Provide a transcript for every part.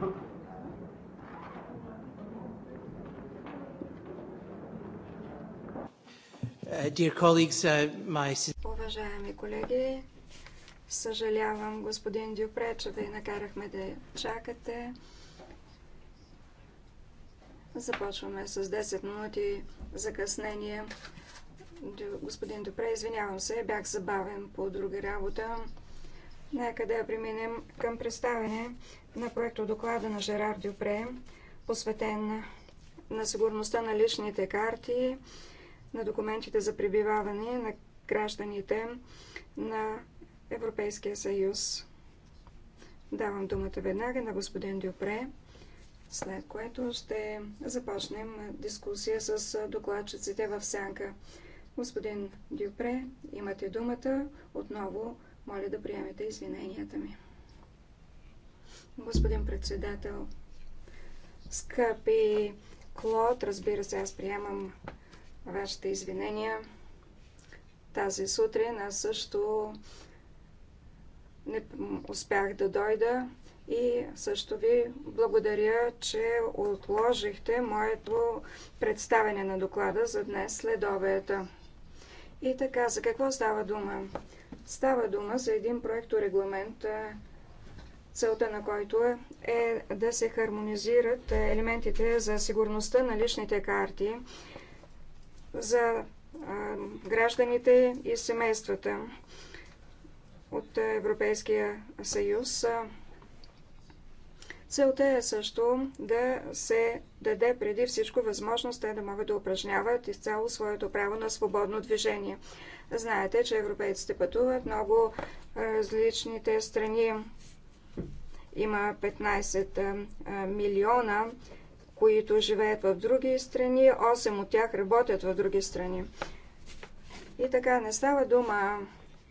Uh, uh, Уважаеми колеги, съжалявам, господин Дюпре, че ви накарахме да чакате. Започваме с 10 минути закъснение. Господин Дюпре, извинявам се, бях забавен по друга работа. Нека да преминем към представяне на проекто доклада на Жерар Дюпре, посветен на сигурността на личните карти, на документите за пребиваване на гражданите на Европейския съюз. Давам думата веднага на господин Дюпре, след което ще започнем дискусия с докладчиците в сянка. Господин Дюпре, имате думата отново моля да приемете извиненията ми. Господин председател, скъпи Клод, разбира се, аз приемам вашите извинения. Тази сутрин аз също не успях да дойда и също ви благодаря, че отложихте моето представяне на доклада за днес след обеда. И така, за какво става дума? Става дума за един проекторегламент, целта на който е да се хармонизират елементите за сигурността на личните карти за гражданите и семействата от Европейския съюз Целта е също да се даде преди всичко възможност те да могат да упражняват изцяло своето право на свободно движение. Знаете, че европейците пътуват много различните страни. Има 15 милиона, които живеят в други страни, 8 от тях работят в други страни. И така не става дума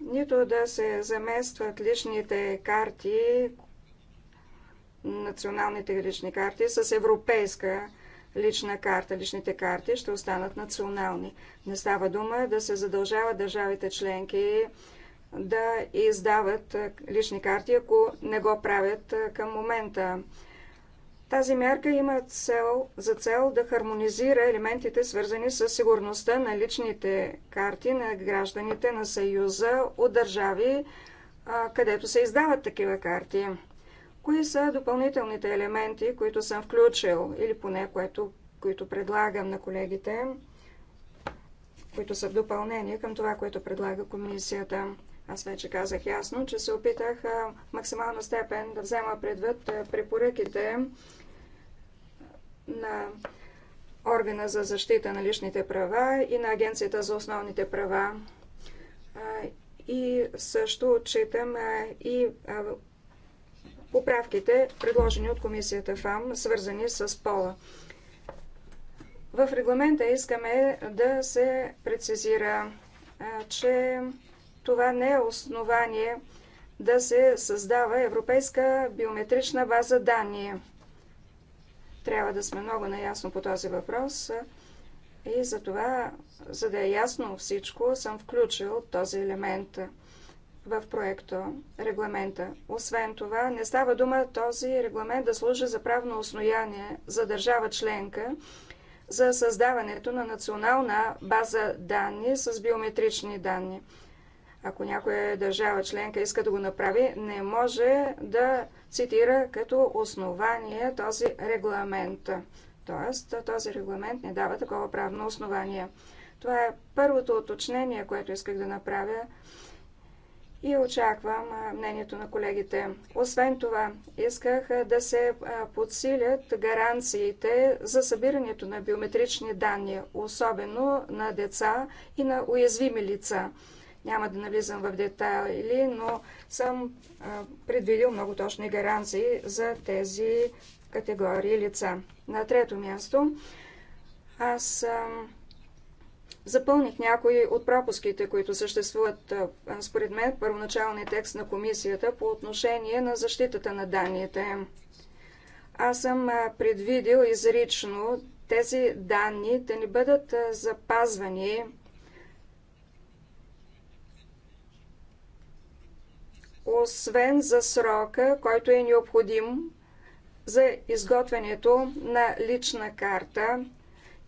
нито да се заместват личните карти, националните лични карти с европейска лична карта. Личните карти ще останат национални. Не става дума да се задължават държавите членки да издават е, лични карти, ако не го правят е, към момента. Тази мярка има цел, за цел да хармонизира елементите, свързани с сигурността на личните карти на гражданите на Съюза от държави, където се издават такива карти. Кои са допълнителните елементи, които съм включил или поне което, които предлагам на колегите, които са в допълнение към това, което предлага комисията? Аз вече казах ясно, че се опитах в максимална степен да взема предвид препоръките на органа за защита на личните права и на Агенцията за основните права. И също отчитам и поправките, предложени от комисията ФАМ, свързани с пола. В регламента искаме да се прецизира, че това не е основание да се създава европейска биометрична база данни. Трябва да сме много наясно по този въпрос и за това, за да е ясно всичко, съм включил този елемент – в проекто регламента. Освен това, не става дума този регламент да служи за правно основание за държава членка за създаването на национална база данни с биометрични данни. Ако някоя държава членка иска да го направи, не може да цитира като основание този регламент. Тоест, този регламент не дава такова правно основание. Това е първото уточнение, което исках да направя и очаквам мнението на колегите. Освен това, исках да се подсилят гаранциите за събирането на биометрични данни, особено на деца и на уязвими лица. Няма да навлизам в детайли, но съм предвидил много точни гаранции за тези категории лица. На трето място, аз съм Запълних някои от пропуските, които съществуват според мен в първоначалния текст на комисията по отношение на защитата на данните. Аз съм предвидил изрично тези данни да не бъдат запазвани освен за срока, който е необходим за изготвянето на лична карта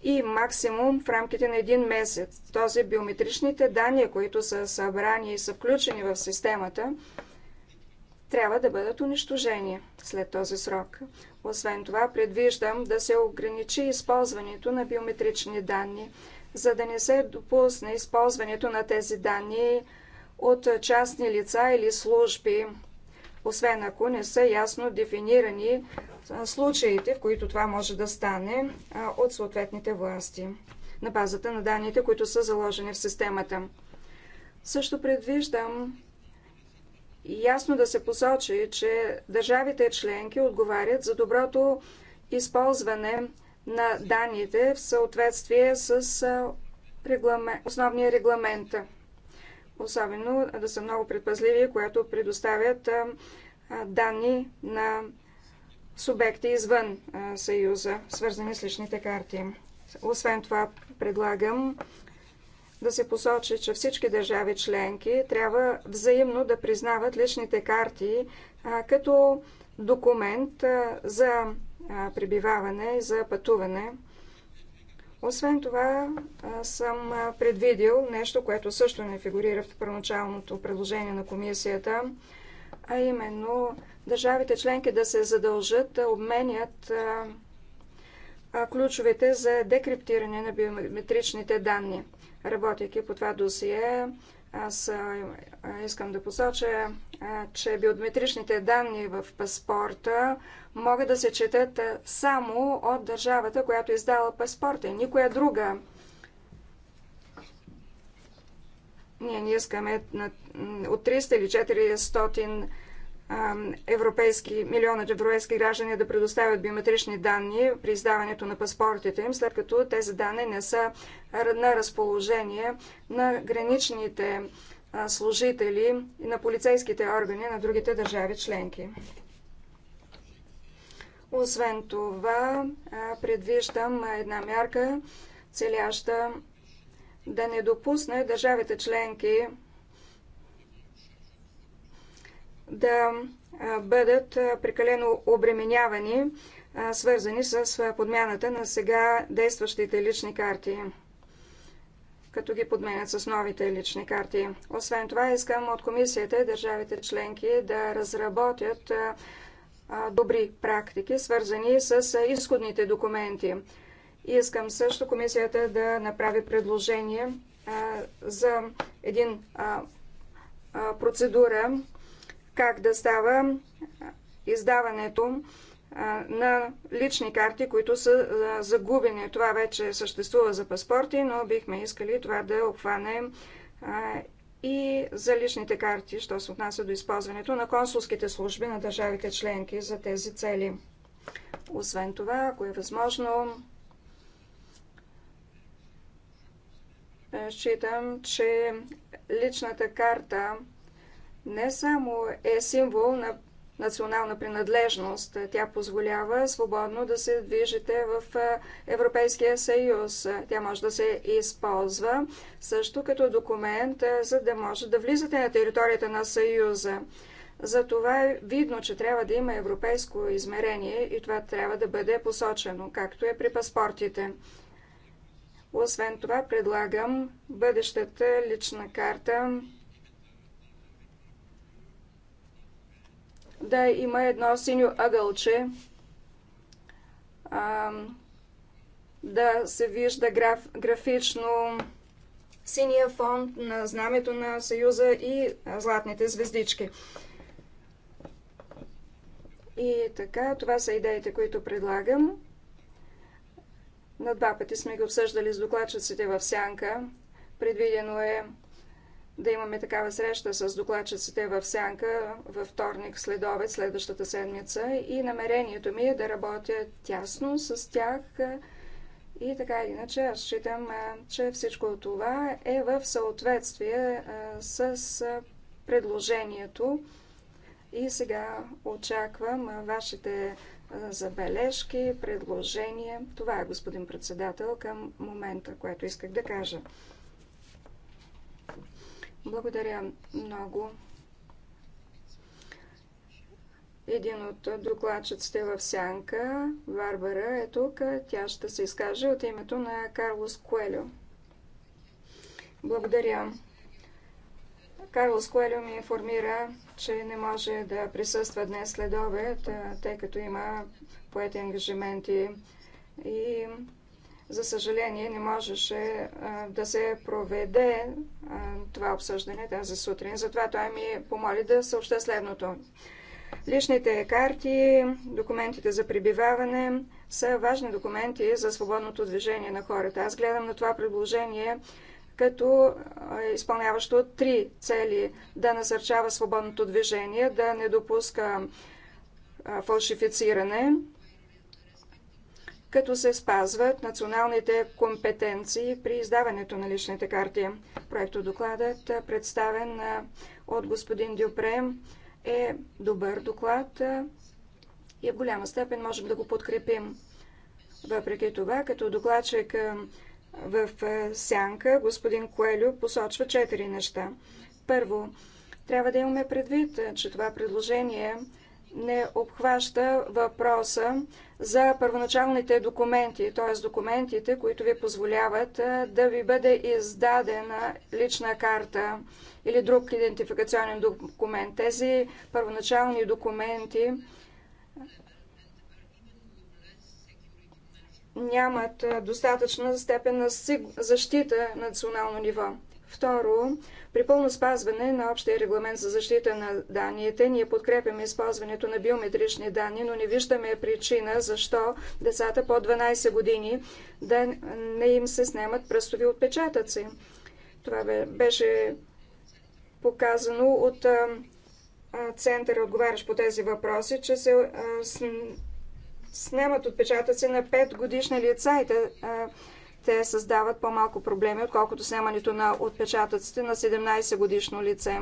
и максимум в рамките на един месец. Този биометричните данни, които са събрани и са включени в системата, трябва да бъдат унищожени след този срок. Освен това, предвиждам да се ограничи използването на биометрични данни, за да не се допусне използването на тези данни от частни лица или служби, освен ако не са ясно дефинирани случаите, в които това може да стане от съответните власти на базата на данните, които са заложени в системата. Също предвиждам ясно да се посочи, че държавите членки отговарят за доброто използване на данните в съответствие с регламент, основния регламент. Особено да са много предпазливи, когато предоставят данни на субекти извън Съюза, свързани с личните карти. Освен това, предлагам да се посочи, че всички държави членки трябва взаимно да признават личните карти а, като документ а, за а, пребиваване и за пътуване. Освен това, съм предвидил нещо, което също не фигурира в първоначалното предложение на комисията, а именно държавите членки да се задължат да обменят ключовете за декриптиране на биометричните данни. Работейки по това досие, аз искам да посоча, че биометричните данни в паспорта могат да се четат само от държавата, която е издала паспорта и никоя друга. Ние не искаме от 300 или 400 европейски, милиона европейски граждани да предоставят биометрични данни при издаването на паспортите им, след като тези данни не са на разположение на граничните служители и на полицейските органи на другите държави членки. Освен това, предвиждам една мярка, целяща да не допусне държавите членки да бъдат прекалено обременявани, свързани с подмяната на сега действащите лични карти, като ги подменят с новите лични карти. Освен това, искам от комисията и държавите членки да разработят добри практики, свързани с изходните документи. Искам също комисията да направи предложение за един процедура как да става издаването на лични карти, които са загубени. Това вече съществува за паспорти, но бихме искали това да обхване и за личните карти, що се отнася до използването на консулските служби на държавите членки за тези цели. Освен това, ако е възможно, е, считам, че личната карта не само е символ на национална принадлежност, тя позволява свободно да се движите в Европейския съюз. Тя може да се използва също като документ, за да може да влизате на територията на съюза. Затова е видно, че трябва да има европейско измерение и това трябва да бъде посочено, както е при паспортите. Освен това предлагам бъдещата лична карта да има едно синьо ъгълче, а, да се вижда граф, графично синия фон на знамето на Съюза и златните звездички. И така, това са идеите, които предлагам. На два пъти сме ги обсъждали с докладчиците в Сянка. Предвидено е да имаме такава среща с докладчиците в Сянка във вторник след обед, следващата седмица. И намерението ми е да работя тясно с тях. И така или иначе, аз считам, че всичко това е в съответствие с предложението. И сега очаквам вашите забележки, предложения. Това е, господин председател, към момента, което исках да кажа. Благодаря много. Един от докладчиците е в сянка, Варбара, е тук. Тя ще се изкаже от името на Карлос Куелю. Благодаря. Карлос Куелю ми информира, че не може да присъства днес след обед, тъй като има поети ангажименти и за съжаление, не можеше да се проведе това обсъждане тази сутрин. Затова той ми помоли да съобща следното. Личните карти, документите за прибиваване са важни документи за свободното движение на хората. Аз гледам на това предложение като изпълняващо три цели да насърчава свободното движение, да не допуска фалшифициране като се спазват националните компетенции при издаването на личните карти. Проектодокладът, представен от господин Дюпре, е добър доклад и в голяма степен можем да го подкрепим. Въпреки това, като докладчик в сянка, господин Коелю посочва четири неща. Първо, трябва да имаме предвид, че това предложение не обхваща въпроса за първоначалните документи, т.е. документите, които ви позволяват да ви бъде издадена лична карта или друг идентификационен документ. Тези първоначални документи нямат достатъчна степен на защита на национално ниво. Второ, при пълно спазване на общия регламент за защита на данните, ние подкрепяме използването на биометрични данни, но не виждаме причина защо децата по 12 години да не им се снемат пръстови отпечатъци. Това беше показано от центъра, отговарящ по тези въпроси, че се снемат отпечатъци на 5 годишни лица и те те създават по-малко проблеми, отколкото снимането на отпечатъците на 17 годишно лице.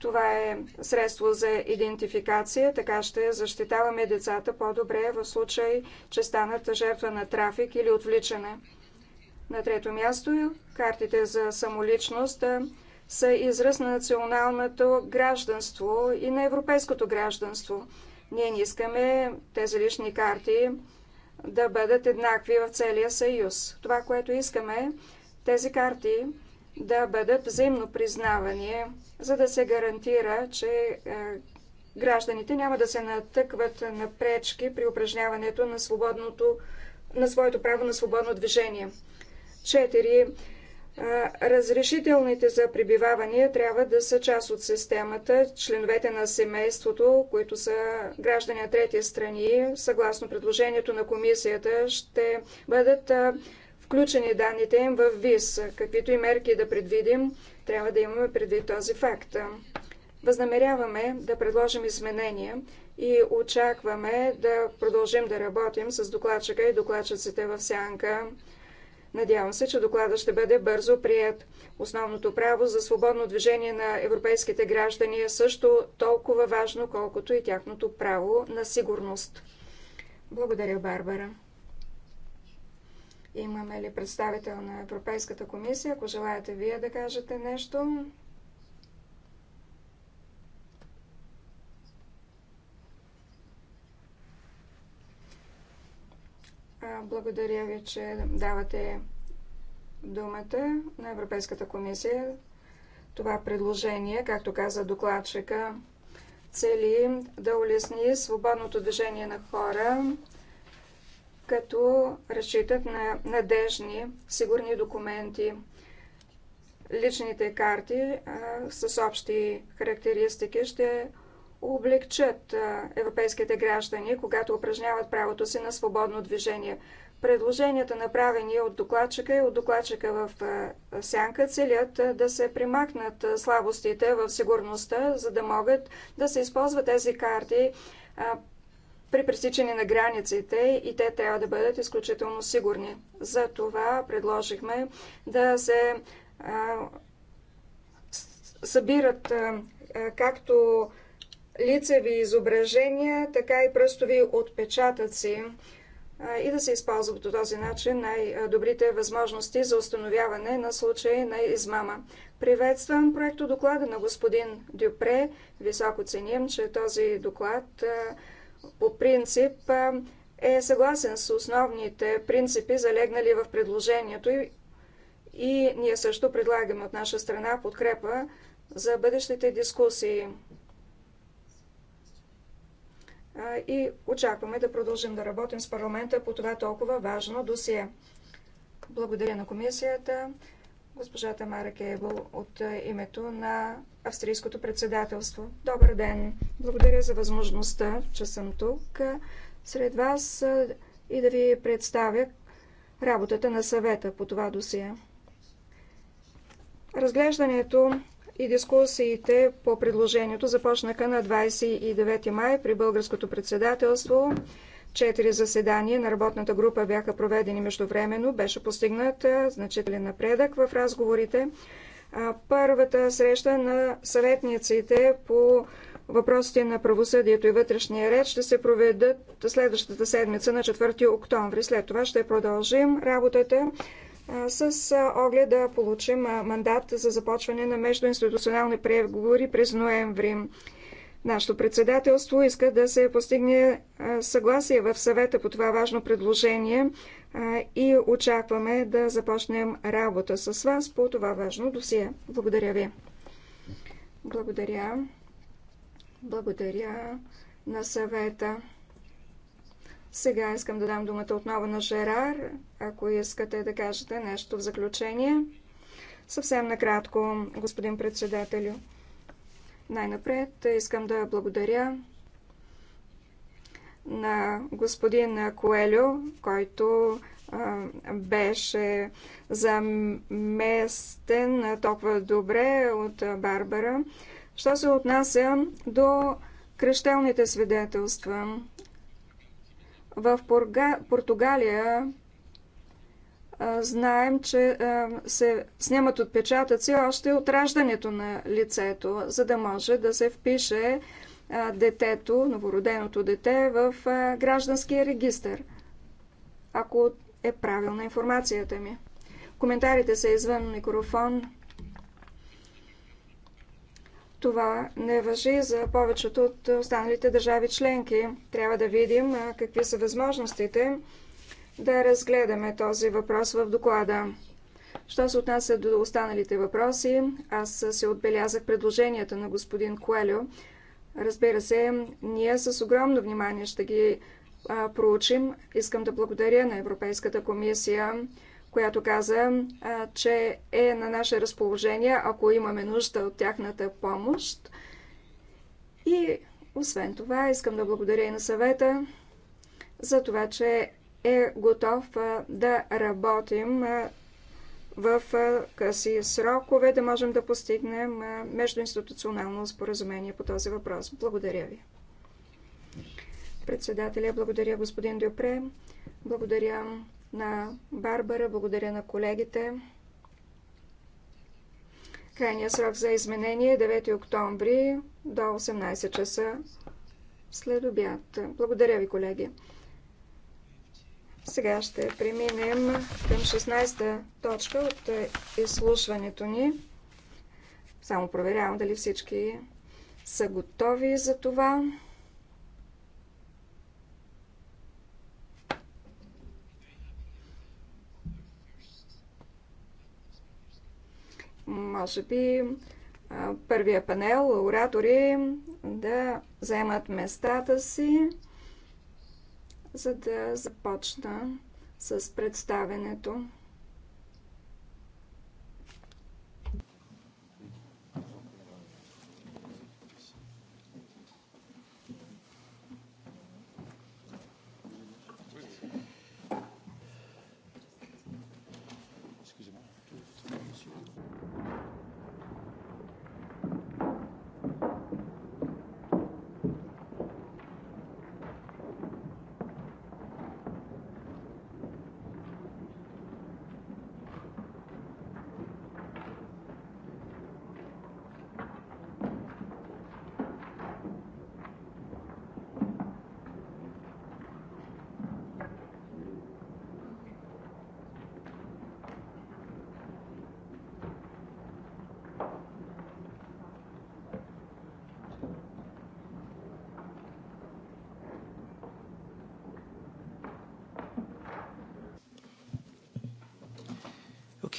Това е средство за идентификация, така ще защитаваме децата по-добре в случай, че станат жертва на трафик или отвличане. На трето място, картите за самоличност са израз на националното гражданство и на европейското гражданство. Ние не искаме тези лични карти да бъдат еднакви в целия съюз. Това, което искаме е тези карти да бъдат взаимно признавани, за да се гарантира, че е, гражданите няма да се натъкват на пречки при упражняването на, свободното, на своето право на свободно движение. Четири Разрешителните за пребиваване трябва да са част от системата. Членовете на семейството, които са граждани на трети страни, съгласно предложението на комисията, ще бъдат включени данните им в ВИС. Каквито и мерки да предвидим, трябва да имаме предвид този факт. Възнамеряваме да предложим изменения и очакваме да продължим да работим с докладчика и докладчиците в сянка Надявам се, че докладът ще бъде бързо прият. Основното право за свободно движение на европейските граждани е също толкова важно, колкото и тяхното право на сигурност. Благодаря, Барбара. Имаме ли представител на Европейската комисия? Ако желаете вие да кажете нещо, Благодаря ви, че давате думата на Европейската комисия. Това предложение, както каза докладчика, цели да улесни свободното движение на хора, като разчитат на надежни, сигурни документи. Личните карти а, с общи характеристики ще облегчат европейските граждани, когато упражняват правото си на свободно движение. Предложенията, направени от докладчика и от докладчика в сянка, целят да се примахнат слабостите в сигурността, за да могат да се използват тези карти при пресичане на границите и те трябва да бъдат изключително сигурни. За това предложихме да се събират както лицеви изображения, така и пръстови отпечатъци и да се използват по този начин най-добрите възможности за установяване на случаи на измама. Приветствам проекто доклада на господин Дюпре. Високо ценим, че този доклад по принцип е съгласен с основните принципи, залегнали в предложението и ние също предлагаме от наша страна подкрепа за бъдещите дискусии и очакваме да продължим да работим с парламента по това толкова важно досие. Благодаря на комисията. госпожата Мара Кейбо от името на австрийското председателство. Добър ден! Благодаря за възможността, че съм тук сред вас и да ви представя работата на съвета по това досие. Разглеждането и дискусиите по предложението започнаха на 29 май при българското председателство. Четири заседания на работната група бяха проведени междувременно. Беше постигнат значителен напредък в разговорите. Първата среща на съветниците по въпросите на правосъдието и вътрешния ред ще се проведат следващата седмица на 4 октомври. След това ще продължим работата с оглед да получим мандат за започване на междуинституционални преговори през ноември. Нашето председателство иска да се постигне съгласие в съвета по това важно предложение и очакваме да започнем работа с вас по това важно досие. Благодаря ви. Благодаря. Благодаря на съвета. Сега искам да дам думата отново на Жерар, ако искате да кажете нещо в заключение. Съвсем накратко, господин председателю. Най-напред искам да благодаря на господин Коелю, който беше заместен толкова добре от Барбара. Що се отнася до кръщелните свидетелства, в Порга... Португалия знаем, че се снимат отпечатъци още от раждането на лицето, за да може да се впише детето, новороденото дете в гражданския регистр, ако е правилна информацията ми. Коментарите са извън микрофон. Това не въжи за повечето от останалите държави членки. Трябва да видим какви са възможностите да разгледаме този въпрос в доклада. Що се отнася до останалите въпроси, аз се отбелязах предложенията на господин Коелю. Разбира се, ние с огромно внимание ще ги а, проучим. Искам да благодаря на Европейската комисия която каза, че е на наше разположение, ако имаме нужда от тяхната помощ. И освен това, искам да благодаря и на съвета за това, че е готов да работим в къси срокове, да можем да постигнем междуинституционално споразумение по този въпрос. Благодаря ви. Председателя, благодаря господин Дюпре, благодаря на Барбара, благодаря на колегите. Крайният срок за изменение е 9 октомври до 18 часа след обяд. Благодаря ви, колеги. Сега ще преминем към 16-та точка от изслушването ни. Само проверявам дали всички са готови за това. може би първия панел, оратори да заемат местата си, за да започна с представенето.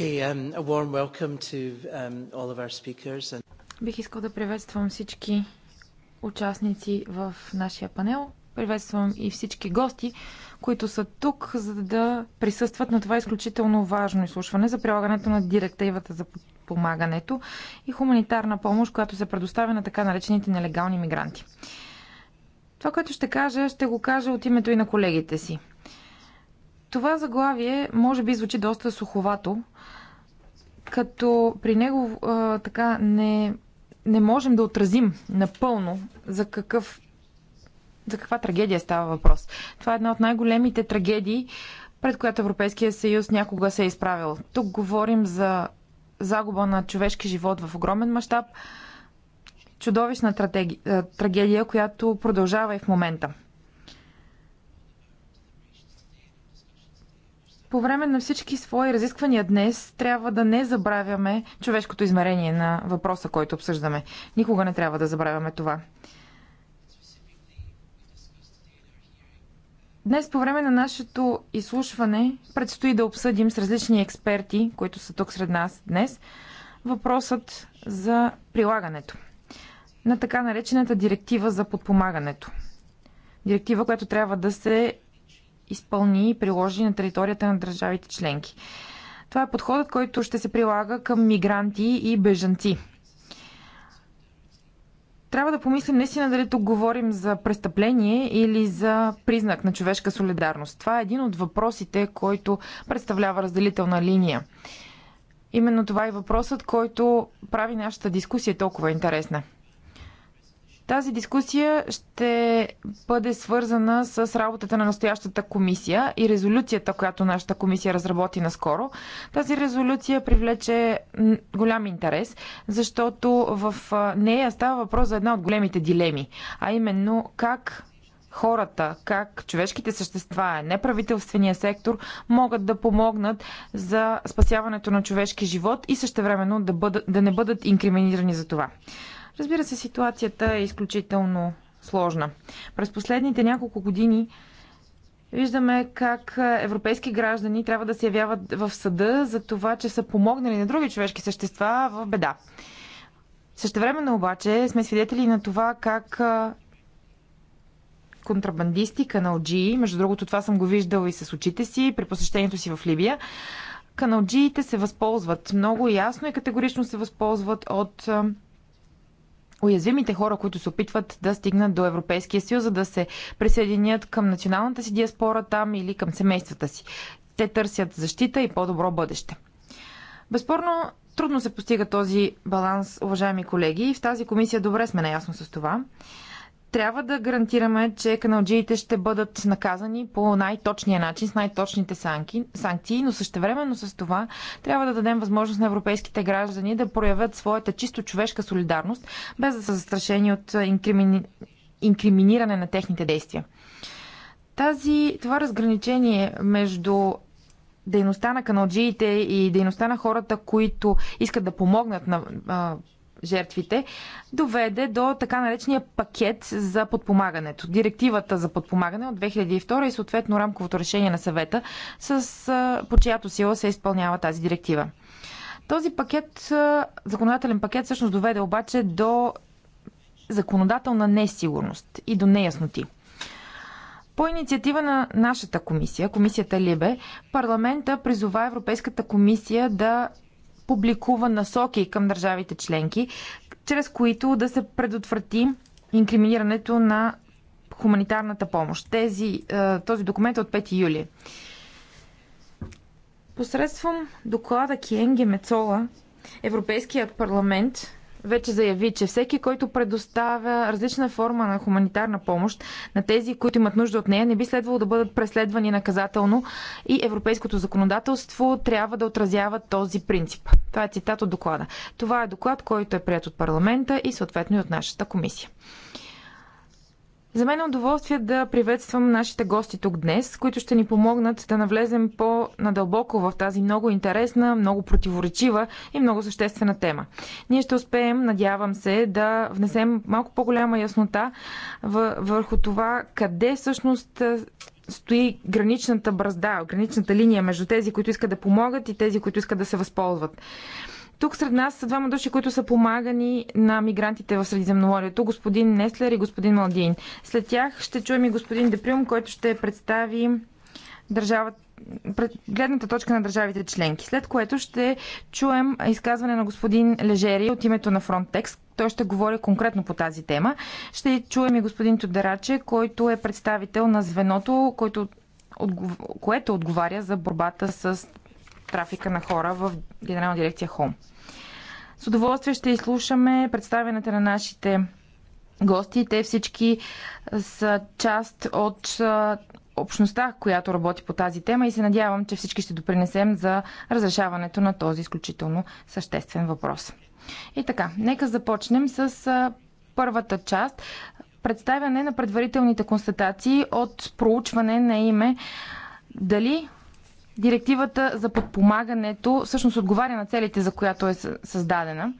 Okay, um, a warm welcome to um, all of our speakers. And... Бих искал да приветствам всички участници в нашия панел. Приветствам и всички гости, които са тук, за да присъстват на това изключително важно изслушване за прилагането на директивата за подпомагането и хуманитарна помощ, която се предоставя на така наречените нелегални мигранти. Това, което ще кажа, ще го кажа от името и на колегите си. Това заглавие може би звучи доста суховато, като при него а, така не, не можем да отразим напълно за какъв за каква трагедия става въпрос. Това е една от най-големите трагедии, пред която Европейския съюз някога се е изправил. Тук говорим за загуба на човешки живот в огромен мащаб, чудовищна трагедия, която продължава и в момента. По време на всички свои разисквания днес трябва да не забравяме човешкото измерение на въпроса, който обсъждаме. Никога не трябва да забравяме това. Днес по време на нашето изслушване предстои да обсъдим с различни експерти, които са тук сред нас днес, въпросът за прилагането на така наречената директива за подпомагането. Директива, която трябва да се изпълни и приложи на територията на държавите членки. Това е подходът, който ще се прилага към мигранти и бежанци. Трябва да помислим наистина дали тук говорим за престъпление или за признак на човешка солидарност. Това е един от въпросите, който представлява разделителна линия. Именно това е въпросът, който прави нашата дискусия толкова интересна. Тази дискусия ще бъде свързана с работата на настоящата комисия и резолюцията, която нашата комисия разработи наскоро. Тази резолюция привлече голям интерес, защото в нея става въпрос за една от големите дилеми, а именно как хората, как човешките същества, неправителствения сектор могат да помогнат за спасяването на човешки живот и същевременно да, бъдат, да не бъдат инкриминирани за това. Разбира се, ситуацията е изключително сложна. През последните няколко години виждаме как европейски граждани трябва да се явяват в съда за това, че са помогнали на други човешки същества в беда. Същевременно обаче сме свидетели на това как контрабандисти, каналджии, между другото това съм го виждал и с очите си при посещението си в Либия, каналджиите се възползват много ясно и категорично се възползват от уязвимите хора, които се опитват да стигнат до Европейския съюз, за да се присъединят към националната си диаспора там или към семействата си. Те търсят защита и по-добро бъдеще. Безспорно, трудно се постига този баланс, уважаеми колеги, и в тази комисия добре сме наясно с това трябва да гарантираме, че каналджиите ще бъдат наказани по най-точния начин, с най-точните санкции, но същевременно с това трябва да дадем възможност на европейските граждани да проявят своята чисто човешка солидарност, без да са застрашени от инкримини... инкриминиране на техните действия. Тази, това разграничение между дейността на каналджиите и дейността на хората, които искат да помогнат на жертвите, доведе до така наречения пакет за подпомагането. Директивата за подпомагане от 2002 и съответно рамковото решение на съвета, с, по чиято сила се изпълнява тази директива. Този пакет, законодателен пакет, всъщност доведе обаче до законодателна несигурност и до неясноти. По инициатива на нашата комисия, комисията Либе, парламента призова Европейската комисия да публикува насоки към държавите членки, чрез които да се предотврати инкриминирането на хуманитарната помощ. Тези, е, този документ е от 5 юли. Посредством доклада Киенге Мецола, Европейският парламент вече заяви, че всеки, който предоставя различна форма на хуманитарна помощ на тези, които имат нужда от нея, не би следвало да бъдат преследвани наказателно и европейското законодателство трябва да отразява този принцип. Това е цитат от доклада. Това е доклад, който е прият от парламента и съответно и от нашата комисия. За мен е удоволствие да приветствам нашите гости тук днес, които ще ни помогнат да навлезем по-надълбоко в тази много интересна, много противоречива и много съществена тема. Ние ще успеем, надявам се, да внесем малко по-голяма яснота върху това къде всъщност стои граничната бразда, граничната линия между тези, които искат да помогат и тези, които искат да се възползват. Тук сред нас са двама души, които са помагани на мигрантите в Средиземноморието. Господин Неслер и господин Малдин. След тях ще чуем и господин Деприум, който ще представи държавата гледната точка на държавите членки. След което ще чуем изказване на господин Лежери от името на Frontex. Той ще говори конкретно по тази тема. Ще чуем и господин Тодераче, който е представител на звеното, което отговаря за борбата с трафика на хора в Генерална дирекция Хом. С удоволствие ще изслушаме представянето на нашите гости. Те всички са част от общността, която работи по тази тема и се надявам, че всички ще допринесем за разрешаването на този изключително съществен въпрос. И така, нека започнем с първата част представяне на предварителните констатации от проучване на име дали Директивата за подпомагането всъщност отговаря на целите, за която е създадена.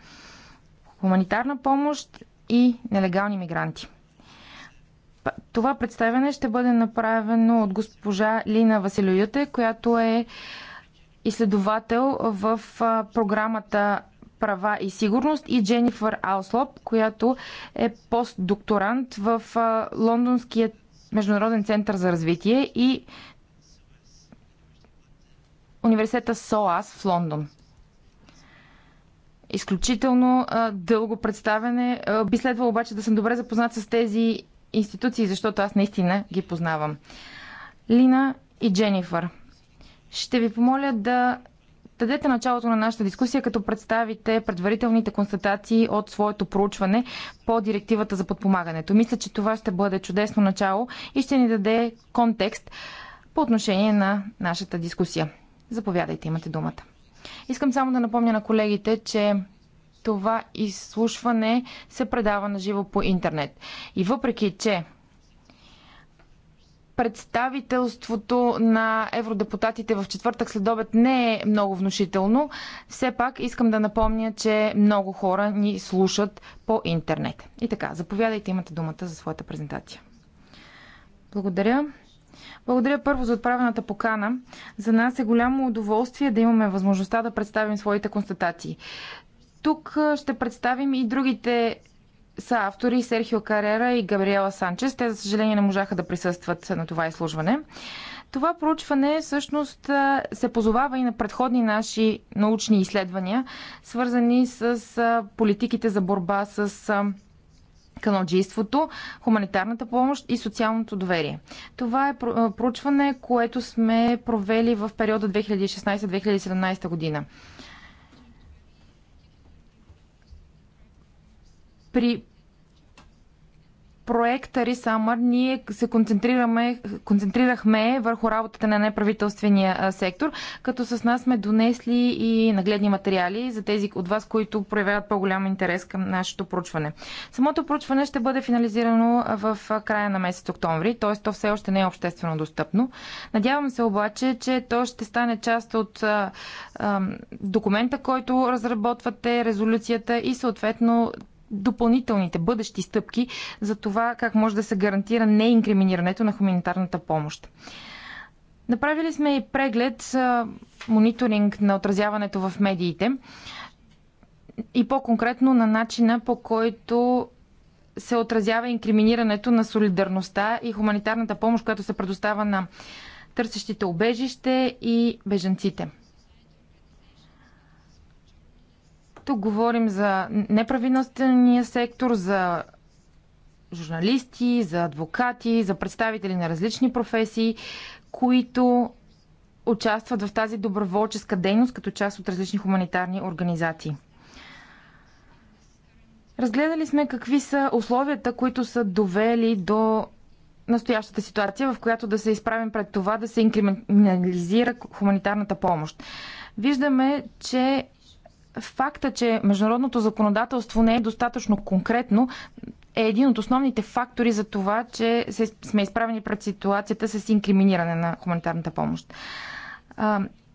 Хуманитарна помощ и нелегални мигранти. Това представяне ще бъде направено от госпожа Лина Василиюте, която е изследовател в програмата права и сигурност и Дженифър Алслоп, която е постдокторант в Лондонския международен център за развитие и университета СОАС в Лондон. Изключително а, дълго представене. А, би следвало обаче да съм добре запознат с тези институции, защото аз наистина ги познавам. Лина и Дженифър, ще ви помоля да дадете началото на нашата дискусия, като представите предварителните констатации от своето проучване по директивата за подпомагането. Мисля, че това ще бъде чудесно начало и ще ни даде контекст по отношение на нашата дискусия. Заповядайте, имате думата. Искам само да напомня на колегите, че това изслушване се предава на живо по интернет. И въпреки, че представителството на евродепутатите в четвъртък след обед не е много внушително, все пак искам да напомня, че много хора ни слушат по интернет. И така, заповядайте, имате думата за своята презентация. Благодаря. Благодаря първо за отправената покана. За нас е голямо удоволствие да имаме възможността да представим своите констатации. Тук ще представим и другите са автори Серхио Карера и Габриела Санчес. Те, за съжаление, не можаха да присъстват на това изслужване. Това проучване всъщност се позовава и на предходни наши научни изследвания, свързани с политиките за борба с каналджийството, хуманитарната помощ и социалното доверие. Това е проучване, което сме провели в периода 2016-2017 година. При проекта Рисамър ние се концентрираме, концентрирахме върху работата на неправителствения сектор, като с нас сме донесли и нагледни материали за тези от вас, които проявяват по-голям интерес към нашето проучване. Самото проучване ще бъде финализирано в края на месец октомври, т.е. то все още не е обществено достъпно. Надявам се обаче, че то ще стане част от а, а, документа, който разработвате, резолюцията и съответно допълнителните бъдещи стъпки за това как може да се гарантира неинкриминирането на хуманитарната помощ. Направили сме и преглед, мониторинг на отразяването в медиите и по-конкретно на начина по който се отразява инкриминирането на солидарността и хуманитарната помощ, която се предостава на търсещите обежище и бежанците. Тук говорим за неправителствения сектор, за журналисти, за адвокати, за представители на различни професии, които участват в тази доброволческа дейност като част от различни хуманитарни организации. Разгледали сме какви са условията, които са довели до настоящата ситуация, в която да се изправим пред това да се инкриминализира хуманитарната помощ. Виждаме, че факта, че международното законодателство не е достатъчно конкретно, е един от основните фактори за това, че сме изправени пред ситуацията с инкриминиране на хуманитарната помощ.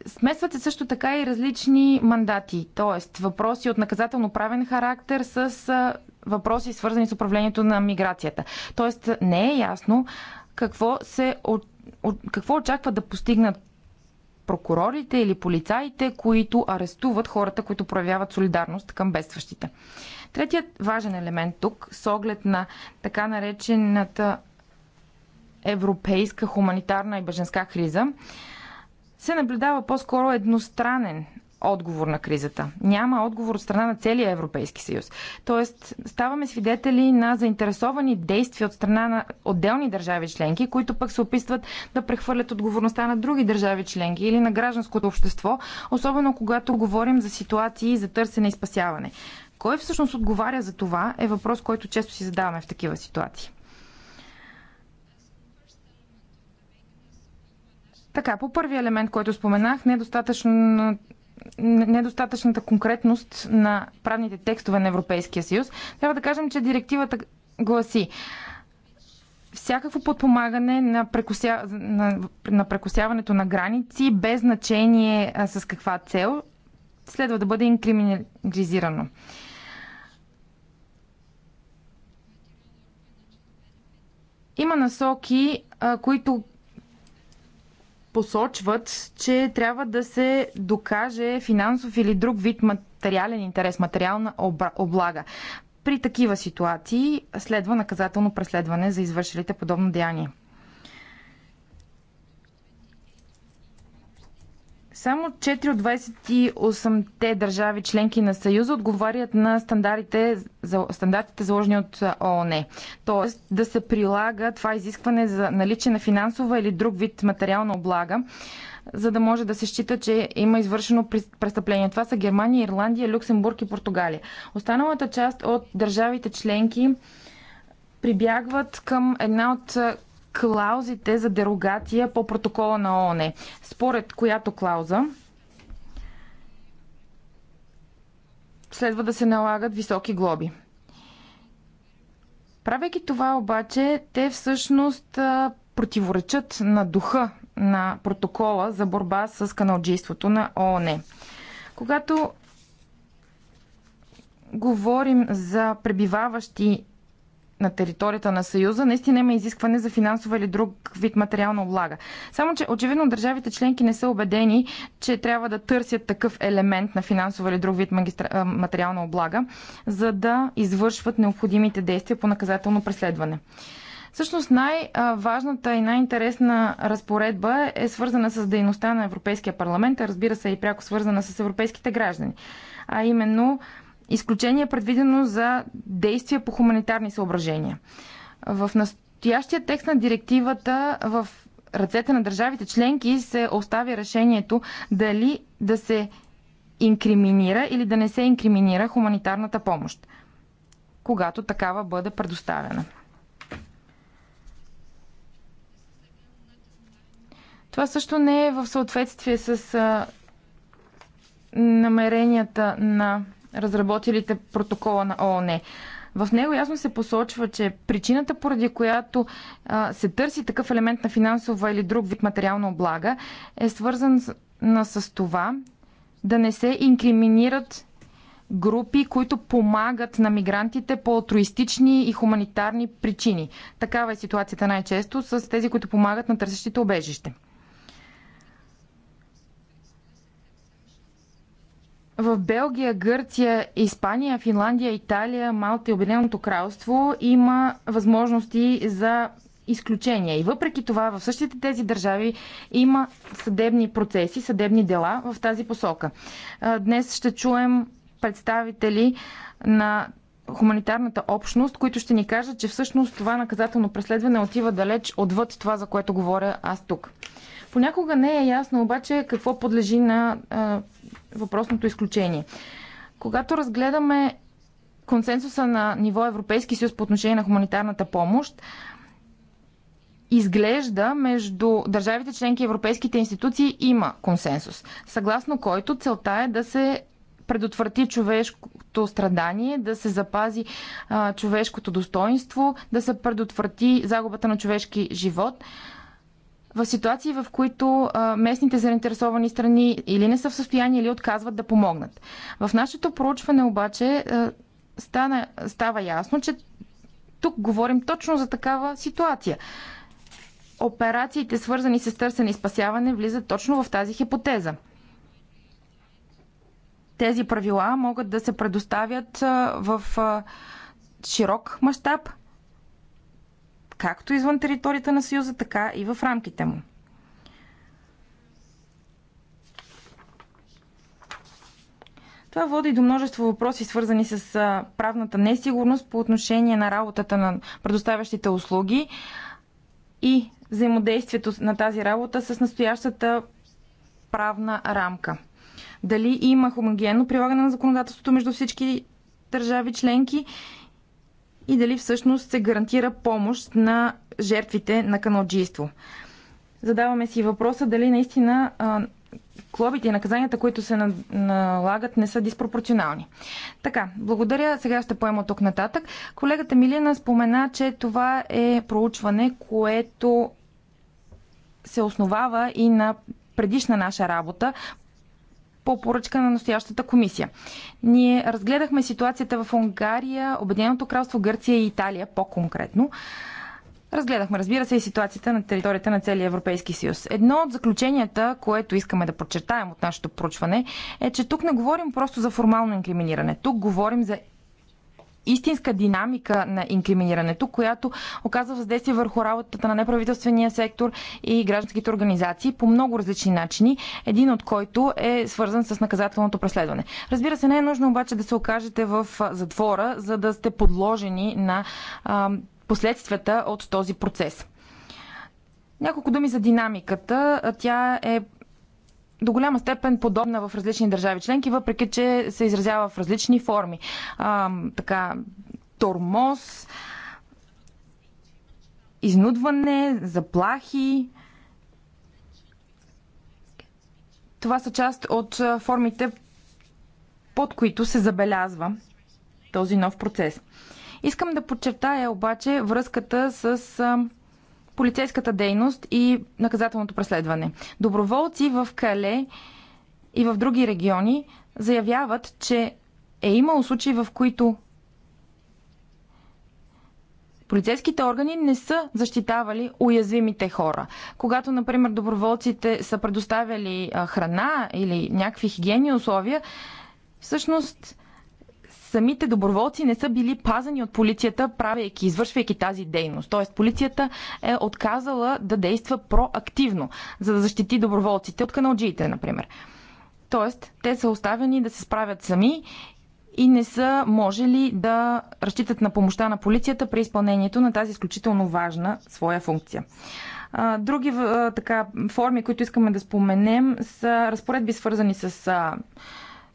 Смесват се също така и различни мандати, т.е. въпроси от наказателно-правен характер с въпроси, свързани с управлението на миграцията. Т.е. не е ясно какво се какво очаква да постигнат прокурорите или полицаите, които арестуват хората, които проявяват солидарност към бедстващите. Третият важен елемент тук, с оглед на така наречената европейска хуманитарна и беженска криза, се наблюдава по-скоро едностранен отговор на кризата. Няма отговор от страна на целия Европейски съюз. Тоест, ставаме свидетели на заинтересовани действия от страна на отделни държави членки, които пък се опитват да прехвърлят отговорността на други държави членки или на гражданското общество, особено когато говорим за ситуации за търсене и спасяване. Кой всъщност отговаря за това е въпрос, който често си задаваме в такива ситуации. Така, по първи елемент, който споменах, недостатъчно недостатъчната конкретност на правните текстове на Европейския съюз, трябва да кажем, че директивата гласи всякакво подпомагане на, прекуся... на... на прекосяването на граници, без значение а, с каква цел, следва да бъде инкриминализирано. Има насоки, а, които посочват, че трябва да се докаже финансов или друг вид материален интерес, материална облага. При такива ситуации следва наказателно преследване за извършилите подобно деяние. Само 4 от 28-те държави членки на Съюза отговарят на стандартите, стандартите заложени от ООН. Тоест да се прилага това изискване за наличие на финансова или друг вид материална облага, за да може да се счита, че има извършено престъпление. Това са Германия, Ирландия, Люксембург и Португалия. Останалата част от държавите членки прибягват към една от клаузите за дерогация по протокола на ООН, според която клауза следва да се налагат високи глоби. Правейки това обаче, те всъщност противоречат на духа на протокола за борба с каналджийството на ООН. Когато говорим за пребиваващи на територията на Съюза, наистина има изискване за финансова или друг вид материална облага. Само, че очевидно държавите членки не са убедени, че трябва да търсят такъв елемент на финансова или друг вид магистра... материална облага, за да извършват необходимите действия по наказателно преследване. Всъщност най-важната и най-интересна разпоредба е свързана с дейността на Европейския парламент, а разбира се и пряко свързана с европейските граждани. А именно изключение е предвидено за действия по хуманитарни съображения. В настоящия текст на директивата в ръцете на държавите членки се остави решението дали да се инкриминира или да не се инкриминира хуманитарната помощ, когато такава бъде предоставена. Това също не е в съответствие с намеренията на разработилите протокола на ООН. В него ясно се посочва, че причината, поради която а, се търси такъв елемент на финансова или друг вид материална облага, е свързана с, с това да не се инкриминират групи, които помагат на мигрантите по алтруистични и хуманитарни причини. Такава е ситуацията най-често с тези, които помагат на търсещите обежище. В Белгия, Гърция, Испания, Финландия, Италия, Малта и Обединеното кралство има възможности за изключения. И въпреки това, в същите тези държави има съдебни процеси, съдебни дела в тази посока. Днес ще чуем представители на хуманитарната общност, които ще ни кажат, че всъщност това наказателно преследване отива далеч отвъд това, за което говоря аз тук. Понякога не е ясно обаче какво подлежи на въпросното изключение. Когато разгледаме консенсуса на ниво Европейски съюз по отношение на хуманитарната помощ, изглежда между държавите членки и европейските институции има консенсус, съгласно който целта е да се предотврати човешкото страдание, да се запази а, човешкото достоинство, да се предотврати загубата на човешки живот, в ситуации, в които местните заинтересовани страни или не са в състояние, или отказват да помогнат. В нашето проучване обаче стана, става ясно, че тук говорим точно за такава ситуация. Операциите, свързани с търсене и спасяване, влизат точно в тази хипотеза. Тези правила могат да се предоставят в широк мащаб както извън територията на Съюза, така и в рамките му. Това води до множество въпроси, свързани с правната несигурност по отношение на работата на предоставящите услуги и взаимодействието на тази работа с настоящата правна рамка. Дали има хомогенно прилагане на законодателството между всички държави членки и дали всъщност се гарантира помощ на жертвите на каналджийство. Задаваме си въпроса дали наистина клобите и наказанията, които се налагат, не са диспропорционални. Така, благодаря. Сега ще поема тук нататък. Колегата Милина спомена, че това е проучване, което се основава и на предишна наша работа по поръчка на настоящата комисия. Ние разгледахме ситуацията в Унгария, Обединеното кралство, Гърция и Италия по-конкретно. Разгледахме, разбира се, и ситуацията на територията на целия Европейски съюз. Едно от заключенията, което искаме да подчертаем от нашето проучване, е, че тук не говорим просто за формално инкриминиране. Тук говорим за истинска динамика на инкриминирането, която оказва въздействие върху работата на неправителствения сектор и гражданските организации по много различни начини, един от който е свързан с наказателното преследване. Разбира се, не е нужно обаче да се окажете в затвора, за да сте подложени на а, последствията от този процес. Няколко думи за динамиката. Тя е до голяма степен подобна в различни държави членки, въпреки че се изразява в различни форми. А, така, тормоз, изнудване, заплахи. Това са част от формите, под които се забелязва този нов процес. Искам да подчертая обаче връзката с полицейската дейност и наказателното преследване. Доброволци в Кале и в други региони заявяват, че е имало случаи, в които полицейските органи не са защитавали уязвимите хора. Когато, например, доброволците са предоставяли храна или някакви хигиени условия, всъщност самите доброволци не са били пазани от полицията, правейки, извършвайки тази дейност. Тоест, полицията е отказала да действа проактивно, за да защити доброволците от каналджиите, например. Тоест, те са оставени да се справят сами и не са можели да разчитат на помощта на полицията при изпълнението на тази изключително важна своя функция. Други така, форми, които искаме да споменем, са разпоредби свързани с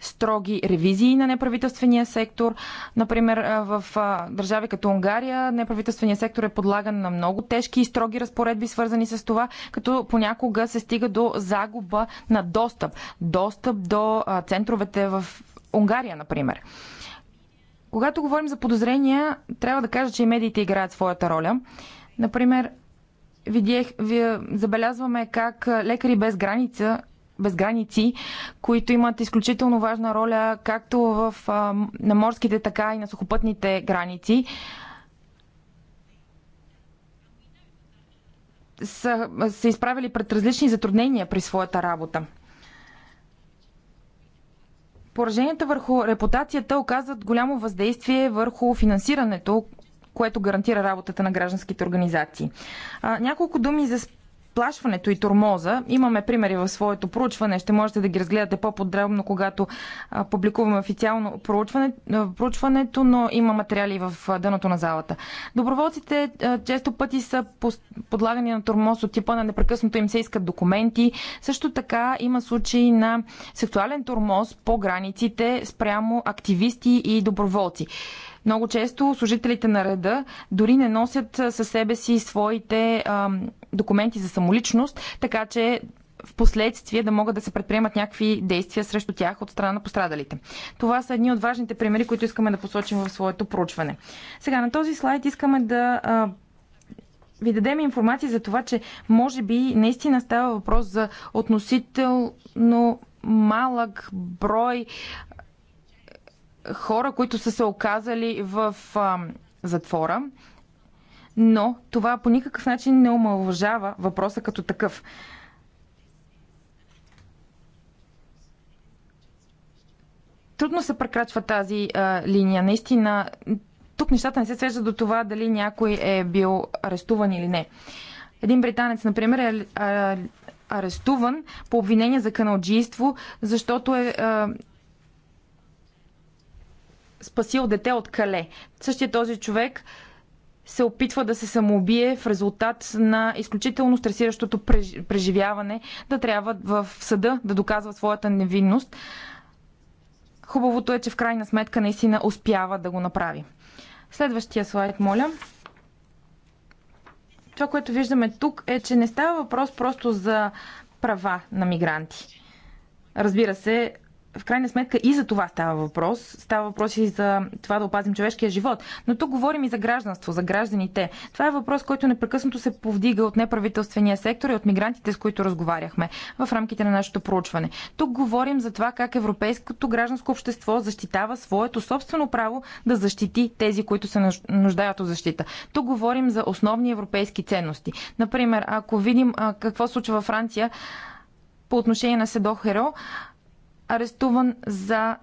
строги ревизии на неправителствения сектор. Например, в държави като Унгария неправителствения сектор е подлаган на много тежки и строги разпоредби, свързани с това, като понякога се стига до загуба на достъп. Достъп до центровете в Унгария, например. Когато говорим за подозрения, трябва да кажа, че и медиите играят своята роля. Например, видях, ви, забелязваме как лекари без граница без граници, които имат изключително важна роля както в, а, на морските, така и на сухопътните граници. Са, са изправили пред различни затруднения при своята работа. Пораженията върху репутацията оказват голямо въздействие върху финансирането, което гарантира работата на гражданските организации. А, няколко думи за Плашването и тормоза. Имаме примери в своето проучване. Ще можете да ги разгледате по-подробно, когато публикуваме официално проучване, проучването, но има материали в дъното на залата. Доброволците често пъти са подлагани на тормоз от типа на непрекъснато им се искат документи. Също така има случаи на сексуален тормоз по границите спрямо активисти и доброволци. Много често служителите на реда дори не носят със себе си своите а, документи за самоличност, така че в последствие да могат да се предприемат някакви действия срещу тях от страна на пострадалите. Това са едни от важните примери, които искаме да посочим в своето проучване. Сега на този слайд искаме да а, ви дадем информация за това, че може би наистина става въпрос за относително малък брой хора, които са се оказали в а, затвора, но това по никакъв начин не омалважава въпроса като такъв. Трудно се прекрачва тази а, линия. Наистина, тук нещата не се свеждат до това дали някой е бил арестуван или не. Един британец, например, е арестуван по обвинение за каналджийство, защото е а, спасил дете от кале. Същия този човек се опитва да се самоубие в резултат на изключително стресиращото преживяване, да трябва в съда да доказва своята невинност. Хубавото е, че в крайна сметка наистина успява да го направи. Следващия слайд, моля. Това, което виждаме тук е, че не става въпрос просто за права на мигранти. Разбира се, в крайна сметка и за това става въпрос. Става въпрос и за това да опазим човешкия живот. Но тук говорим и за гражданство, за гражданите. Това е въпрос, който непрекъснато се повдига от неправителствения сектор и от мигрантите, с които разговаряхме в рамките на нашето проучване. Тук говорим за това как европейското гражданско общество защитава своето собствено право да защити тези, които се нуждаят от защита. Тук говорим за основни европейски ценности. Например, ако видим какво случва във Франция по отношение на Седо Херо, арестуван за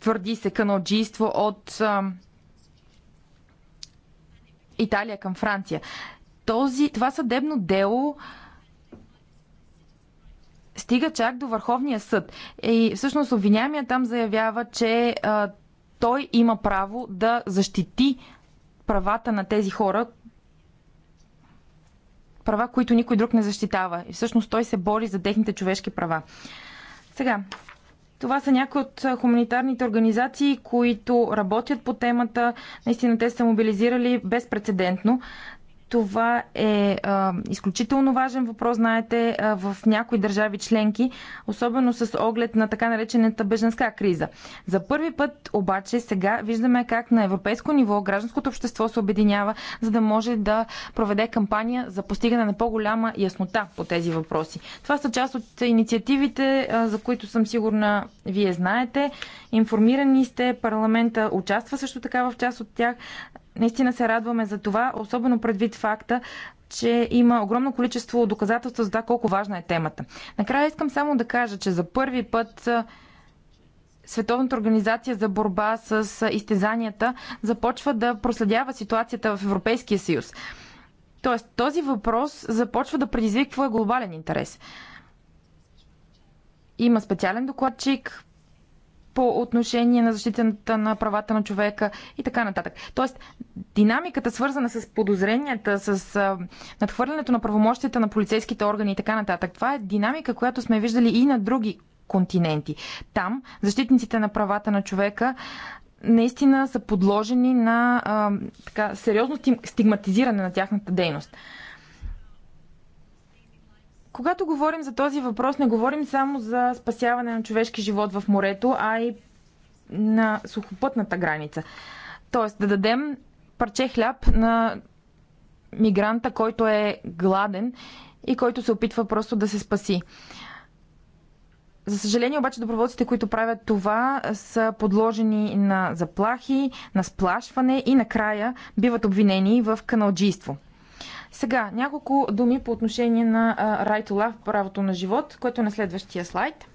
твърди се каноджийство от а, Италия към Франция. Този, това съдебно дело стига чак до Върховния съд. И всъщност обвиняемия там заявява, че а, той има право да защити правата на тези хора, права, които никой друг не защитава. И всъщност той се бори за техните човешки права. Сега, това са някои от хуманитарните организации, които работят по темата. Наистина те са мобилизирали безпредседентно. Това е а, изключително важен въпрос, знаете, а, в някои държави членки, особено с оглед на така наречената беженска криза. За първи път обаче сега виждаме как на европейско ниво гражданското общество се обединява, за да може да проведе кампания за постигане на по-голяма яснота по тези въпроси. Това са част от инициативите, а, за които съм сигурна вие знаете. Информирани сте, парламента участва също така в част от тях наистина се радваме за това, особено предвид факта, че има огромно количество доказателства за това колко важна е темата. Накрая искам само да кажа, че за първи път Световната организация за борба с изтезанията започва да проследява ситуацията в Европейския съюз. Тоест, този въпрос започва да предизвиква глобален интерес. Има специален докладчик по отношение на защитата на правата на човека и така нататък. Тоест, динамиката, свързана с подозренията, с надхвърлянето на правомощията на полицейските органи и така нататък, това е динамика, която сме виждали и на други континенти. Там защитниците на правата на човека наистина са подложени на а, така, сериозно стигматизиране на тяхната дейност. Когато говорим за този въпрос, не говорим само за спасяване на човешки живот в морето, а и на сухопътната граница. Тоест да дадем парче хляб на мигранта, който е гладен и който се опитва просто да се спаси. За съжаление обаче доброволците, които правят това, са подложени на заплахи, на сплашване и накрая биват обвинени в каналджийство. Сега, няколко думи по отношение на Right to Love, правото на живот, което е на следващия слайд.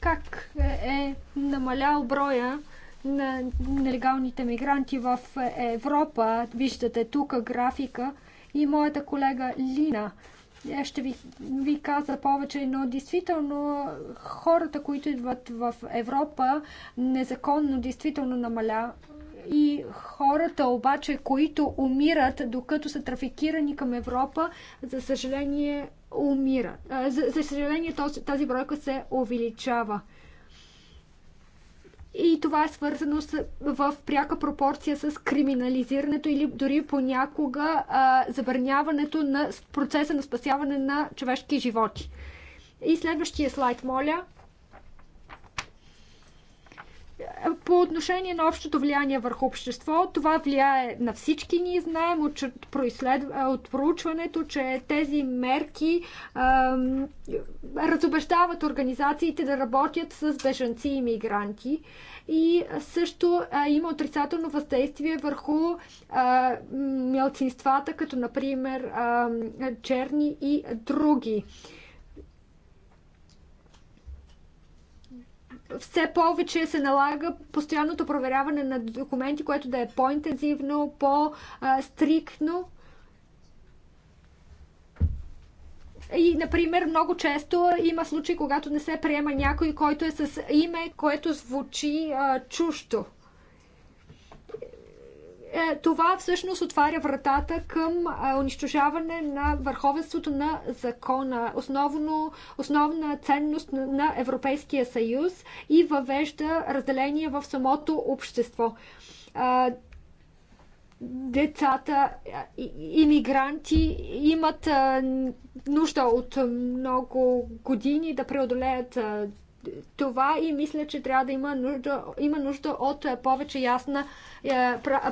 Как е, е намалял броя на нелегалните мигранти в Европа? Виждате тук графика и моята колега Лина е, ще ви, ви каза повече, но действително хората, които идват в Европа, незаконно действително намаля и хората обаче, които умират, докато са трафикирани към Европа, за съжаление умират. Е, за, за съжаление този, тази бройка се увеличава. И това е свързано с, в пряка пропорция с криминализирането или дори понякога а, забраняването на процеса на спасяване на човешки животи. И следващия слайд, моля. По отношение на общото влияние върху общество, това влияе на всички. Ние знаем от, от проучването, че тези мерки а, разобещават организациите да работят с бежанци и мигранти. И също а, има отрицателно въздействие върху мелцинствата, като например а, черни и други. А, все повече се налага постоянното проверяване на документи, което да е по-интензивно, по-стриктно. И, например, много често има случаи, когато не се приема някой, който е с име, което звучи а, чущо. Е, това всъщност отваря вратата към унищожаване на върховенството на закона, основно, основна ценност на Европейския съюз и въвежда разделение в самото общество децата, иммигранти имат нужда от много години да преодолеят това и мисля, че трябва да има нужда, има нужда от е, повече ясна е,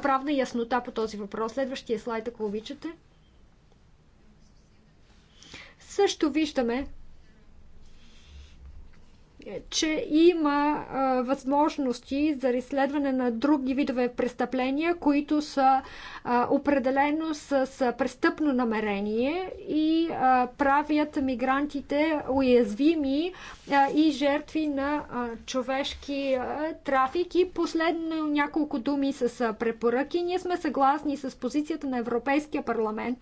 правна яснота по този въпрос. Следващия слайд, ако обичате. Също виждаме, че има а, възможности за изследване на други видове престъпления, които са а, определено с, с престъпно намерение и а, правят мигрантите уязвими а, и жертви на а, човешки а, трафик. И последно няколко думи с а, препоръки. Ние сме съгласни с позицията на Европейския парламент,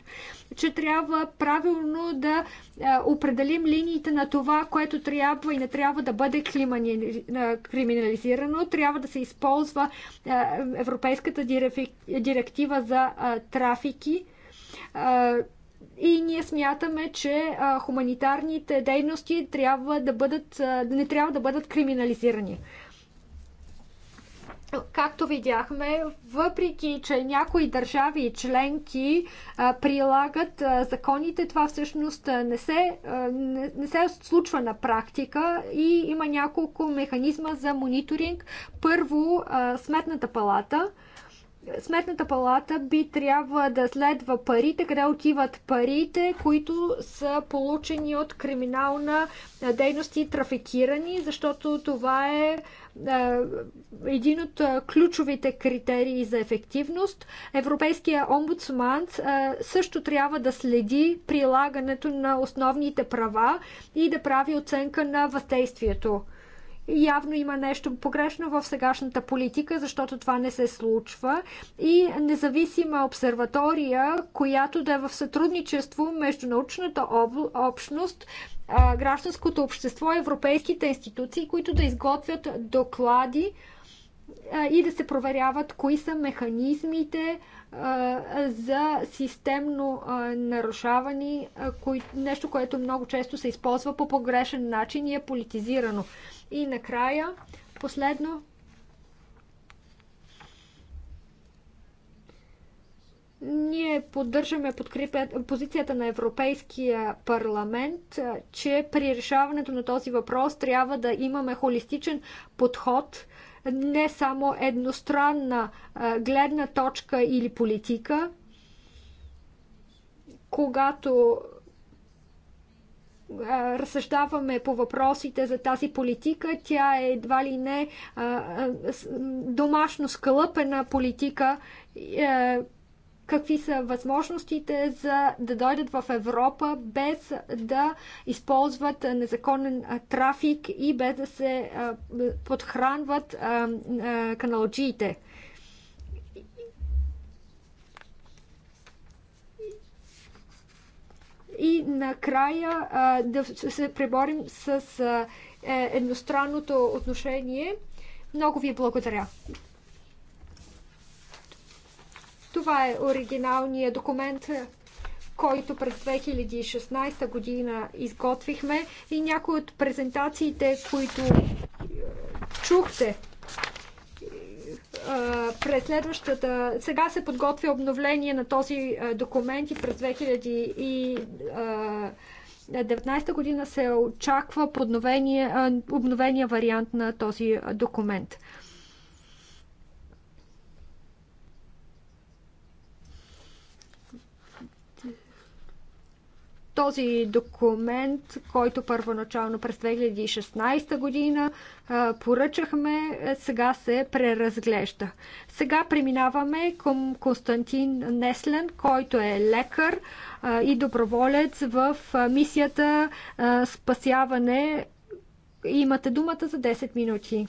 че трябва правилно да а, определим линиите на това, което трябва и не трябва да да бъде криминализирано. Трябва да се използва Европейската директива за трафики. И ние смятаме, че хуманитарните дейности трябва да бъдат, не трябва да бъдат криминализирани. Както видяхме, въпреки че някои държави и членки а, прилагат а, законите, това всъщност не се, а, не, не се случва на практика и има няколко механизма за мониторинг. Първо, а, Сметната палата. Сметната палата би трябва да следва парите, къде отиват парите, които са получени от криминална дейност и трафикирани, защото това е един от ключовите критерии за ефективност. Европейския омбудсман също трябва да следи прилагането на основните права и да прави оценка на въздействието. Явно има нещо погрешно в сегашната политика, защото това не се случва. И независима обсерватория, която да е в сътрудничество между научната об... общност, гражданското общество, европейските институции, които да изготвят доклади и да се проверяват кои са механизмите, за системно нарушаване, нещо, което много често се използва по погрешен начин и е политизирано. И накрая, последно, ние поддържаме позицията на Европейския парламент, че при решаването на този въпрос трябва да имаме холистичен подход – не само едностранна гледна точка или политика, когато разсъждаваме по въпросите за тази политика, тя е едва ли не домашно скълъпена политика, какви са възможностите за да дойдат в Европа без да използват незаконен трафик и без да се подхранват каналджиите. И накрая да се преборим с е, едностранното отношение. Много ви благодаря. Това е оригиналният документ, който през 2016 година изготвихме и някои от презентациите, които е, чухте е, през следващата... Сега се подготвя обновление на този е, документ и през 2019 година се очаква обновения вариант на този документ. този документ, който първоначално през 2016 година поръчахме, е, сега се преразглежда. Сега преминаваме към Константин Неслен, който е лекар и доброволец в мисията Спасяване. Имате думата за 10 минути.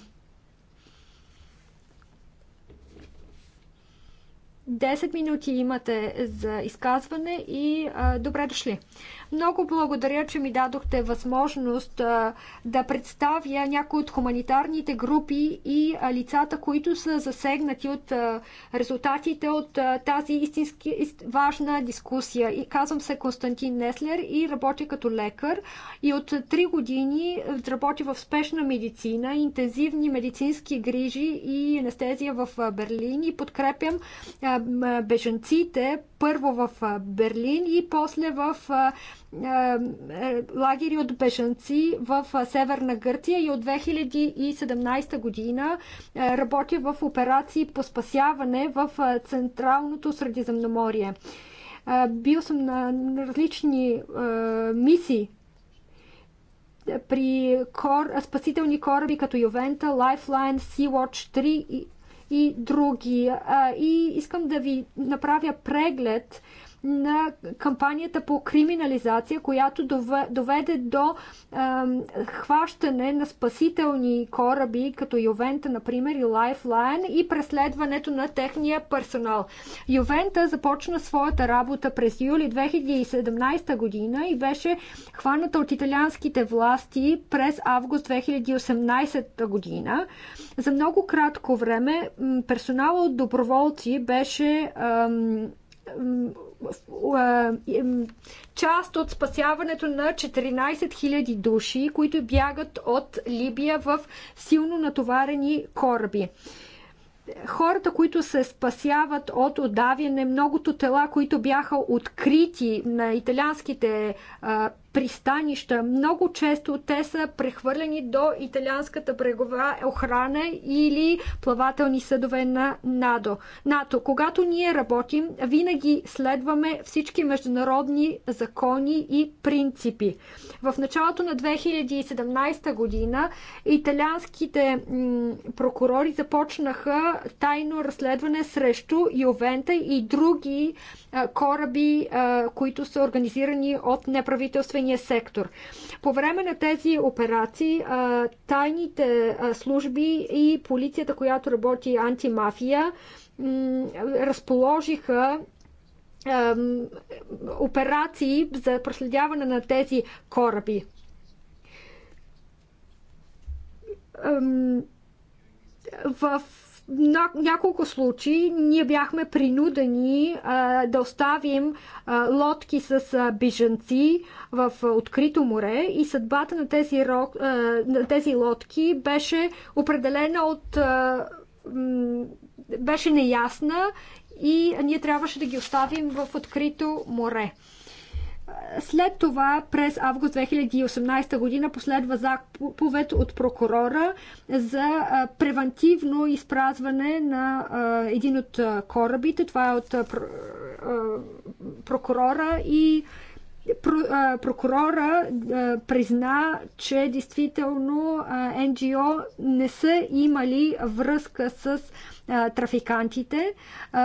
10 минути имате за изказване и а, добре дошли. Много благодаря, че ми дадохте възможност да представя някои от хуманитарните групи и лицата, които са засегнати от резултатите от тази истински важна дискусия. И казвам се Константин Неслер и работя като лекар и от 3 години работя в спешна медицина, интензивни медицински грижи и анестезия в Берлин и подкрепям беженците първо в Берлин и после в е, е, лагери от бежанци в е, Северна Гърция и от 2017 година работя в операции по спасяване в Централното Средиземноморие. Бил съм на различни мисии при кор, спасителни кораби като Ювента, Lifeline, Sea-Watch 3 и, и други. И искам да ви направя преглед на кампанията по криминализация, която доведе до хващане на спасителни кораби, като Ювента, например, и Lifeline и преследването на техния персонал. Ювента започна своята работа през юли 2017 година и беше хваната от италианските власти през август 2018 година. За много кратко време персонала от доброволци беше част от спасяването на 14 000 души, които бягат от Либия в силно натоварени кораби хората, които се спасяват от отдавяне, многото тела, които бяха открити на италианските а, пристанища. Много често те са прехвърлени до италианската брегова охрана или плавателни съдове на НАДО. НАТО. Когато ние работим, винаги следваме всички международни закони и принципи. В началото на 2017 година италианските прокурори започнаха тайно разследване срещу Ювента и други кораби, които са организирани от неправителствени обществения сектор. По време на тези операции тайните служби и полицията, която работи антимафия, разположиха операции за проследяване на тези кораби в на няколко случаи ние бяхме принудени а, да оставим а, лодки с а, бижанци в а, открито море и съдбата на тези, рок, а, на тези лодки беше определена от. А, беше неясна и ние трябваше да ги оставим в открито море. След това през август 2018 година последва заповед от прокурора за превентивно изпразване на един от корабите. Това е от прокурора и прокурора призна, че действително НГО не са имали връзка с трафикантите.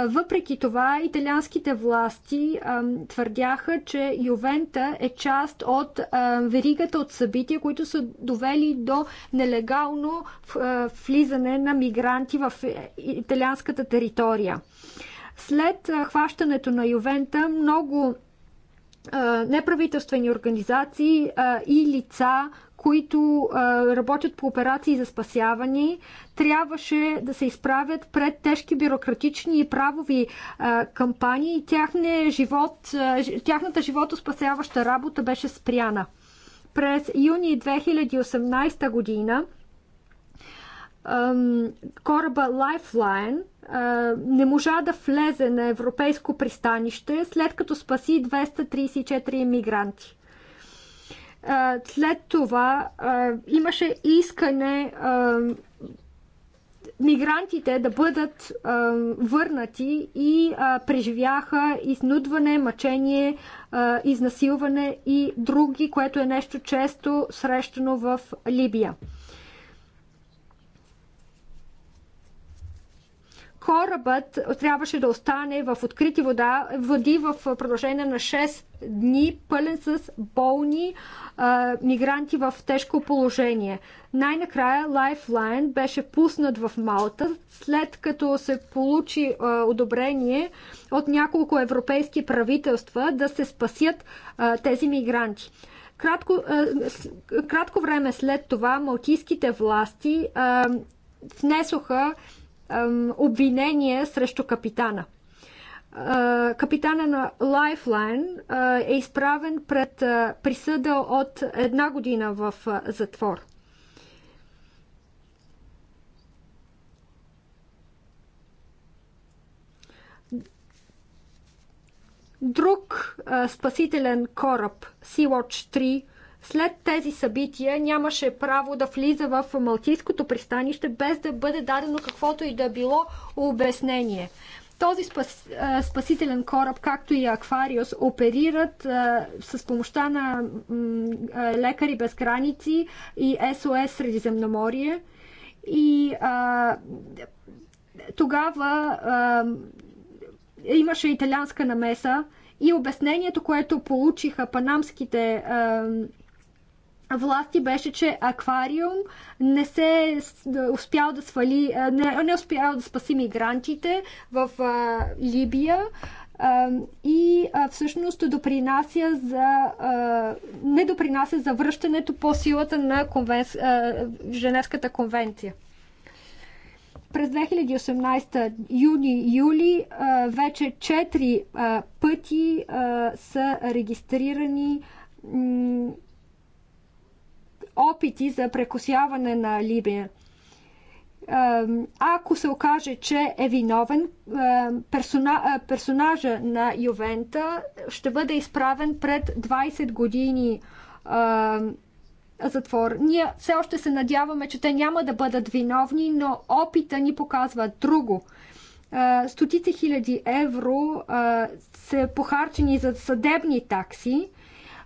Въпреки това, италианските власти твърдяха, че Ювента е част от веригата от събития, които са довели до нелегално влизане на мигранти в е, италианската територия. След хващането на Ювента много неправителствени организации и лица, които работят по операции за спасяване, трябваше да се изправят пред тежки бюрократични и правови кампании и живот, тяхната животоспасяваща работа беше спряна. През юни 2018 година кораба Lifeline не можа да влезе на европейско пристанище, след като спаси 234 мигранти. След това имаше искане мигрантите да бъдат върнати и преживяха изнудване, мъчение, изнасилване и други, което е нещо често срещано в Либия. корабът трябваше да остане в открити вода, води в продължение на 6 дни, пълен с болни а, мигранти в тежко положение. Най-накрая Lifeline беше пуснат в Малта, след като се получи а, одобрение от няколко европейски правителства да се спасят а, тези мигранти. Кратко, а, кратко време след това малтийските власти а, внесоха обвинение срещу капитана. Капитана на Lifeline е изправен пред присъда от една година в затвор. Друг спасителен кораб, Sea-Watch 3, след тези събития нямаше право да влиза в Малтийското пристанище без да бъде дадено каквото и да било обяснение. Този спас, а, спасителен кораб, както и Аквариус, оперират а, с помощта на м, а, Лекари без граници и СОС Средиземноморие. И а, тогава а, имаше италианска намеса и обяснението, което получиха панамските а, власти беше, че аквариум не се успял да свали, не, не успял да спаси мигрантите в а, Либия а, и а, всъщност допринася за, а, не допринася за връщането по силата на конвенс, а, Женевската конвенция през 2018 юни-юли вече 4 пъти са регистрирани опити за прекосяване на Либия. Ако се окаже, че е виновен, персонажа на Ювента ще бъде изправен пред 20 години затвор. Ние все още се надяваме, че те няма да бъдат виновни, но опита ни показва друго. Стотици хиляди евро са похарчени за съдебни такси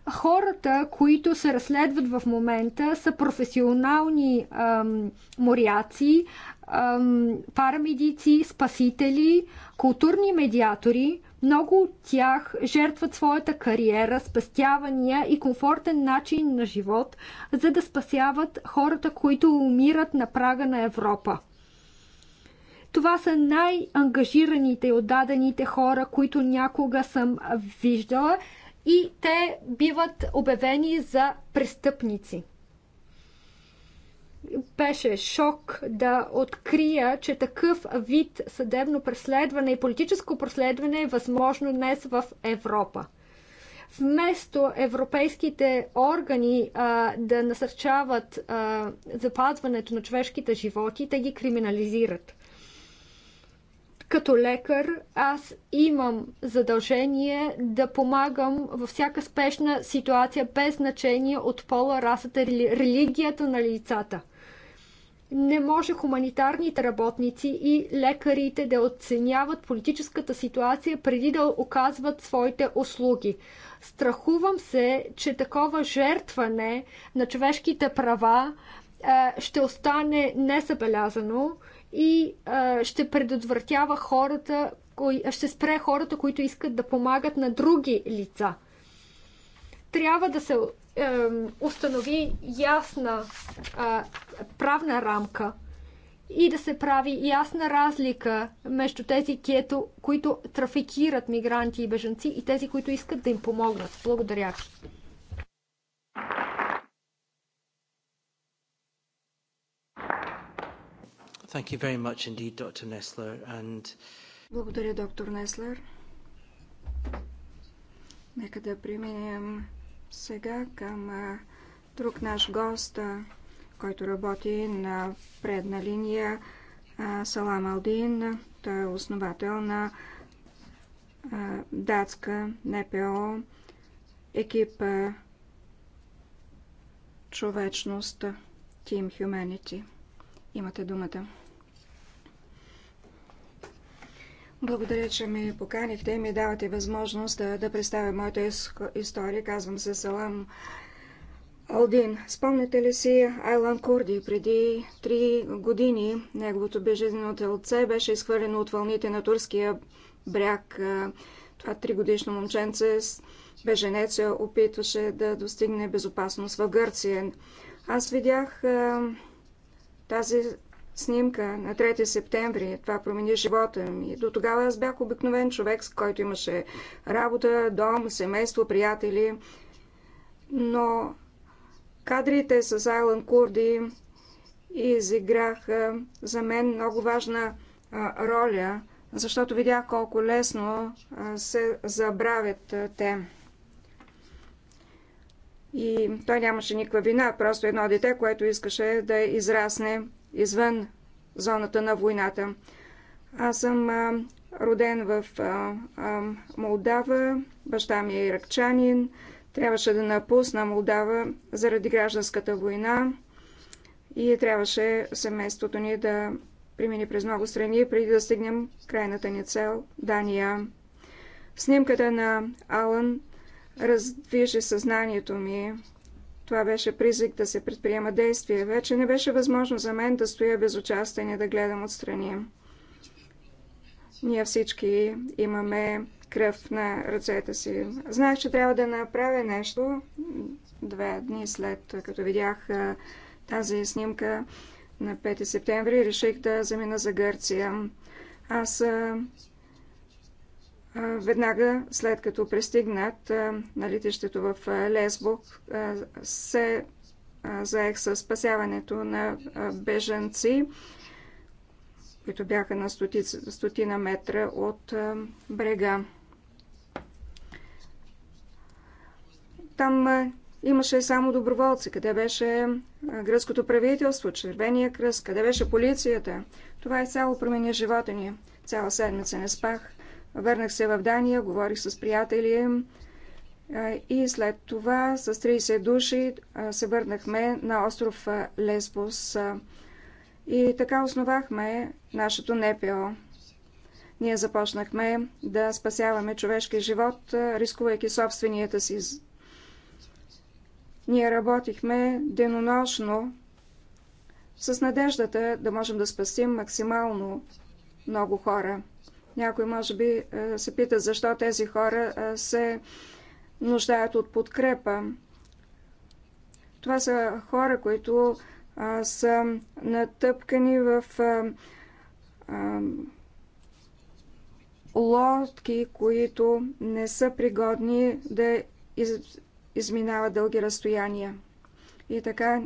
Хората, които се разследват в момента, са професионални ам, моряци, ам, парамедици, спасители, културни медиатори. Много от тях жертват своята кариера, спестявания и комфортен начин на живот, за да спасяват хората, които умират на прага на Европа. Това са най-ангажираните и отдадените хора, които някога съм виждала и те биват обявени за престъпници. Беше шок да открия, че такъв вид съдебно преследване и политическо преследване е възможно днес в Европа вместо европейските органи а, да насърчават а, запазването на човешките животи, те ги криминализират. Като лекар аз имам задължение да помагам във всяка спешна ситуация, без значение от пола, расата или религията на лицата. Не може хуманитарните работници и лекарите да оценяват политическата ситуация преди да оказват своите услуги. Страхувам се, че такова жертване на човешките права е, ще остане незабелязано и а, ще предотвратява хората, кои, ще спре хората, които искат да помагат на други лица. Трябва да се е, установи ясна е, правна рамка и да се прави ясна разлика между тези, кето, които трафикират мигранти и бежанци и тези, които искат да им помогнат. Благодаря ви. Thank you very much indeed, Dr. Nessler. And... Благодаря, доктор Неслер. Нека да преминем сега към друг наш гост, който работи на предна линия, Салам Алдин. Той е основател на датска НПО екипа Човечност Team Humanity. Имате думата. Благодаря, че ми поканихте и ми давате възможност да, да представя моята история. Казвам се Салам Алдин. Спомняте ли си Айлан Курди? Преди три години неговото безжизнено телце беше изхвърлено от вълните на турския бряг. Това тригодишно момченце беженец опитваше да достигне безопасност в Гърция. Аз видях тази снимка на 3 септември, това промени живота ми. До тогава аз бях обикновен човек, с който имаше работа, дом, семейство, приятели. Но кадрите с Айлан Курди изиграха за мен много важна роля, защото видях колко лесно се забравят те. И той нямаше никаква вина, просто едно дете, което искаше да израсне извън зоната на войната. Аз съм а, роден в а, а, Молдава, баща ми е иракчанин. Трябваше да напусна Молдава заради гражданската война и трябваше семейството ни да премине през много страни, преди да стигнем крайната ни цел – Дания. Снимката на Алън раздвижи съзнанието ми. Това беше призик да се предприема действие. Вече не беше възможно за мен да стоя безучастен и да гледам отстрани. Ние всички имаме кръв на ръцете си. Знаех, че трябва да направя нещо. Две дни след като видях тази снимка на 5 септември, реших да замина за Гърция. Аз веднага след като пристигнат на летището в Лесбо, се заех със спасяването на беженци, които бяха на стотици, стотина метра от брега. Там имаше само доброволци. Къде беше гръцкото правителство, Червения кръст, къде беше полицията? Това е цяло промени живота ни. Цяла седмица не спах. Върнах се в Дания, говорих с приятели и след това с 30 души се върнахме на остров Лесбос и така основахме нашето НПО. Ние започнахме да спасяваме човешки живот, рискувайки собственията си. Ние работихме денонощно с надеждата да можем да спасим максимално много хора. Някой може би е, се пита защо тези хора е, се нуждаят от подкрепа. Това са хора, които е, са натъпкани в лодки, които не са пригодни да из, изминават дълги разстояния. И така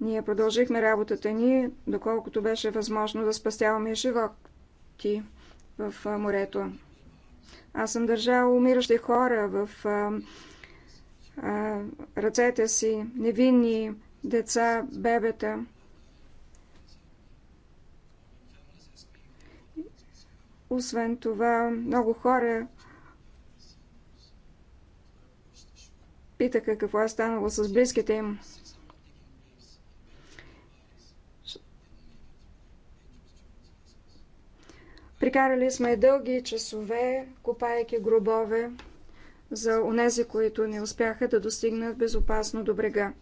ние продължихме работата ни, доколкото беше възможно да спастяваме животи в морето. Аз съм държал умиращи хора в а, а, ръцете си, невинни деца, бебета. Освен това, много хора питаха какво е станало с близките им. Прикарали сме дълги часове, копаеки гробове за онези, които не успяха да достигнат безопасно до брега.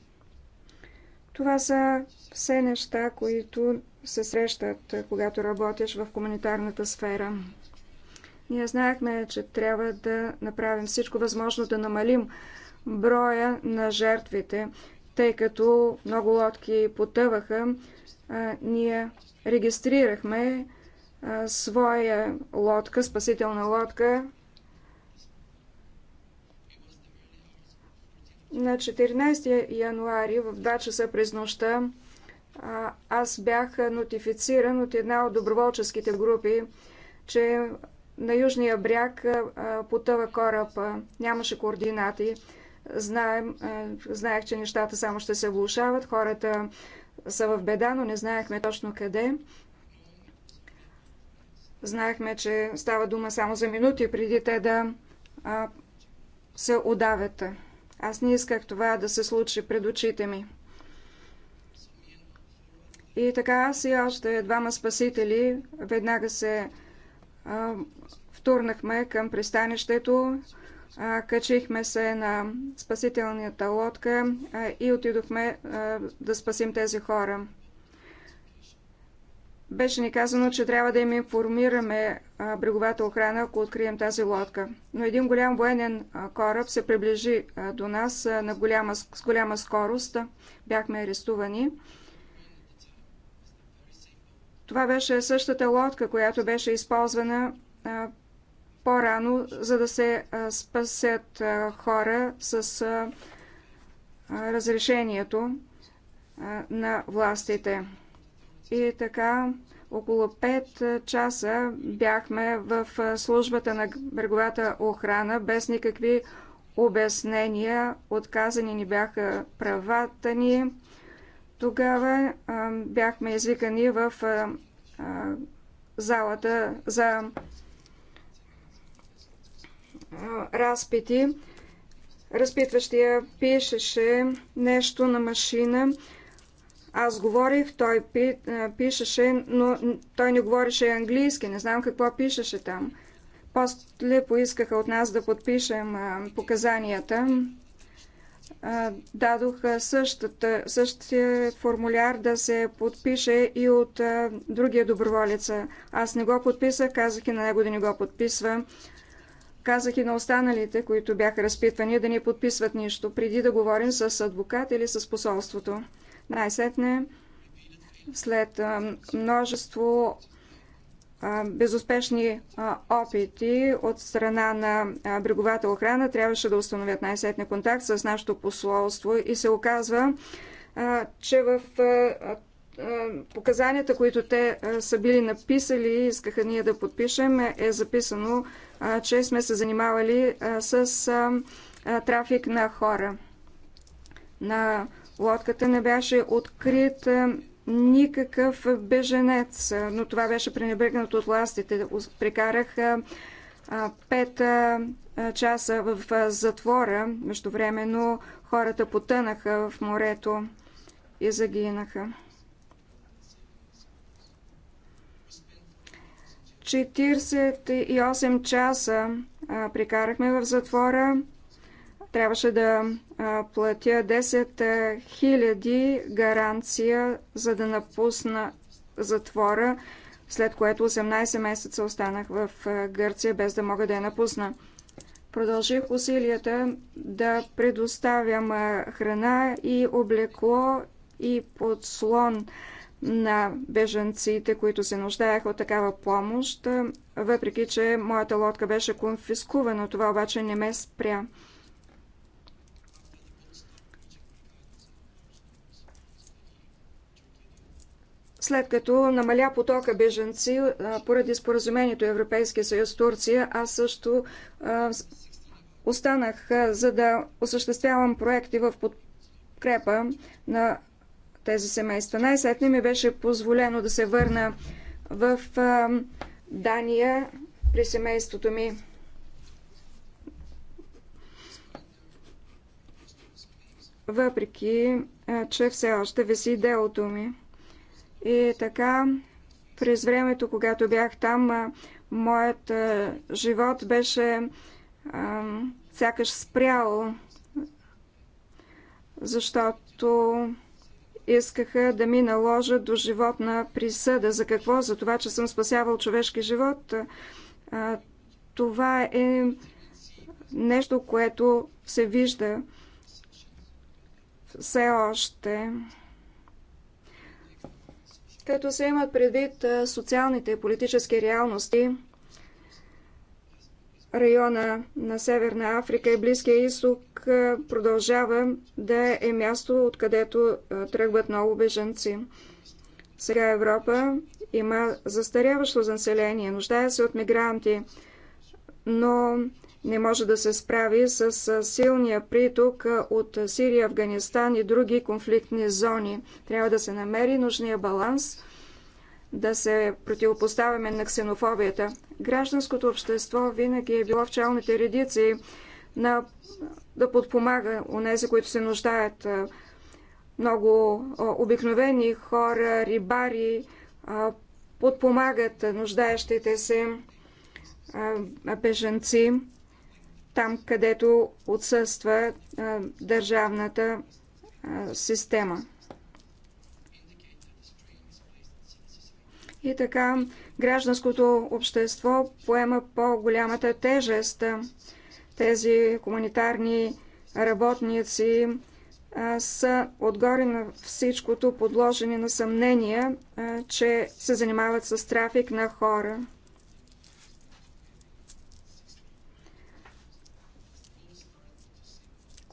Това са все неща, които се срещат, когато работиш в комунитарната сфера. Ние знаехме, че трябва да направим всичко възможно да намалим броя на жертвите, тъй като много лодки потъваха. А, ние регистрирахме своя лодка, спасителна лодка на 14 януари в 2 часа през нощта аз бях нотифициран от една от доброволческите групи, че на южния бряг потъва кораб, нямаше координати. Знаем, знаех, че нещата само ще се влушават, хората са в беда, но не знаехме точно къде. Знаехме, че става дума само за минути преди те да а, се удавят. Аз не исках това да се случи пред очите ми. И така аз и още двама спасители веднага се а, втурнахме към пристанището, а, качихме се на спасителната лодка а, и отидохме а, да спасим тези хора. Беше ни казано, че трябва да им информираме бреговата охрана, ако открием тази лодка. Но един голям военен кораб се приближи до нас на голяма, с голяма скорост. Бяхме арестувани. Това беше същата лодка, която беше използвана по-рано, за да се спасят хора с разрешението на властите. И така, около 5 часа бяхме в службата на бреговата охрана без никакви обяснения. Отказани ни бяха правата ни. Тогава а, бяхме извикани в а, а, залата за а, разпити. Разпитващия пишеше нещо на машина аз говорих, той пи, пишеше, но той не говореше английски, не знам какво пишеше там. После поискаха от нас да подпишем показанията. Дадох същата, същия формуляр да се подпише и от другия доброволец. Аз не го подписах, казах и на него да не го подписва. Казах и на останалите, които бяха разпитвани, да не подписват нищо, преди да говорим с адвокат или с посолството. Най-сетне, след множество безуспешни опити от страна на бреговата охрана, трябваше да установят най-сетне контакт с нашето посолство и се оказва, че в показанията, които те са били написали и искаха ние да подпишем, е записано, че сме се занимавали с трафик на хора, на Лодката не беше открита никакъв беженец, но това беше пренебрегнато от властите. Прекарах пет часа в затвора. Междувременно хората потънаха в морето и загинаха. 48 часа прекарахме в затвора трябваше да платя 10 000 гаранция, за да напусна затвора, след което 18 месеца останах в Гърция, без да мога да я напусна. Продължих усилията да предоставям храна и облекло и подслон на бежанците, които се нуждаеха от такава помощ, въпреки че моята лодка беше конфискувана, това обаче не ме спря. След като намаля потока беженци поради споразумението Европейския съюз Турция, аз също останах за да осъществявам проекти в подкрепа на тези семейства. Най-сетне ми беше позволено да се върна в Дания при семейството ми. Въпреки, че все още виси делото ми. И така, през времето, когато бях там, моят живот беше а, сякаш спрял, защото искаха да ми наложат до животна присъда. За какво? За това, че съм спасявал човешки живот. А, това е нещо, което се вижда все още като се имат предвид социалните и политически реалности района на Северна Африка и Близкия изток продължава да е място, откъдето тръгват много беженци. Сега Европа има застаряващо население, нуждае се от мигранти, но не може да се справи с силния приток от Сирия, Афганистан и други конфликтни зони. Трябва да се намери нужния баланс, да се противопоставяме на ксенофобията. Гражданското общество винаги е било в челните редици на, да подпомага нези, които се нуждаят. Много обикновени хора, рибари, подпомагат нуждаещите се беженци там, където отсъства държавната система. И така гражданското общество поема по-голямата тежест. Тези хуманитарни работници са отгоре на всичкото подложени на съмнение, че се занимават с трафик на хора.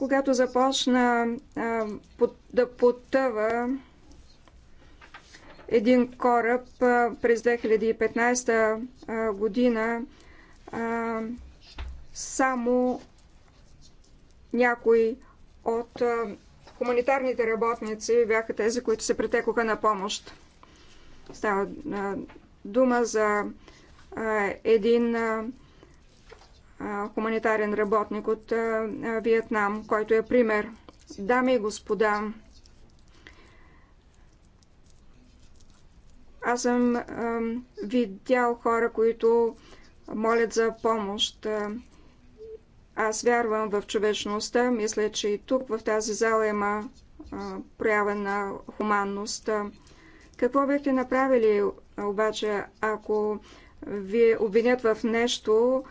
Когато започна а, под, да потъва един кораб а, през 2015 а, година, а, само някои от а, хуманитарните работници бяха тези, които се претекоха на помощ. Става а, дума за а, един. А, хуманитарен работник от Виетнам, който е пример. Дами и господа, аз съм видял хора, които молят за помощ. Аз вярвам в човечността. Мисля, че и тук в тази зала има проява на хуманност. Какво бихте направили обаче, ако ви обвинят в нещо,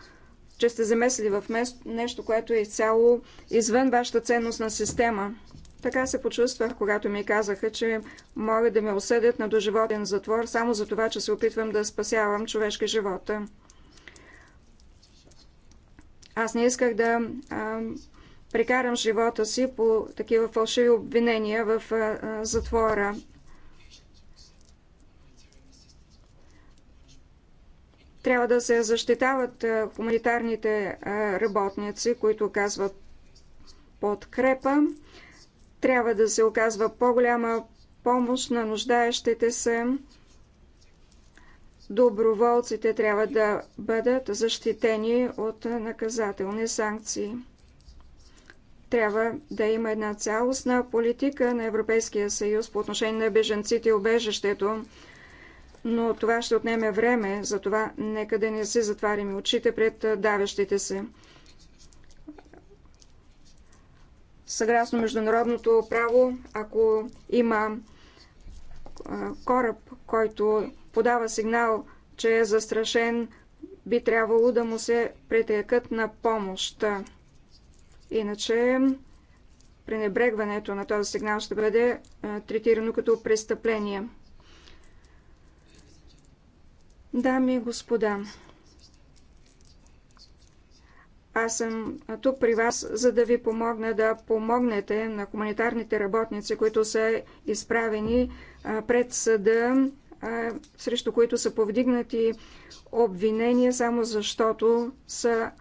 че сте замесли в нещо, което е изцяло извън вашата ценностна система. Така се почувствах, когато ми казаха, че могат да ме осъдят на доживотен затвор, само за това, че се опитвам да спасявам човешки живота. Аз не исках да а, прекарам живота си по такива фалшиви обвинения в а, затвора. Трябва да се защитават хуманитарните работници, които оказват подкрепа. Трябва да се оказва по-голяма помощ на нуждаещите се. Доброволците трябва да бъдат защитени от наказателни санкции. Трябва да има една цялостна политика на Европейския съюз по отношение на беженците и убежището но това ще отнеме време, затова нека да не си затваряме очите пред давещите се. Съгласно международното право, ако има кораб, който подава сигнал, че е застрашен, би трябвало да му се претекат на помощ. Иначе пренебрегването на този сигнал ще бъде третирано като престъпление. Дами и господа, аз съм тук при вас, за да ви помогна да помогнете на хуманитарните работници, които са изправени пред съда, срещу които са повдигнати обвинения, само защото са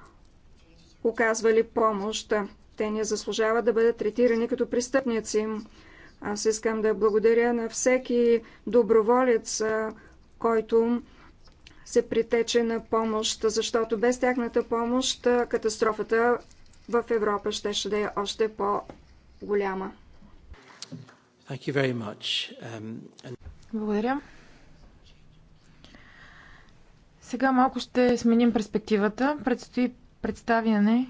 оказвали помощ. Те не заслужават да бъдат третирани като престъпници. Аз искам да благодаря на всеки доброволец, който се притече на помощ, защото без тяхната помощ катастрофата в Европа щеше да е още по-голяма. Um, Благодаря. Сега малко ще сменим перспективата. Предстои представяне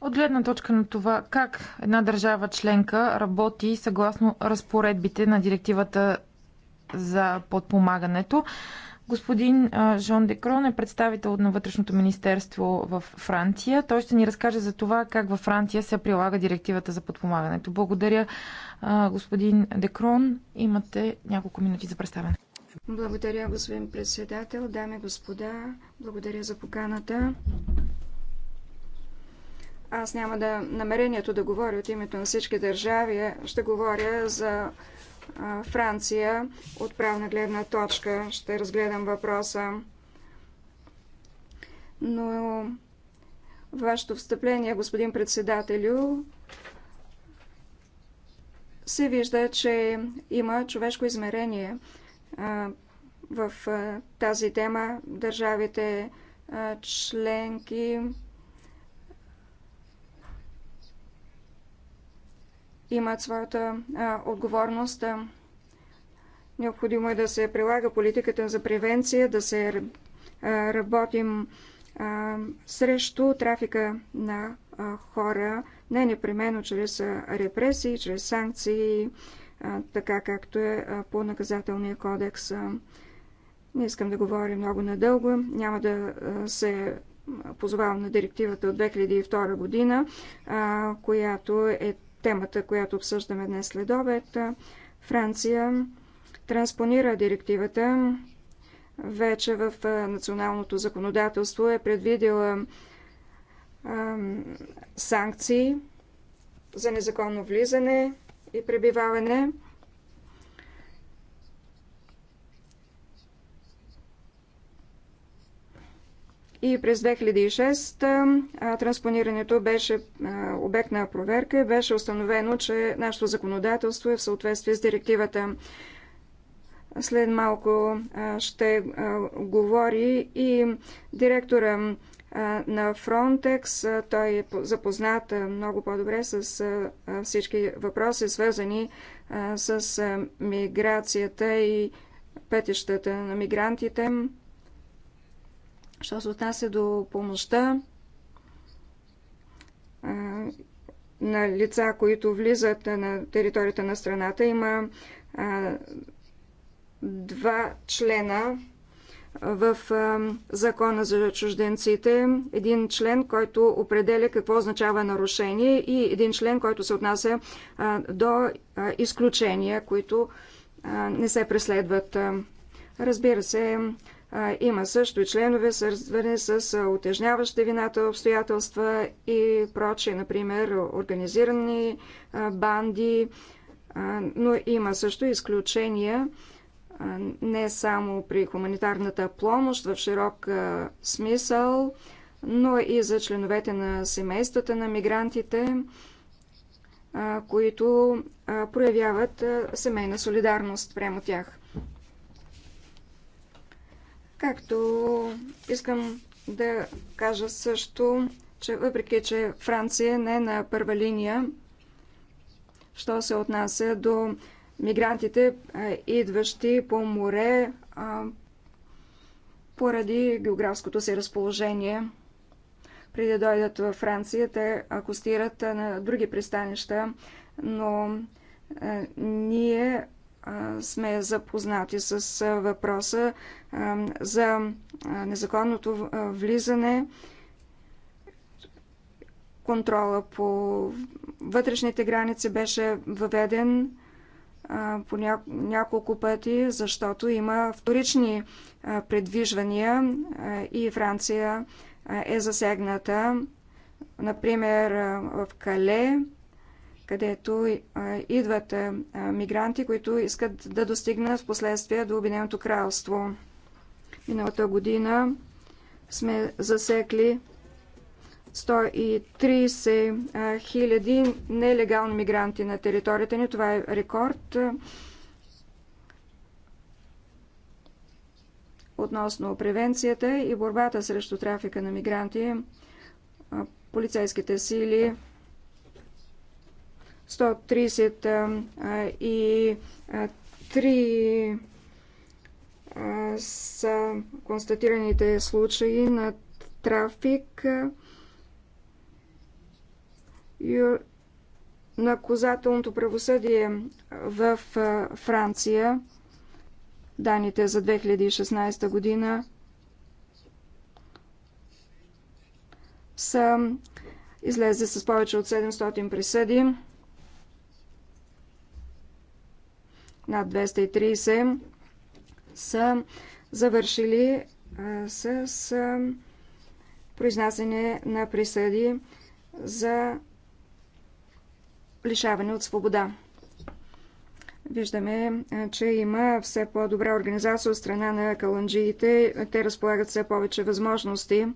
от гледна точка на това как една държава членка работи съгласно разпоредбите на директивата за подпомагането. Господин Жон Декрон е представител на Вътрешното министерство в Франция. Той ще ни разкаже за това как във Франция се прилага директивата за подпомагането. Благодаря, господин Декрон. Имате няколко минути за представяне. Благодаря, господин председател, дами и господа. Благодаря за поканата. Аз няма да намерението да говоря от името на всички държави. Ще говоря за Франция от правна гледна точка. Ще разгледам въпроса. Но вашето встъпление, господин председателю, се вижда, че има човешко измерение в тази тема. Държавите членки имат своята а, отговорност. Необходимо е да се прилага политиката за превенция, да се а, работим а, срещу трафика на а, хора, не непременно чрез а, репресии, чрез санкции, а, така както е а, по наказателния кодекс. А, не искам да говоря много надълго, няма да се позовавам на директивата от 2002 година, която е темата, която обсъждаме днес след обед. Франция транспонира директивата вече в националното законодателство е предвидила санкции за незаконно влизане и пребиваване. И през 2006 транспонирането беше обект на проверка и беше установено, че нашето законодателство е в съответствие с директивата. След малко ще говори и директора на Frontex. Той е запознат много по-добре с всички въпроси, свързани с миграцията и пътищата на мигрантите. Що се отнася до помощта на лица, които влизат на територията на страната, има два члена в закона за чужденците. Един член, който определя какво означава нарушение и един член, който се отнася до изключения, които не се преследват. Разбира се, има също и членове, свързани с отежняващи вината обстоятелства и прочие, например, организирани банди, но има също изключения не само при хуманитарната помощ в широк смисъл, но и за членовете на семействата на мигрантите, които проявяват семейна солидарност прямо тях. Както искам да кажа също, че въпреки, че Франция не е на първа линия, що се отнася до мигрантите, идващи по море поради географското си разположение. Преди да дойдат във Франция, те акустират на други пристанища, но ние сме запознати с въпроса за незаконното влизане, контрола по вътрешните граници беше въведен по няколко пъти, защото има вторични предвижвания и Франция е засегната. Например, в Кале където идват мигранти, които искат да достигнат в последствие до Обединеното кралство. Миналата година сме засекли 130 хиляди нелегални мигранти на територията ни. Това е рекорд. Относно превенцията и борбата срещу трафика на мигранти, полицейските сили 133 са констатираните случаи на трафик. Наказателното правосъдие в Франция, данните за 2016 година, са излезе с повече от 700 присъди. над 230 са завършили с произнасяне на присъди за лишаване от свобода. Виждаме, че има все по-добра организация от страна на каланджиите. Те разполагат все повече възможности.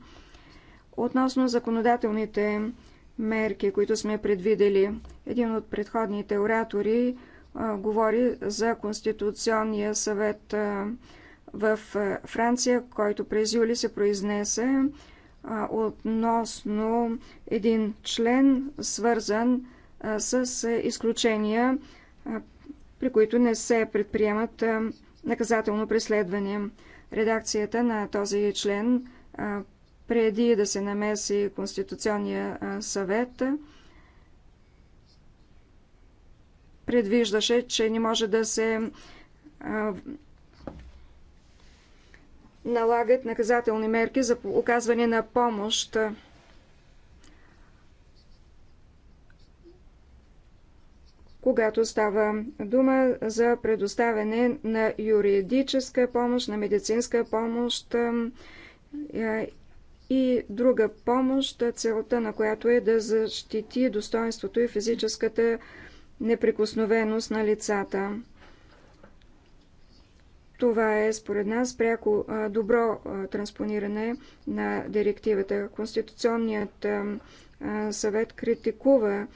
Относно законодателните мерки, които сме предвидели, един от предходните оратори говори за Конституционния съвет в Франция, който през юли се произнесе относно един член, свързан с изключения, при които не се предприемат наказателно преследване. Редакцията на този член преди да се намеси Конституционния съвет – предвиждаше, че не може да се налагат наказателни мерки за оказване на помощ. когато става дума за предоставяне на юридическа помощ, на медицинска помощ и друга помощ, целта на която е да защити достоинството и физическата неприкосновеност на лицата. Това е, според нас, пряко добро транспониране на директивата. Конституционният съвет критикува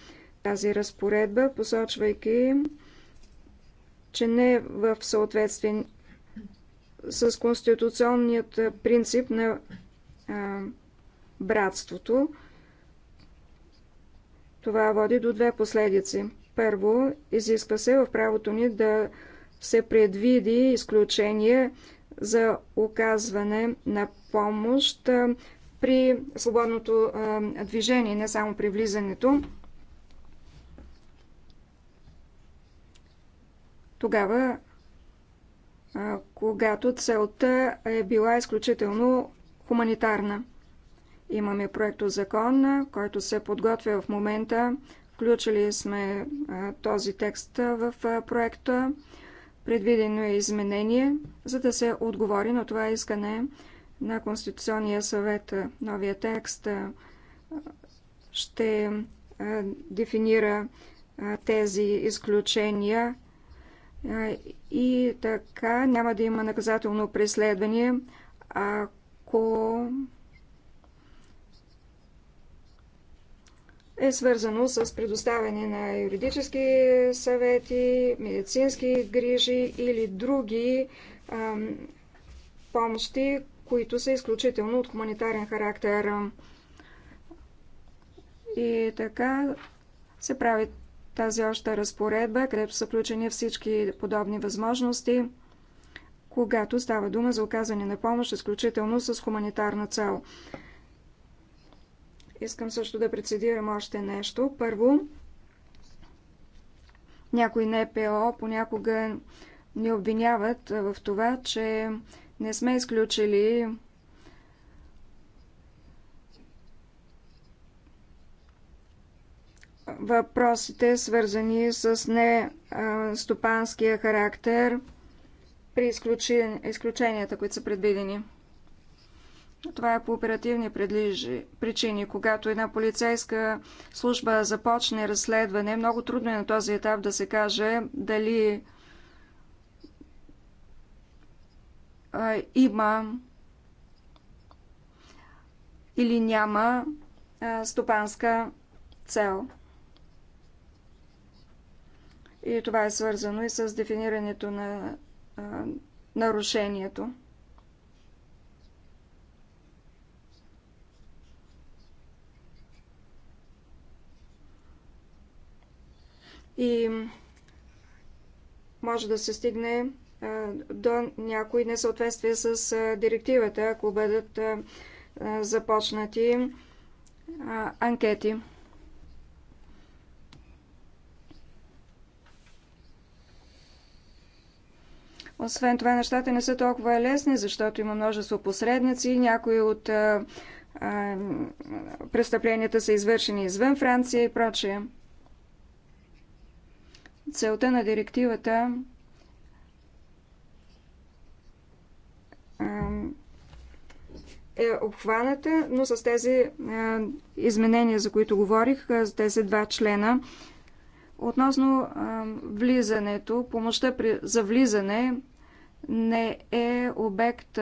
тази разпоредба, посочвайки, че не е в съответствие с конституционният принцип на братството. Това води до две последици. Първо, изисква се в правото ни да се предвиди изключение за оказване на помощ при свободното движение, не само при влизането. Тогава, когато целта е била изключително хуманитарна. Имаме проекто закон, който се подготвя в момента Включили сме този текст в проекта. Предвидено е изменение, за да се отговори на това искане на Конституционния съвет. Новия текст ще дефинира тези изключения и така няма да има наказателно преследване, ако е свързано с предоставяне на юридически съвети, медицински грижи или други ам, помощи, които са изключително от хуманитарен характер. И така се прави тази обща разпоредба, където са включени всички подобни възможности, когато става дума за оказане на помощ изключително с хуманитарна цел. Искам също да прецедирам още нещо. Първо, някои НПО понякога ни обвиняват в това, че не сме изключили въпросите, свързани с нестопанския характер при изключенията, които са предвидени. Това е по оперативни предлижи причини. Когато една полицейска служба започне разследване, много трудно е на този етап да се каже дали а, има или няма а, стопанска цел. И това е свързано и с дефинирането на а, нарушението. и може да се стигне до някои несъответствия с директивата, ако бъдат започнати анкети. Освен това, нещата не са толкова лесни, защото има множество посредници. Някои от а, а, престъпленията са извършени извън Франция и прочее. Целта на директивата е обхваната, но с тези изменения, за които говорих, за тези два члена. Относно влизането, помощта за влизане не е обект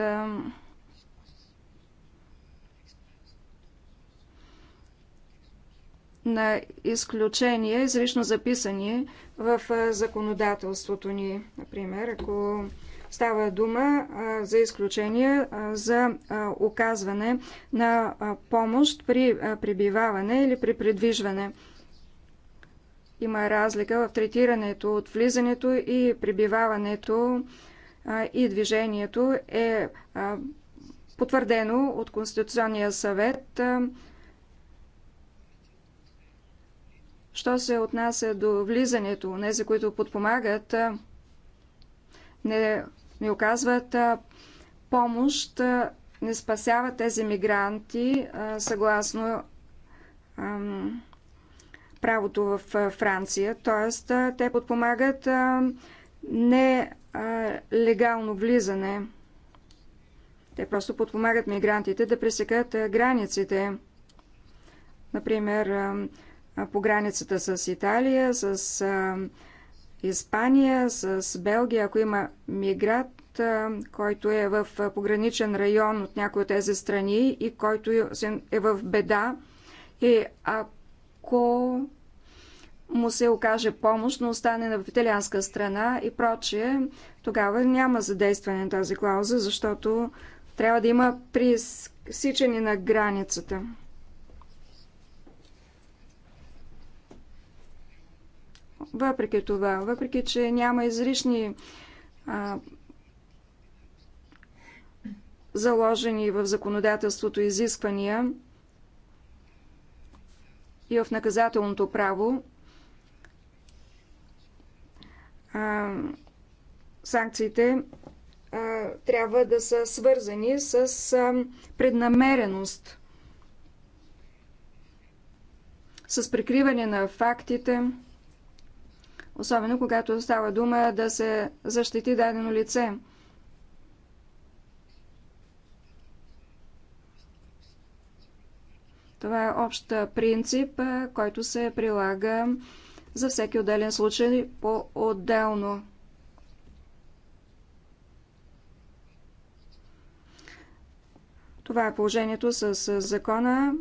на изключения, изрично записани в законодателството ни. Например, ако става дума за изключение за оказване на помощ при пребиваване или при придвижване. Има разлика в третирането от влизането и пребиваването и движението е потвърдено от Конституционния съвет Що се отнася до влизането, нези, които подпомагат, не, не оказват помощ, не спасяват тези мигранти съгласно правото в Франция. Тоест, те подпомагат нелегално влизане. Те просто подпомагат мигрантите да пресекат границите. Например, по границата с Италия, с Испания, с Белгия, ако има мигрант, който е в пограничен район от някои от тези страни и който е в беда, и ако му се окаже помощ, но остане в италианска страна и прочие, тогава няма задействане на тази клауза, защото трябва да има присичане на границата. въпреки това, въпреки че няма изрични а, заложени в законодателството изисквания и в наказателното право, а, санкциите а, трябва да са свързани с а, преднамереност, с прикриване на фактите особено когато става дума да се защити дадено лице. Това е общ принцип, който се прилага за всеки отделен случай по-отделно. Това е положението с закона,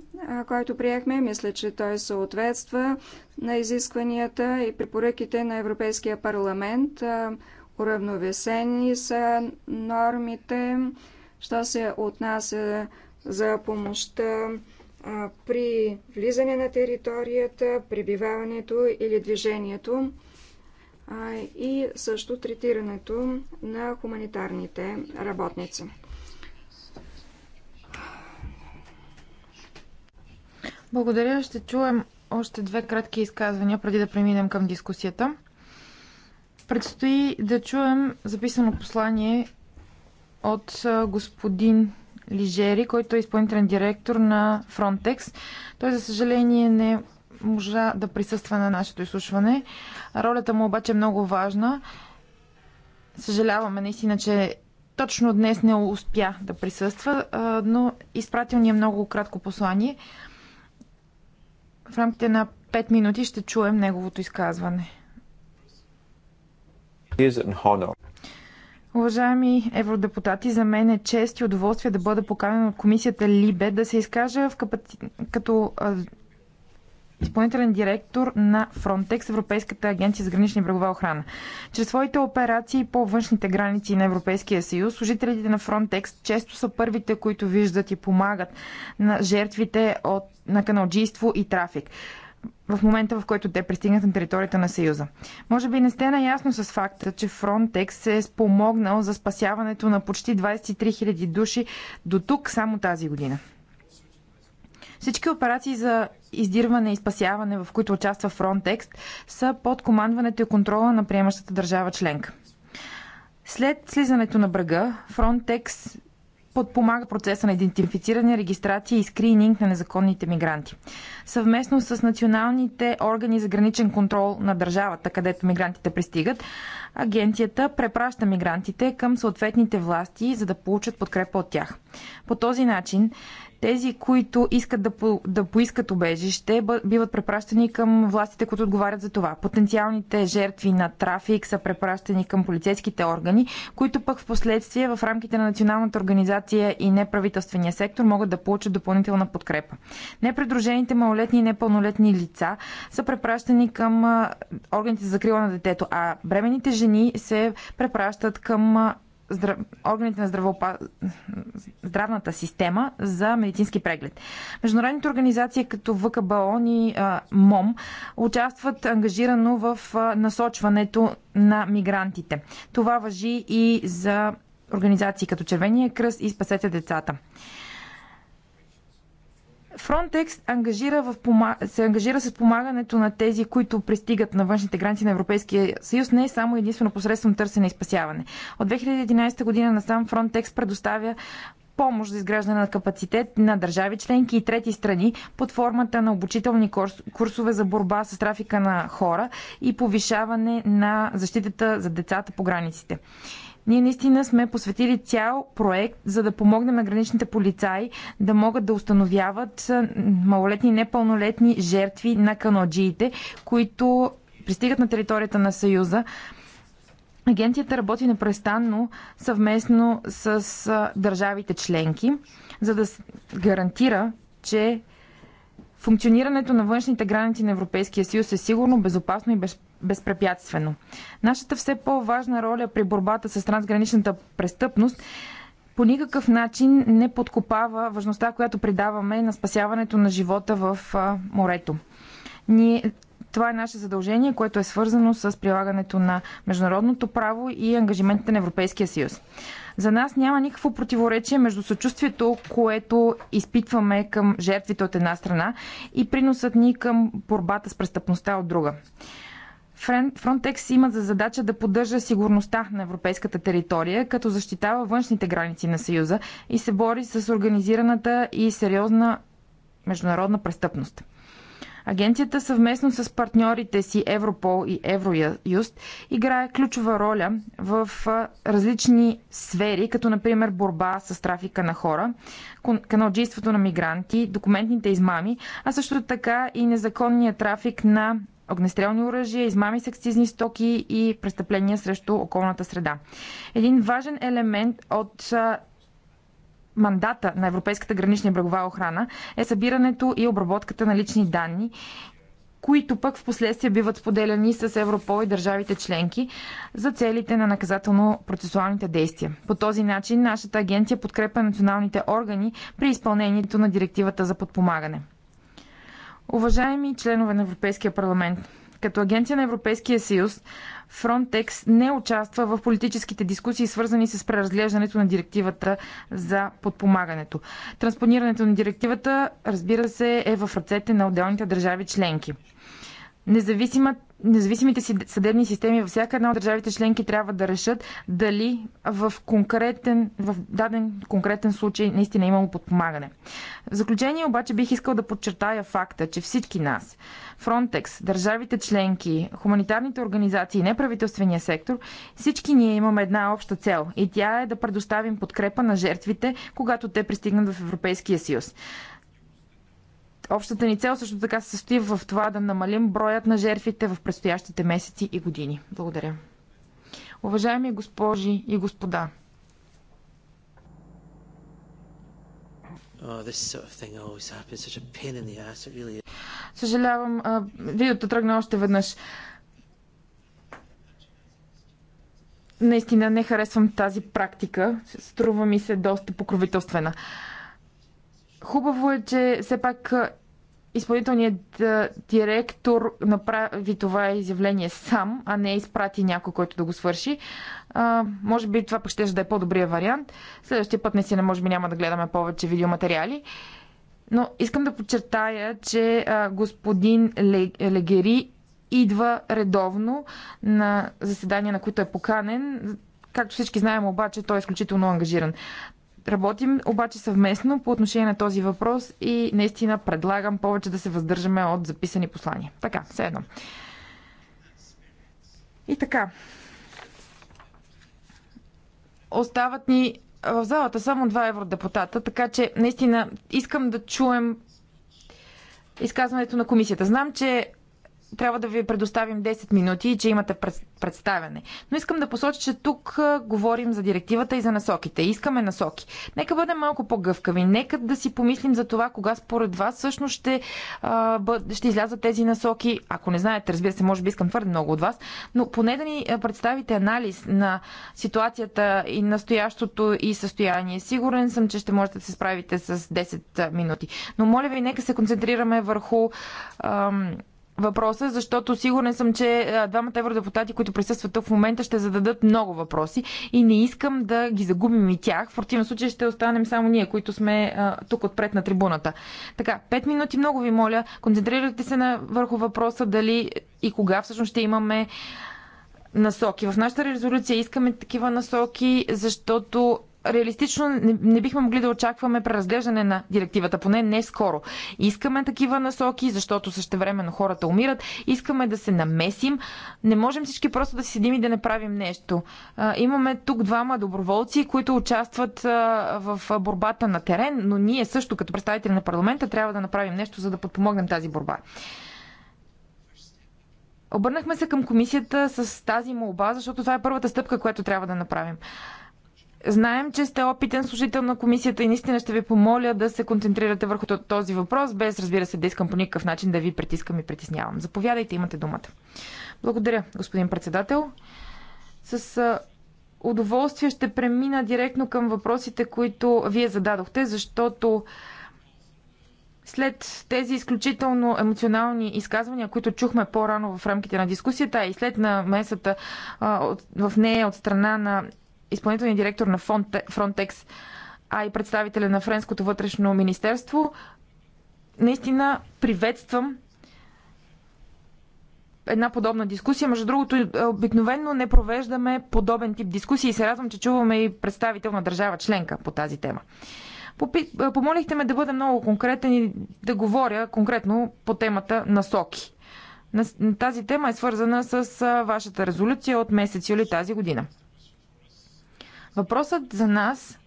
който приехме. Мисля, че той съответства на изискванията и препоръките на Европейския парламент. Уравновесени са нормите, що се отнася за помощта при влизане на територията, прибиваването или движението и също третирането на хуманитарните работници. Благодаря. Ще чуем още две кратки изказвания преди да преминем към дискусията. Предстои да чуем записано послание от господин Лижери, който е изпълнителен директор на Frontex. Той, за съжаление, не можа да присъства на нашето изслушване. Ролята му обаче е много важна. Съжаляваме наистина, че точно днес не успя да присъства, но изпратил ни е много кратко послание. В рамките на 5 минути ще чуем неговото изказване. Уважаеми евродепутати, за мен е чест и удоволствие да бъда поканен от комисията Либе да се изкажа в капати... като изпълнителен директор на Frontex, Европейската агенция за гранични брегова охрана. Чрез своите операции по външните граници на Европейския съюз, служителите на Frontex често са първите, които виждат и помагат на жертвите от, на каналджийство и трафик в момента, в който те пристигнат на територията на Съюза. Може би не сте наясно с факта, че Frontex е спомогнал за спасяването на почти 23 000 души до тук само тази година. Всички операции за издирване и спасяване, в които участва Frontex, са под командването и контрола на приемащата държава членка. След слизането на брега, Frontex подпомага процеса на идентифициране, регистрация и скрининг на незаконните мигранти. Съвместно с националните органи за граничен контрол на държавата, където мигрантите пристигат, агенцията препраща мигрантите към съответните власти, за да получат подкрепа от тях. По този начин тези, които искат да, по, да поискат убежище, биват препращани към властите, които отговарят за това. Потенциалните жертви на трафик са препращани към полицейските органи, които пък в последствие в рамките на националната организация и неправителствения сектор могат да получат допълнителна подкрепа. Непредружените малолетни и непълнолетни лица са препращани към органите за закрила на детето, а бременните жени се препращат към здрав... органите на здравопа здравната система за медицински преглед. Международните организации като ВКБОН и а, МОМ участват ангажирано в а, насочването на мигрантите. Това въжи и за организации като Червения кръст и Спасете децата. Фронтекс ангажира в се ангажира с помагането на тези, които пристигат на външните граници на Европейския съюз, не само единствено посредством търсене и спасяване. От 2011 година насам Фронтекс предоставя помощ за изграждане на капацитет на държави членки и трети страни под формата на обучителни курсове за борба с трафика на хора и повишаване на защитата за децата по границите. Ние наистина сме посветили цял проект, за да помогнем на граничните полицаи да могат да установяват малолетни и непълнолетни жертви на каноджиите, които пристигат на територията на Съюза. Агенцията работи непрестанно съвместно с държавите членки, за да гарантира, че Функционирането на външните граници на Европейския съюз е сигурно, безопасно и без, безпрепятствено. Нашата все по-важна роля при борбата с трансграничната престъпност по никакъв начин не подкопава важността, която придаваме на спасяването на живота в морето. Ние, това е наше задължение, което е свързано с прилагането на международното право и ангажиментите на Европейския съюз. За нас няма никакво противоречие между съчувствието, което изпитваме към жертвите от една страна и приносът ни към борбата с престъпността от друга. Frontex има за задача да поддържа сигурността на европейската територия, като защитава външните граници на Съюза и се бори с организираната и сериозна международна престъпност. Агенцията съвместно с партньорите си Европол и Евроюст играе ключова роля в различни сфери, като например борба с трафика на хора, каналджийството на мигранти, документните измами, а също така и незаконния трафик на огнестрелни оръжия, измами с акцизни стоки и престъпления срещу околната среда. Един важен елемент от мандата на Европейската гранична и брегова охрана е събирането и обработката на лични данни, които пък в последствие биват споделяни с Европол и държавите членки за целите на наказателно-процесуалните действия. По този начин нашата агенция подкрепя националните органи при изпълнението на директивата за подпомагане. Уважаеми членове на Европейския парламент, като агенция на Европейския съюз, Фронтекс не участва в политическите дискусии, свързани с преразглеждането на директивата за подпомагането. Транспонирането на директивата, разбира се, е в ръцете на отделните държави членки. Независима, независимите си съдебни системи във всяка една от държавите членки трябва да решат дали в, конкретен, в даден конкретен случай наистина е имало подпомагане. В заключение обаче бих искал да подчертая факта, че всички нас, Frontex, държавите членки, хуманитарните организации и неправителствения сектор, всички ние имаме една обща цел и тя е да предоставим подкрепа на жертвите, когато те пристигнат в Европейския съюз. Общата ни цел също така се състои в това да намалим броят на жертвите в предстоящите месеци и години. Благодаря. Уважаеми госпожи и господа, oh, Съжалявам, видеото тръгна още веднъж. Наистина не харесвам тази практика. Струва ми се доста покровителствена. Хубаво е, че все пак изпълнителният директор направи това изявление сам, а не изпрати някой, който да го свърши. А, може би това пък ще да е по-добрия вариант. Следващия път не си не може би няма да гледаме повече видеоматериали. Но искам да подчертая, че а, господин Легери идва редовно на заседания, на които е поканен. Както всички знаем обаче, той е изключително ангажиран. Работим обаче съвместно по отношение на този въпрос и наистина предлагам повече да се въздържаме от записани послания. Така, все едно. И така. Остават ни в залата само два евродепутата, така че наистина искам да чуем изказването на комисията. Знам, че трябва да ви предоставим 10 минути и че имате представяне. Но искам да посоча, че тук говорим за директивата и за насоките. Искаме насоки. Нека бъдем малко по-гъвкави. Нека да си помислим за това, кога според вас всъщност ще, ще излязат тези насоки. Ако не знаете, разбира се, може би искам твърде много от вас, но поне да ни представите анализ на ситуацията и настоящото и състояние. Сигурен съм, че ще можете да се справите с 10 минути. Но моля ви, нека се концентрираме върху въпроса, защото сигурен съм, че двамата евродепутати, които присъстват тук в момента, ще зададат много въпроси и не искам да ги загубим и тях. В противен случай ще останем само ние, които сме а, тук отпред на трибуната. Така, пет минути, много ви моля, концентрирайте се на, върху въпроса дали и кога всъщност ще имаме насоки. В нашата резолюция искаме такива насоки, защото реалистично не, не бихме могли да очакваме преразглеждане на директивата, поне не скоро. Искаме такива насоки, защото същевременно хората умират, искаме да се намесим. Не можем всички просто да си седим и да не правим нещо. Имаме тук двама доброволци, които участват в борбата на терен, но ние също като представители на парламента трябва да направим нещо, за да подпомогнем тази борба. Обърнахме се към комисията с тази молба, защото това е първата стъпка, която трябва да направим. Знаем, че сте опитен служител на комисията и наистина ще ви помоля да се концентрирате върху този въпрос, без разбира се да искам по никакъв начин да ви притискам и притеснявам. Заповядайте, имате думата. Благодаря, господин председател. С удоволствие ще премина директно към въпросите, които вие зададохте, защото след тези изключително емоционални изказвания, които чухме по-рано в рамките на дискусията и след на месата в нея от страна на изпълнителният директор на Frontex, а и представителя на Френското вътрешно министерство, наистина приветствам една подобна дискусия. Между другото, е, обикновенно не провеждаме подобен тип дискусии и се радвам, че чуваме и представител на държава членка по тази тема. Е, помолихте ме да бъда много конкретен и да говоря конкретно по темата на СОКИ. Тази тема е свързана с е, вашата резолюция от месец юли тази година. Въпросът за нас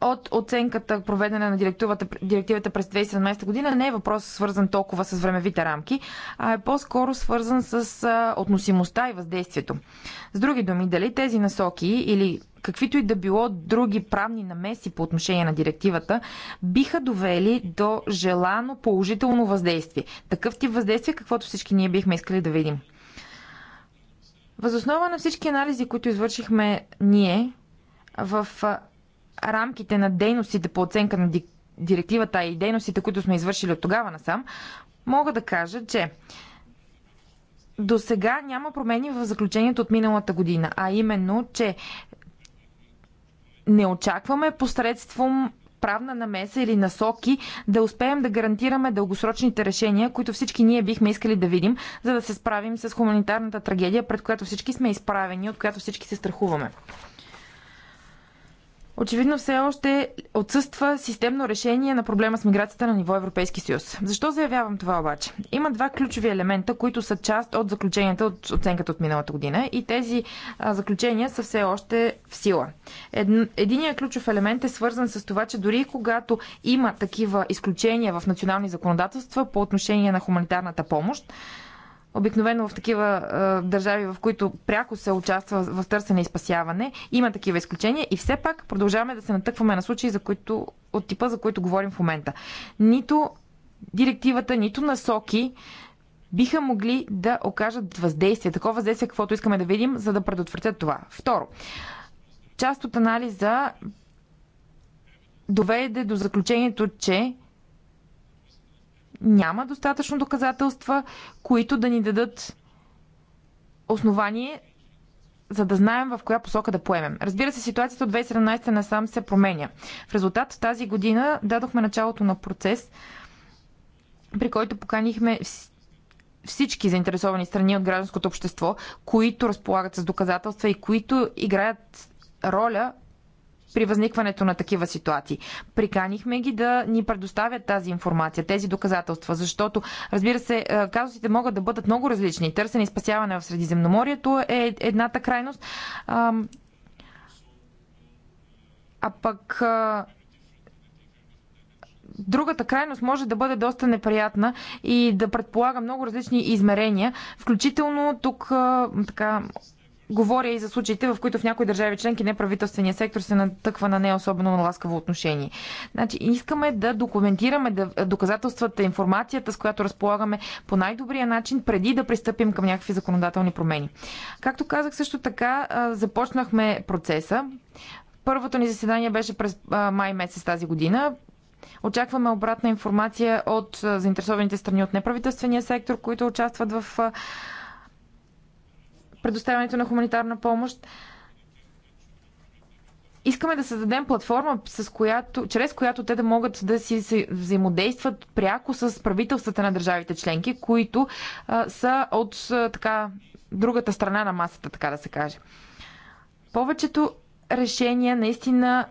от оценката, проведена на директивата, директивата през 2017 година, не е въпрос свързан толкова с времевите рамки, а е по-скоро свързан с относимостта и въздействието. С други думи, дали тези насоки или каквито и да било други правни намеси по отношение на директивата, биха довели до желано положително въздействие. Такъв тип въздействие, каквото всички ние бихме искали да видим. Възоснова на всички анализи, които извършихме ние в рамките на дейностите по оценка на директивата и дейностите, които сме извършили от тогава насам, мога да кажа, че до сега няма промени в заключението от миналата година, а именно, че не очакваме посредством правна намеса или насоки да успеем да гарантираме дългосрочните решения, които всички ние бихме искали да видим, за да се справим с хуманитарната трагедия, пред която всички сме изправени, от която всички се страхуваме. Очевидно все още отсъства системно решение на проблема с миграцията на ниво Европейски съюз. Защо заявявам това обаче? Има два ключови елемента, които са част от заключенията от оценката от миналата година и тези а, заключения са все още в сила. Ед, единият ключов елемент е свързан с това, че дори когато има такива изключения в национални законодателства по отношение на хуманитарната помощ, Обикновено в такива а, държави, в които пряко се участва в търсене и спасяване, има такива изключения и все пак продължаваме да се натъкваме на случаи, за които, от типа, за които говорим в момента. Нито директивата, нито насоки биха могли да окажат въздействие, такова въздействие, каквото искаме да видим, за да предотвратят това. Второ, част от анализа доведе до заключението, че няма достатъчно доказателства, които да ни дадат основание за да знаем в коя посока да поемем. Разбира се, ситуацията от 2017 насам се променя. В резултат тази година дадохме началото на процес, при който поканихме всички заинтересовани страни от гражданското общество, които разполагат с доказателства и които играят роля при възникването на такива ситуации. Приканихме ги да ни предоставят тази информация, тези доказателства, защото, разбира се, е, казусите могат да бъдат много различни. Търсене и спасяване в Средиземноморието е едната крайност. А, а пък е, другата крайност може да бъде доста неприятна и да предполага много различни измерения, включително тук е, така Говоря и за случаите, в които в някои държави членки неправителствения сектор се натъква на не особено на ласкаво отношение. Значи, искаме да документираме доказателствата, информацията, с която разполагаме по най-добрия начин, преди да пристъпим към някакви законодателни промени. Както казах, също така започнахме процеса. Първото ни заседание беше през май месец тази година. Очакваме обратна информация от заинтересованите страни от неправителствения сектор, които участват в предоставянето на хуманитарна помощ. Искаме да създадем платформа, с която, чрез която те да могат да си взаимодействат пряко с правителствата на държавите членки, които а, са от а, така другата страна на масата, така да се каже. Повечето решения наистина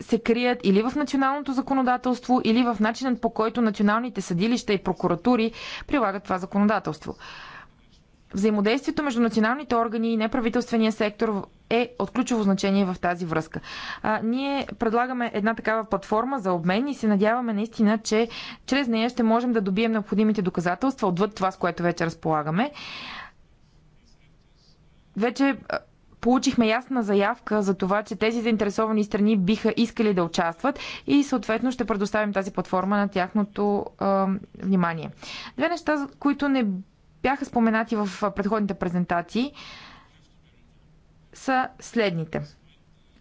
се крият или в националното законодателство, или в начинът по който националните съдилища и прокуратури прилагат това законодателство. Взаимодействието между националните органи и неправителствения сектор е от ключово значение в тази връзка. А, ние предлагаме една такава платформа за обмен и се надяваме наистина, че чрез нея ще можем да добием необходимите доказателства отвъд това, с което вече разполагаме. Вече получихме ясна заявка за това, че тези заинтересовани страни биха искали да участват и съответно ще предоставим тази платформа на тяхното е, внимание. Две неща, които не бяха споменати в предходните презентации, са следните.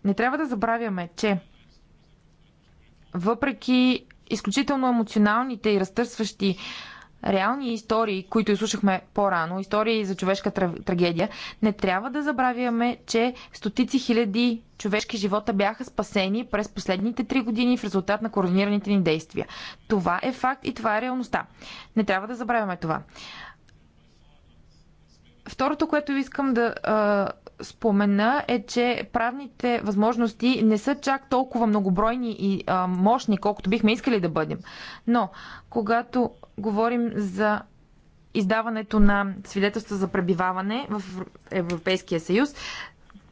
Не трябва да забравяме, че въпреки изключително емоционалните и разтърсващи реални истории, които изслушахме по-рано, истории за човешка трагедия, не трябва да забравяме, че стотици хиляди човешки живота бяха спасени през последните три години в резултат на координираните ни действия. Това е факт и това е реалността. Не трябва да забравяме това. Второто, което искам да а, спомена е, че правните възможности не са чак толкова многобройни и а, мощни, колкото бихме искали да бъдем. Но, когато говорим за издаването на свидетелства за пребиваване в Европейския съюз,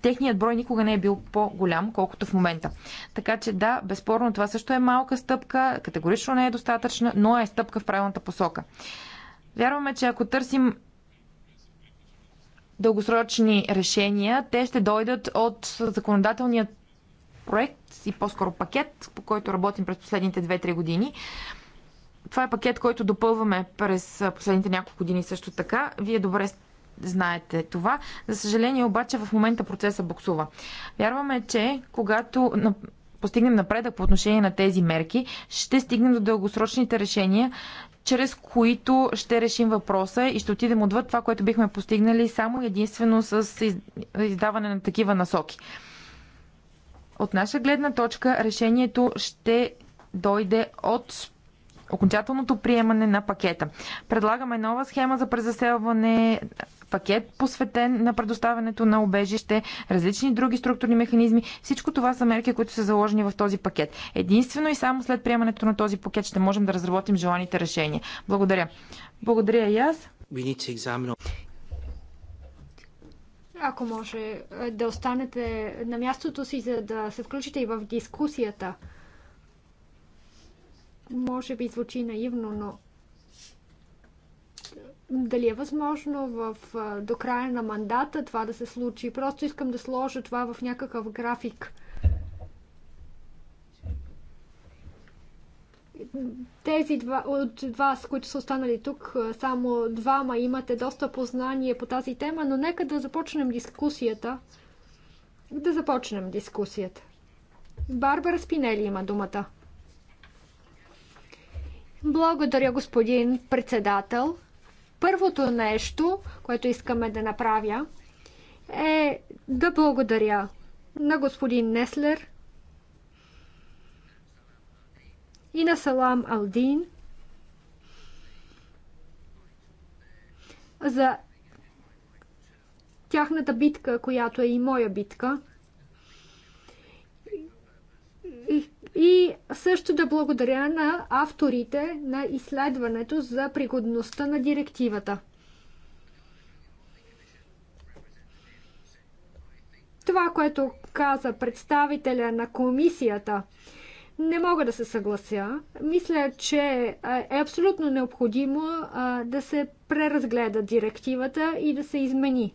техният брой никога не е бил по-голям, колкото в момента. Така че да, безспорно това също е малка стъпка, категорично не е достатъчна, но е стъпка в правилната посока. Вярваме, че ако търсим дългосрочни решения, те ще дойдат от законодателният проект и по-скоро пакет, по който работим през последните 2-3 години. Това е пакет, който допълваме през последните няколко години също така. Вие добре знаете това. За съжаление обаче в момента процеса буксува. Вярваме, че когато постигнем напредък по отношение на тези мерки, ще стигнем до дългосрочните решения чрез които ще решим въпроса и ще отидем отвъд това, което бихме постигнали само единствено с издаване на такива насоки. От наша гледна точка решението ще дойде от окончателното приемане на пакета. Предлагаме нова схема за презаселване, пакет посветен на предоставянето на обежище, различни други структурни механизми. Всичко това са мерки, които са заложени в този пакет. Единствено и само след приемането на този пакет ще можем да разработим желаните решения. Благодаря. Благодаря и аз. Ако може е, да останете на мястото си, за да се включите и в дискусията. Може би звучи наивно, но дали е възможно в, до края на мандата това да се случи. Просто искам да сложа това в някакъв график. Тези два, от вас, които са останали тук, само двама имате доста познание по тази тема, но нека да започнем дискусията. Да започнем дискусията. Барбара Спинели има думата. Благодаря, господин председател. Първото нещо, което искаме да направя, е да благодаря на господин Неслер и на Салам Алдин за тяхната битка, която е и моя битка. И също да благодаря на авторите на изследването за пригодността на директивата. Това, което каза представителя на комисията, не мога да се съглася. Мисля, че е абсолютно необходимо да се преразгледа директивата и да се измени.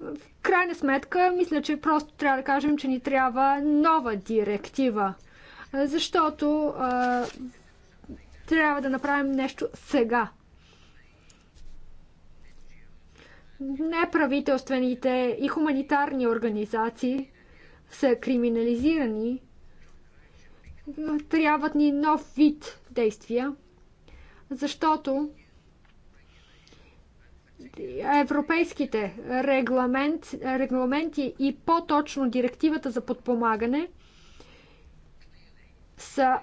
В крайна сметка, мисля, че просто трябва да кажем, че ни трябва нова директива, защото а, трябва да направим нещо сега. Неправителствените и хуманитарни организации са криминализирани. Трябват ни нов вид действия, защото европейските регламент, регламенти и по-точно директивата за подпомагане са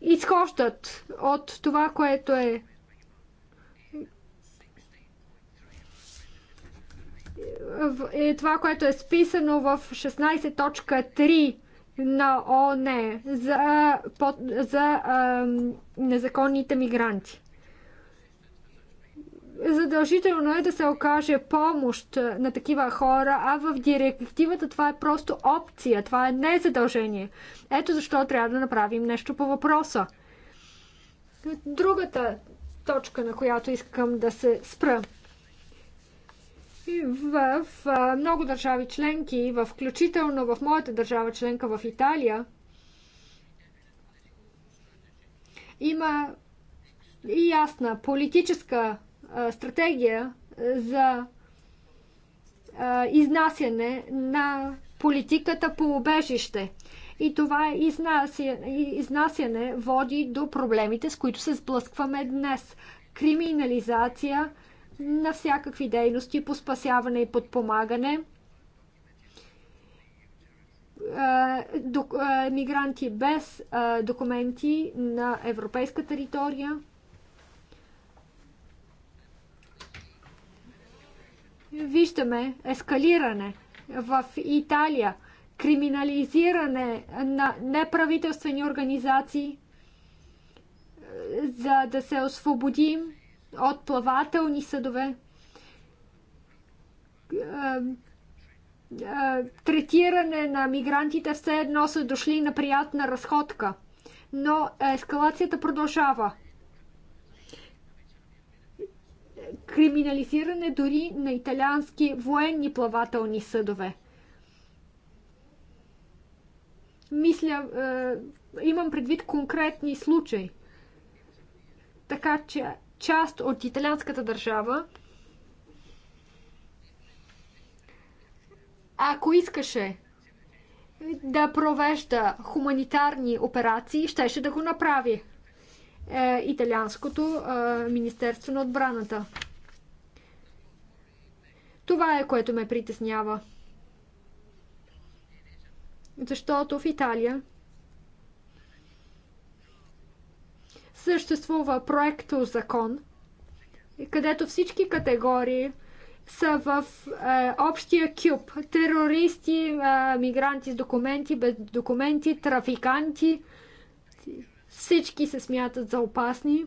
изхождат от това, което е е това, което е списано в 16.3 на ООН за, под, за а, незаконните мигранти. Задължително е да се окаже помощ на такива хора, а в директивата това е просто опция, това е не задължение. Ето защо трябва да направим нещо по въпроса. Другата точка, на която искам да се спра. В, в много държави членки, включително в моята държава членка в Италия, има и ясна политическа стратегия за изнасяне на политиката по обежище. И това изнасяне води до проблемите, с които се сблъскваме днес. Криминализация на всякакви дейности по спасяване и подпомагане, мигранти без документи на европейска територия, виждаме ескалиране в Италия, криминализиране на неправителствени организации, е, за да се освободим от плавателни съдове, е, е, третиране на мигрантите все едно са дошли на приятна разходка. Но ескалацията продължава криминализиране дори на италиански военни плавателни съдове. Мисля, е, имам предвид конкретни случаи. Така че част от италианската държава, ако искаше да провежда хуманитарни операции, щеше да го направи. Е, италианското е, Министерство на отбраната. Това е което ме притеснява. Защото в Италия съществува проекто закон, където всички категории са в е, общия кюб. Терористи, е, мигранти с документи, без документи, трафиканти, всички се смятат за опасни.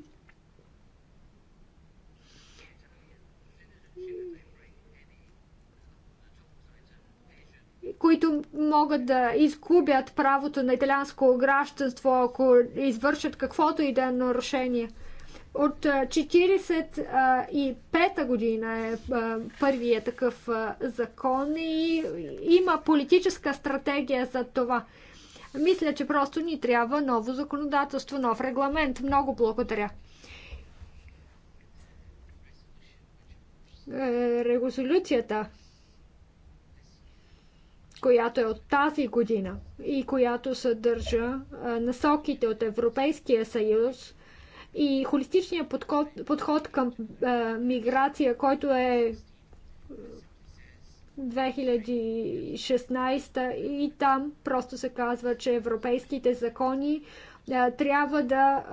които могат да изгубят правото на италианско гражданство, ако извършат каквото и да е нарушение. От 1945 година е първият такъв закон и има политическа стратегия за това. Мисля, че просто ни трябва ново законодателство, нов регламент. Много благодаря. Е, Резолюцията, която е от тази година и която съдържа е, насоките от Европейския съюз и холистичния подход, подход към е, миграция, който е 2016 и там просто се казва, че европейските закони трябва да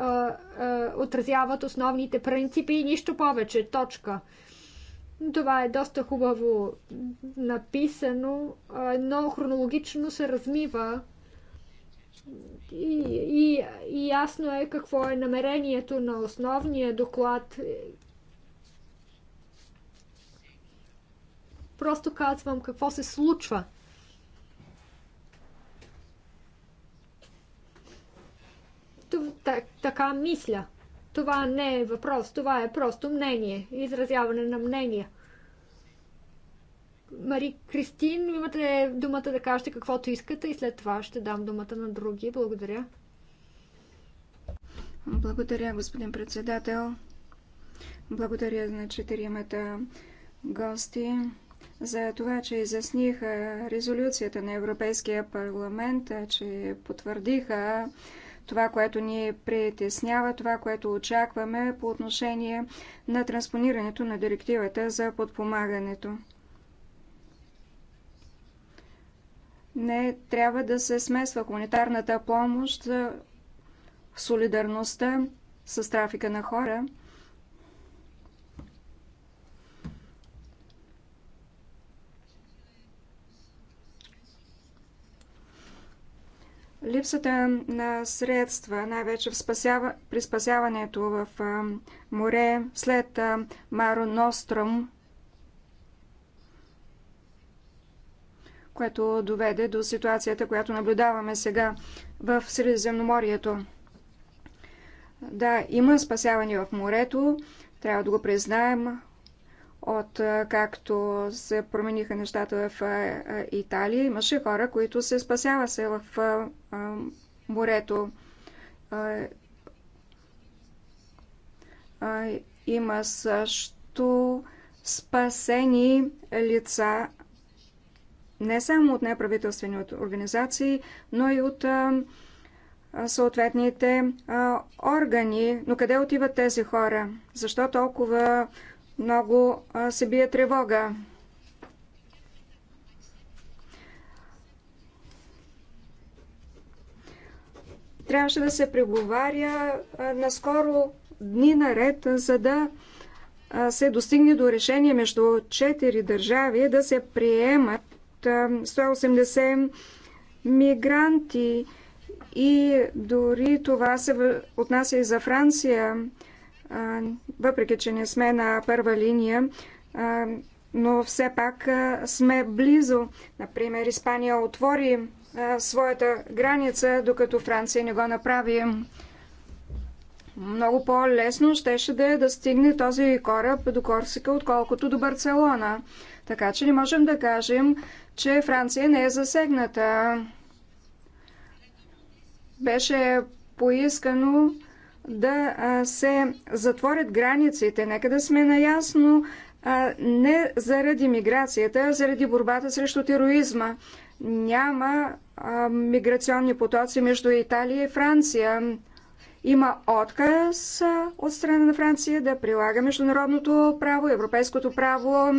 отразяват основните принципи и нищо повече. Точка. Това е доста хубаво написано, но хронологично се размива и, и, и ясно е какво е намерението на основния доклад Просто казвам какво се случва. Така мисля. Това не е въпрос, това е просто мнение, изразяване на мнение. Мари Кристин, имате думата да кажете каквото искате и след това ще дам думата на други. Благодаря. Благодаря, господин председател. Благодаря на четиримата гости за това, че изясниха резолюцията на Европейския парламент, че потвърдиха това, което ни притеснява, това, което очакваме по отношение на транспонирането на директивата за подпомагането. Не трябва да се смесва хуманитарната помощ, солидарността с трафика на хора – Липсата на средства, най-вече спасява, при спасяването в море след Маро Ностром, което доведе до ситуацията, която наблюдаваме сега в Средиземноморието. Да, има спасяване в морето, трябва да го признаем от е, както се промениха нещата в е, е, Италия. Имаше хора, които се спасява се в морето. Има също спасени лица не само от неправителствени организации, но и от съответните органи. Но къде отиват тези хора? Защо толкова много се бие тревога. Трябваше да се преговаря наскоро дни наред, за да се достигне до решение между четири държави да се приемат 180 мигранти и дори това се отнася и за Франция въпреки че не сме на първа линия, но все пак сме близо. Например, Испания отвори своята граница, докато Франция не го направи. Много по-лесно щеше да е да стигне този кораб до Корсика, отколкото до Барселона. Така че не можем да кажем, че Франция не е засегната. Беше поискано да се затворят границите. Нека да сме наясно не заради миграцията, а заради борбата срещу тероризма. Няма миграционни потоци между Италия и Франция. Има отказ от страна на Франция да прилага международното право, европейското право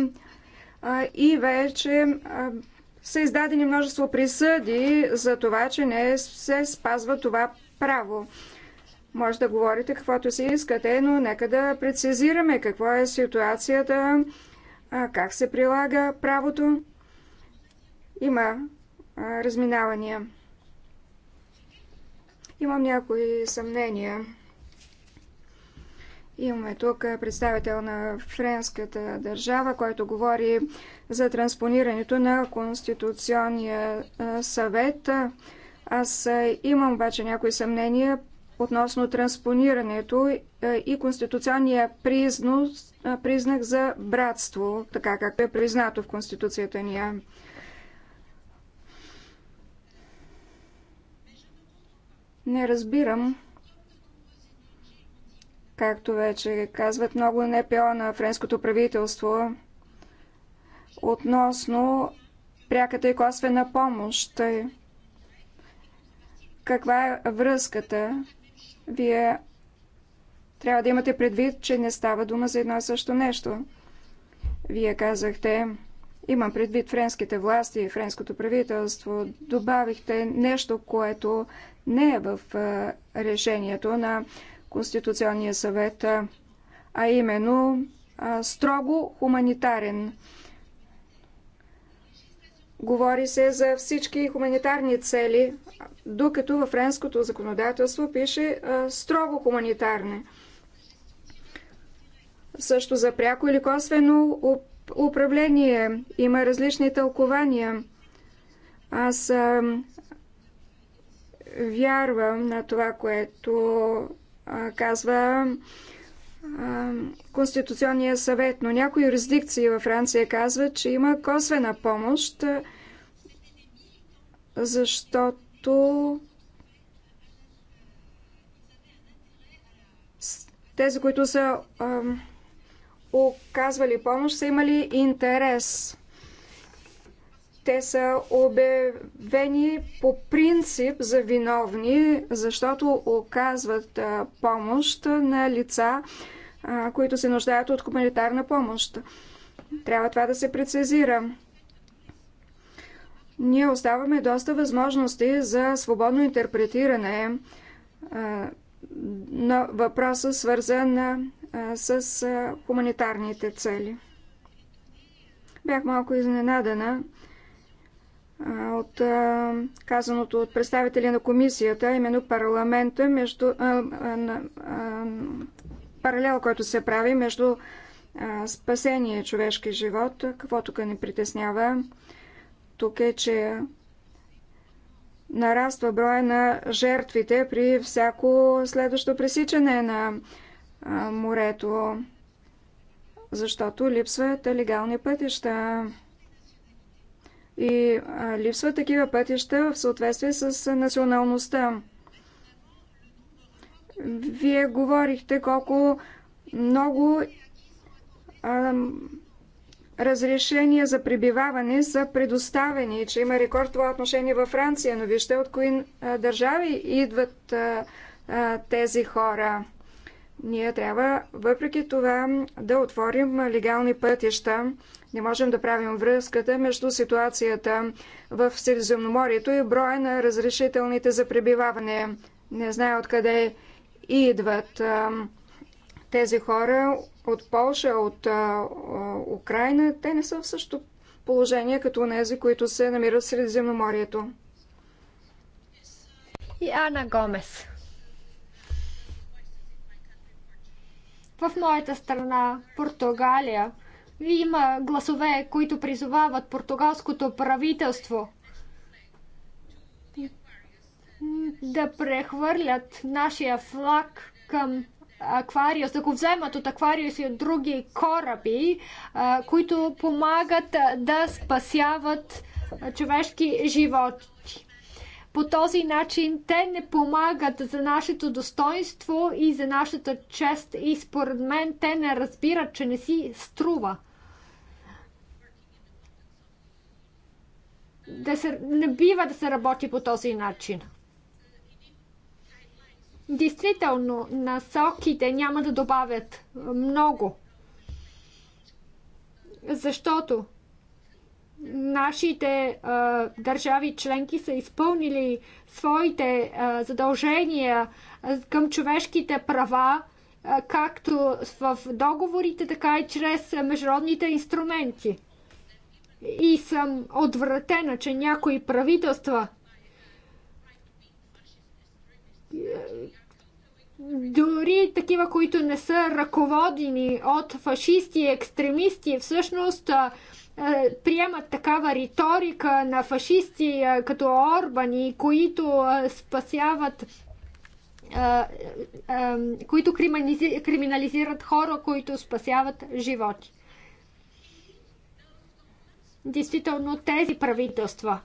и вече са издадени множество присъди за това, че не се спазва това право. Може да говорите каквото си искате, но нека да прецизираме какво е ситуацията, как се прилага правото. Има разминавания. Имам някои съмнения. Имаме тук представител на френската държава, който говори за транспонирането на Конституционния съвет. Аз имам обаче някои съмнения относно транспонирането е, и конституционния признос, е, признак за братство, така както е признато в Конституцията ни. Не разбирам, както вече казват много НПО на френското правителство, относно пряката и косвена помощ. Каква е връзката вие трябва да имате предвид, че не става дума за едно и също нещо. Вие казахте, имам предвид френските власти и френското правителство, добавихте нещо, което не е в решението на Конституционния съвет, а именно строго хуманитарен Говори се за всички хуманитарни цели, докато във френското законодателство пише строго хуманитарни. Също за пряко или косвено управление има различни тълкования. Аз вярвам на това, което казва Конституционния съвет, но някои юрисдикции във Франция казват, че има косвена помощ, защото тези, които са оказвали помощ, са имали интерес. Те са обявени по принцип за виновни, защото оказват помощ на лица, които се нуждаят от хуманитарна помощ. Трябва това да се прецизира. Ние оставаме доста възможности за свободно интерпретиране на въпроса, свързан с хуманитарните цели. Бях малко изненадана от казаното от представители на комисията, именно парламента между, а, а, паралел, който се прави между спасение човешки живот, каквото ка ни притеснява, тук е, че нараства броя на жертвите при всяко следващо пресичане на морето, защото липсват легални пътища. И липсват такива пътища в съответствие с националността. Вие говорихте колко много а, разрешения за пребиваване са предоставени, че има рекорд това отношение във Франция, но вижте от кои а, държави идват а, а, тези хора. Ние трябва, въпреки това, да отворим легални пътища. Не можем да правим връзката между ситуацията в Средиземноморието и броя на разрешителните за пребиваване. Не знае откъде е и идват тези хора от Польша, от Украина. Те не са в същото положение като тези, които се намират в Средиземноморието. И Ана Гомес. В моята страна, Португалия, има гласове, които призовават португалското правителство – да прехвърлят нашия флаг към Аквариус, да го вземат от Аквариус и от други кораби, които помагат да спасяват човешки животи. По този начин те не помагат за нашето достоинство и за нашата чест и според мен те не разбират, че не си струва. Да се, не бива да се работи по този начин. Действително, насоките няма да добавят много, защото нашите а, държави членки са изпълнили своите а, задължения към човешките права, а, както в договорите, така и чрез международните инструменти. И съм отвратена, че някои правителства дори такива, които не са ръководени от фашисти и екстремисти, всъщност приемат такава риторика на фашисти като Орбани, които спасяват които криминализират хора, които спасяват животи. Действително тези правителства,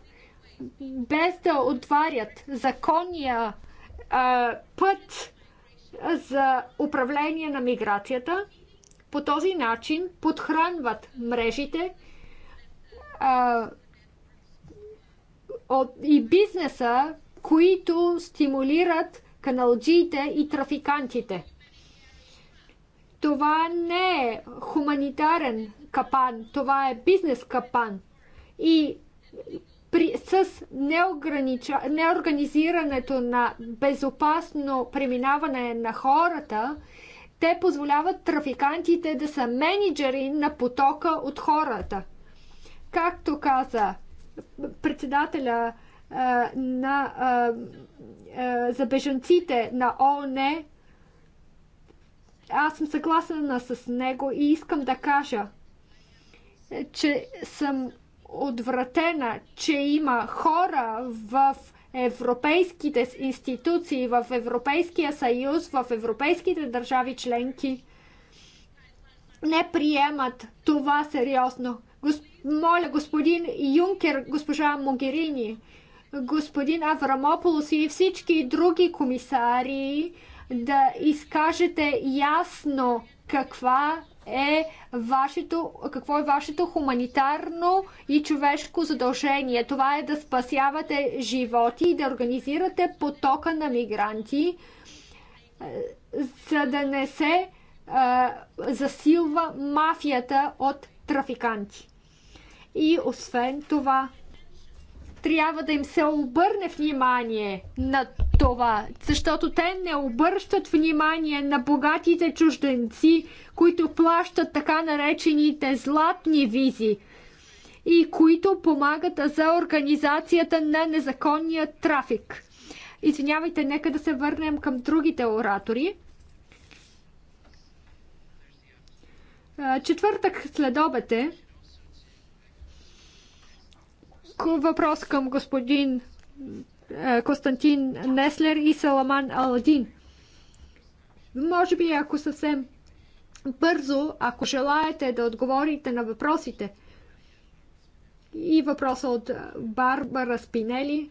без да отварят законния път за управление на миграцията. По този начин подхранват мрежите а, от, и бизнеса, които стимулират каналджиите и трафикантите. Това не е хуманитарен капан, това е бизнес капан. И при, с неорганизирането на безопасно преминаване на хората, те позволяват трафикантите да са менеджери на потока от хората. Както каза председателя а, е, на, а, е, а, е, за бежанците на ООН, аз съм съгласна с него и искам да кажа, че съм отвратена, че има хора в европейските институции, в Европейския съюз, в европейските държави членки не приемат това сериозно. Гос... Моля, господин Юнкер, госпожа Могерини, господин Аврамополос и всички други комисари да изкажете ясно каква е вашето, какво е вашето хуманитарно и човешко задължение. Това е да спасявате животи и да организирате потока на мигранти, е, за да не се а, е, засилва мафията от трафиканти. И освен това, трябва да им се обърне внимание на това, защото те не обръщат внимание на богатите чужденци, които плащат така наречените златни визи и които помагат за организацията на незаконния трафик. Извинявайте, нека да се върнем към другите оратори. Четвъртък след обед е въпрос към господин е, Константин Неслер и Саламан Аладин. Може би, ако съвсем бързо, ако желаете да отговорите на въпросите и въпроса от е, Барбара Спинели.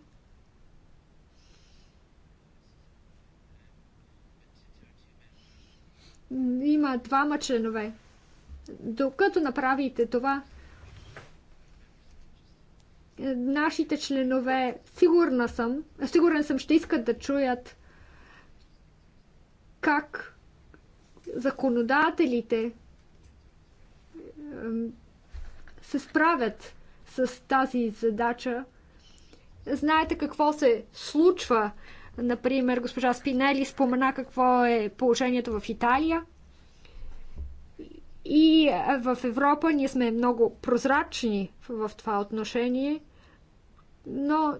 Има двама членове. Докато направите това, нашите членове, сигурна съм, сигурен съм, ще искат да чуят как законодателите се справят с тази задача. Знаете какво се случва. Например, госпожа Спинели спомена какво е положението в Италия – и в Европа ние сме много прозрачни в това отношение, но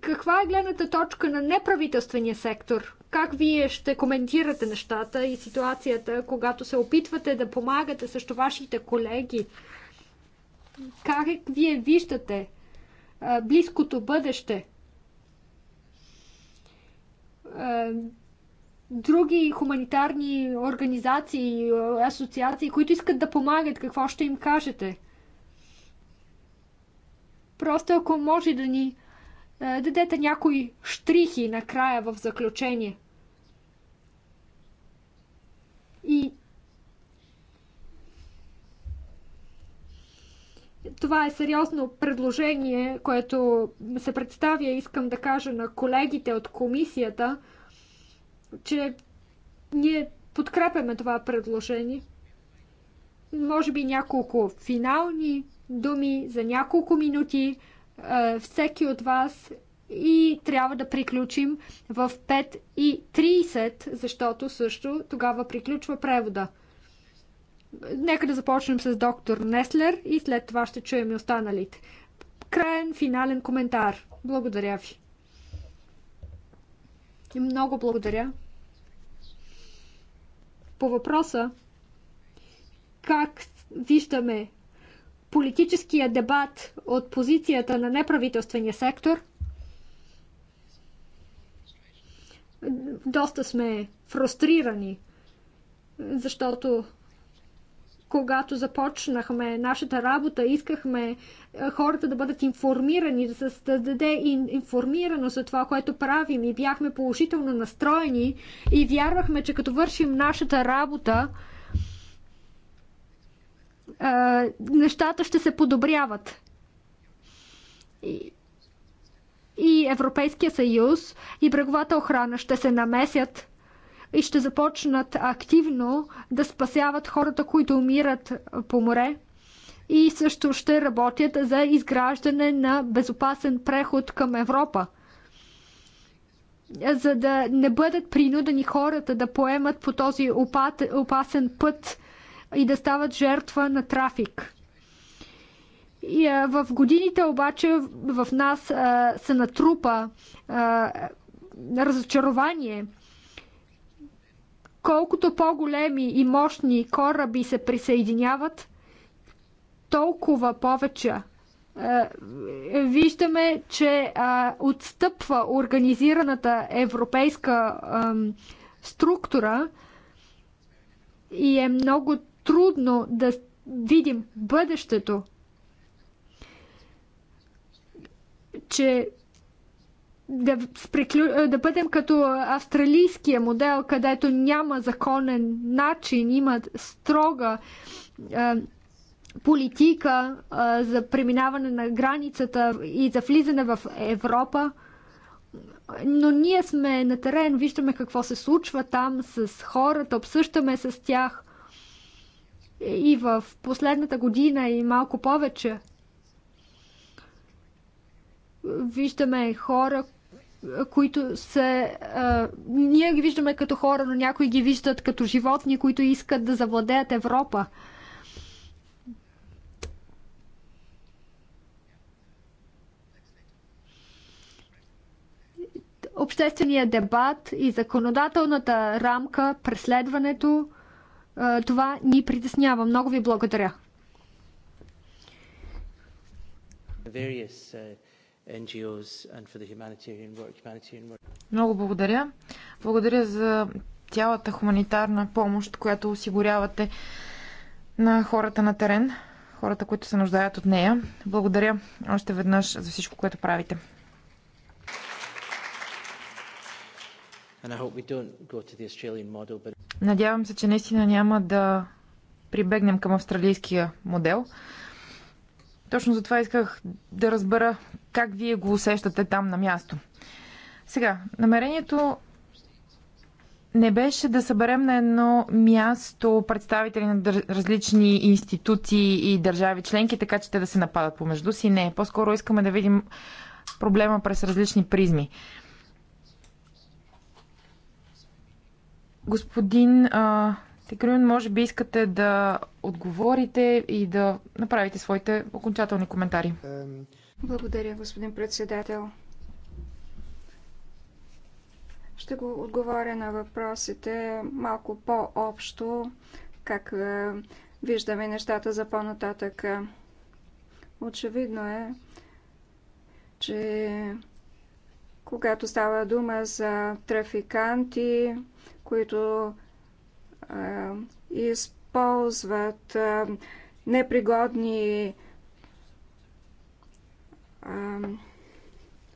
каква е гледната точка на неправителствения сектор? Как вие ще коментирате нещата и ситуацията, когато се опитвате да помагате срещу вашите колеги? Как е- вие виждате близкото бъдеще? други хуманитарни организации, асоциации, които искат да помагат, какво ще им кажете? Просто ако може да ни е, дадете някои штрихи накрая в заключение. И това е сериозно предложение, което се представя, искам да кажа на колегите от комисията – че ние подкрепяме това предложение. Може би няколко финални думи за няколко минути е, всеки от вас и трябва да приключим в 5 и 30, защото също тогава приключва превода. Нека да започнем с доктор Неслер и след това ще чуем и останалите. Краен финален коментар. Благодаря ви. И много благодаря по въпроса как виждаме политическия дебат от позицията на неправителствения сектор, доста сме фрустрирани, защото когато започнахме нашата работа, искахме е, хората да бъдат информирани, да се създаде информирано за това, което правим и бяхме положително настроени и вярвахме, че като вършим нашата работа, е, нещата ще се подобряват. И Европейския съюз и бреговата охрана ще се намесят и ще започнат активно да спасяват хората, които умират по море и също ще работят за изграждане на безопасен преход към Европа за да не бъдат принудени хората да поемат по този опасен път и да стават жертва на трафик. И, в годините обаче в нас а, се натрупа а, разочарование колкото по-големи и мощни кораби се присъединяват, толкова повече е, виждаме, че отстъпва организираната европейска структура и е много трудно да видим бъдещето, че да, спреклю... Е, да бъдем като австралийския модел, където няма законен начин, има строга е, политика е, за преминаване на границата и за влизане в Европа. Но ние сме на терен, виждаме какво се случва там с хората, обсъщаме с тях. И в последната година и малко повече виждаме хора, които са. А, ние ги виждаме като хора, но някои ги виждат като животни, които искат да завладеят Европа. Общественият дебат и законодателната рамка, преследването, това ни притеснява. Много ви благодаря. various uh, много благодаря. Благодаря за цялата хуманитарна помощ, която осигурявате на хората на терен, хората, които се нуждаят от нея. Благодаря още веднъж за всичко, което правите. Надявам се, че наистина няма да прибегнем към австралийския модел. Точно затова исках да разбера как вие го усещате там на място. Сега, намерението не беше да съберем на едно място представители на дър... различни институции и държави членки, така че те да се нападат помежду си. Не, по-скоро искаме да видим проблема през различни призми. Господин Текрюн, може би искате да отговорите и да направите своите окончателни коментари. Um... Благодаря, господин председател. Ще го отговоря на въпросите малко по-общо, как е, виждаме нещата за по-нататък. Очевидно е, че когато става дума за трафиканти, които е, използват е, непригодни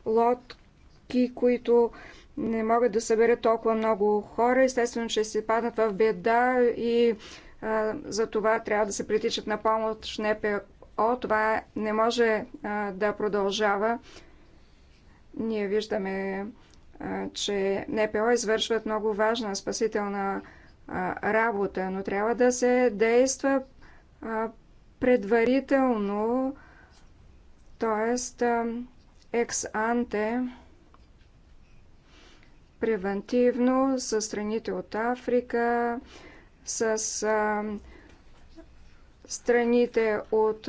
лодки, които не могат да съберат толкова много хора. Естествено, че се паднат в беда и а, за това трябва да се притичат на помощ НПО. Това не може а, да продължава. Ние виждаме, а, че НПО извършват много важна спасителна а, работа, но трябва да се действа а, предварително. Т.е. екс-анте превентивно с страните от Африка, с страните от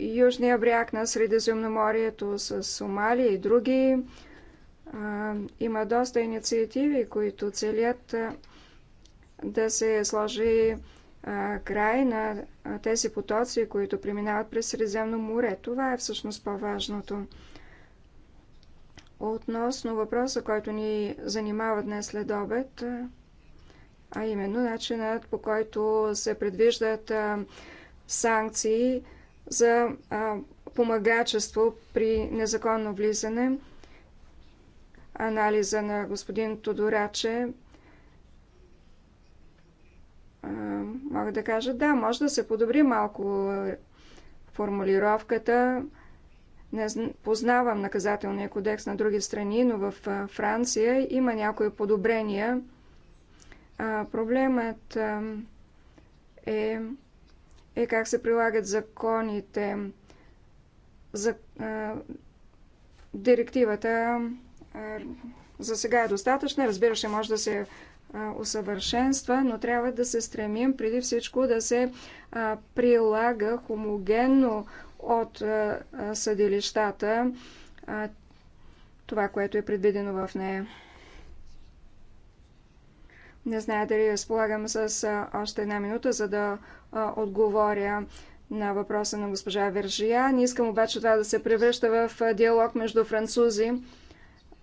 Южния бряг на Средиземноморието, с Сомалия и други. Има доста инициативи, които целят да се сложи край на тези потоци, които преминават през Средиземно море. Това е всъщност по-важното. Относно въпроса, който ни занимава днес след обед, а именно начинът по който се предвиждат санкции за помагачество при незаконно влизане. Анализа на господин Тодораче мога да кажа, да, може да се подобри малко формулировката. Не познавам наказателния кодекс на други страни, но в Франция има някои подобрения. А, проблемът е, е как се прилагат законите. За, а, директивата а, за сега е достатъчна. Разбира се, може да се усъвършенства, но трябва да се стремим преди всичко да се прилага хомогенно от съдилищата това, което е предвидено в нея. Не зная дали разполагам с още една минута, за да отговоря на въпроса на госпожа Вержия. Не искам обаче това да се превръща в диалог между французи.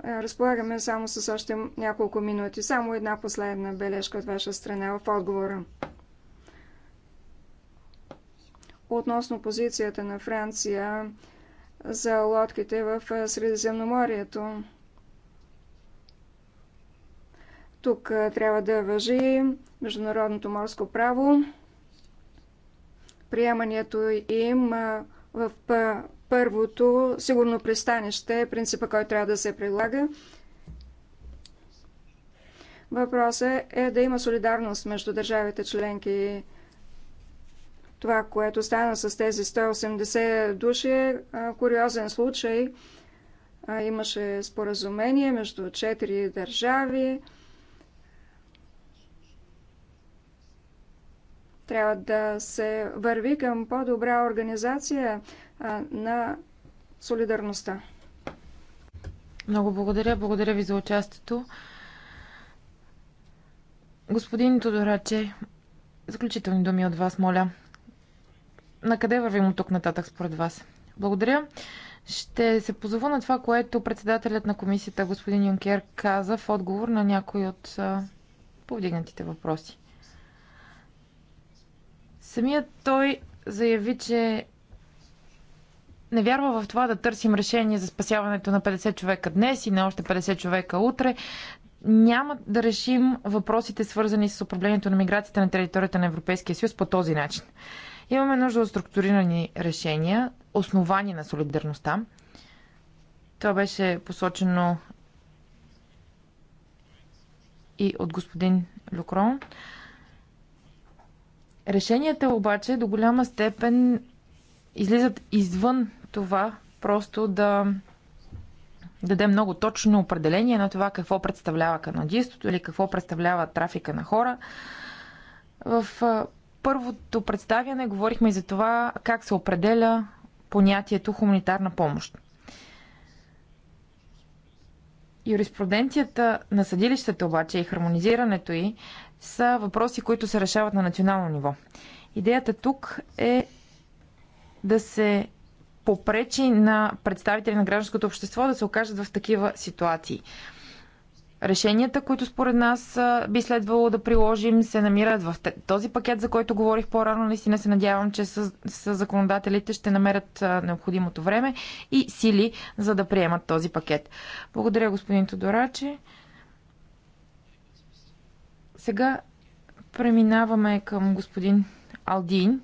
Е, разполагаме само с още няколко минути. Само една последна бележка от ваша страна в отговора. Относно позицията на Франция за лодките в е, Средиземноморието. Тук е, трябва да въжи международното морско право. Приемането им в Първото, сигурно пристанище е принципа, който трябва да се прилага. Въпросът е да има солидарност между държавите членки. Това, което стана с тези 180 души е куриозен случай. Имаше споразумение между четири държави. Трябва да се върви към по-добра организация на солидарността. Много благодаря. Благодаря ви за участието. Господин Тодораче, заключителни думи от вас, моля. На къде вървим от тук нататък според вас? Благодаря. Ще се позова на това, което председателят на комисията господин Юнкер каза в отговор на някои от повдигнатите въпроси. Самият той заяви, че не вярва в това да търсим решение за спасяването на 50 човека днес и на още 50 човека утре. Няма да решим въпросите, свързани с управлението на миграцията на територията на Европейския съюз по този начин. Имаме нужда от структурирани решения, основани на солидарността. Това беше посочено и от господин Люкрон. Решенията обаче до голяма степен излизат извън това просто да даде много точно определение на това какво представлява канадийството или какво представлява трафика на хора. В първото представяне говорихме и за това как се определя понятието хуманитарна помощ. Юриспруденцията на съдилищата обаче и хармонизирането й са въпроси, които се решават на национално ниво. Идеята тук е да се попречи на представители на гражданското общество да се окажат в такива ситуации. Решенията, които според нас би следвало да приложим, се намират в този пакет, за който говорих по-рано. Наистина се надявам, че с, с законодателите ще намерят необходимото време и сили, за да приемат този пакет. Благодаря, господин Тодорачи. Сега преминаваме към господин Алдин.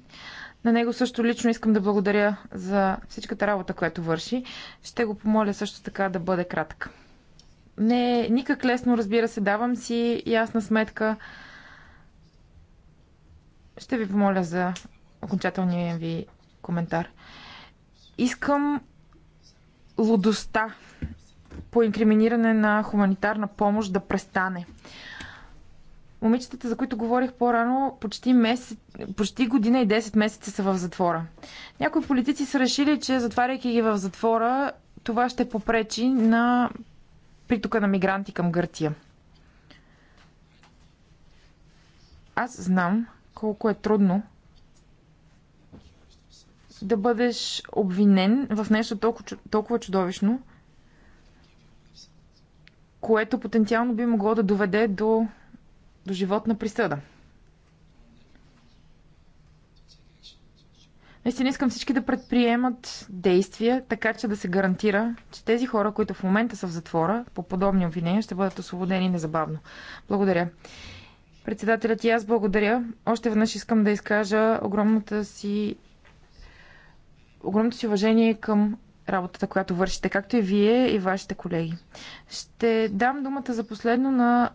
На него също лично искам да благодаря за всичката работа, която върши. Ще го помоля също така да бъде кратък. Не е никак лесно, разбира се, давам си ясна сметка. Ще ви помоля за окончателния ви коментар. Искам лудостта по инкриминиране на хуманитарна помощ да престане. Момичетата, за които говорих по-рано, почти, месец, почти година и 10 месеца са в затвора. Някои политици са решили, че затваряйки ги в затвора, това ще попречи на притока на мигранти към Гърция. Аз знам колко е трудно да бъдеш обвинен в нещо толкова, толкова чудовищно, което потенциално би могло да доведе до до животна присъда. Наистина искам всички да предприемат действия, така че да се гарантира, че тези хора, които в момента са в затвора по подобни обвинения, ще бъдат освободени незабавно. Благодаря. Председателят и аз благодаря. Още веднъж искам да изкажа огромната си огромното си уважение към работата, която вършите, както и вие и вашите колеги. Ще дам думата за последно на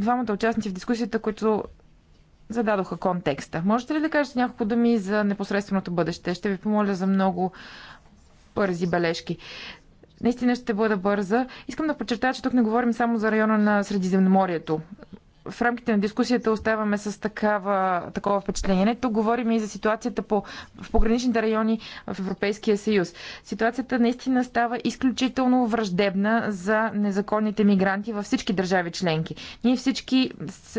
двамата участници в дискусията, които зададоха контекста. Можете ли да кажете няколко думи за непосредственото бъдеще? Ще ви помоля за много бързи бележки. Наистина ще бъда бърза. Искам да подчертая, че тук не говорим само за района на Средиземноморието в рамките на дискусията оставаме с такава, такова впечатление. Не, тук говорим и за ситуацията по, в пограничните райони в Европейския съюз. Ситуацията наистина става изключително враждебна за незаконните мигранти във всички държави членки. Ние всички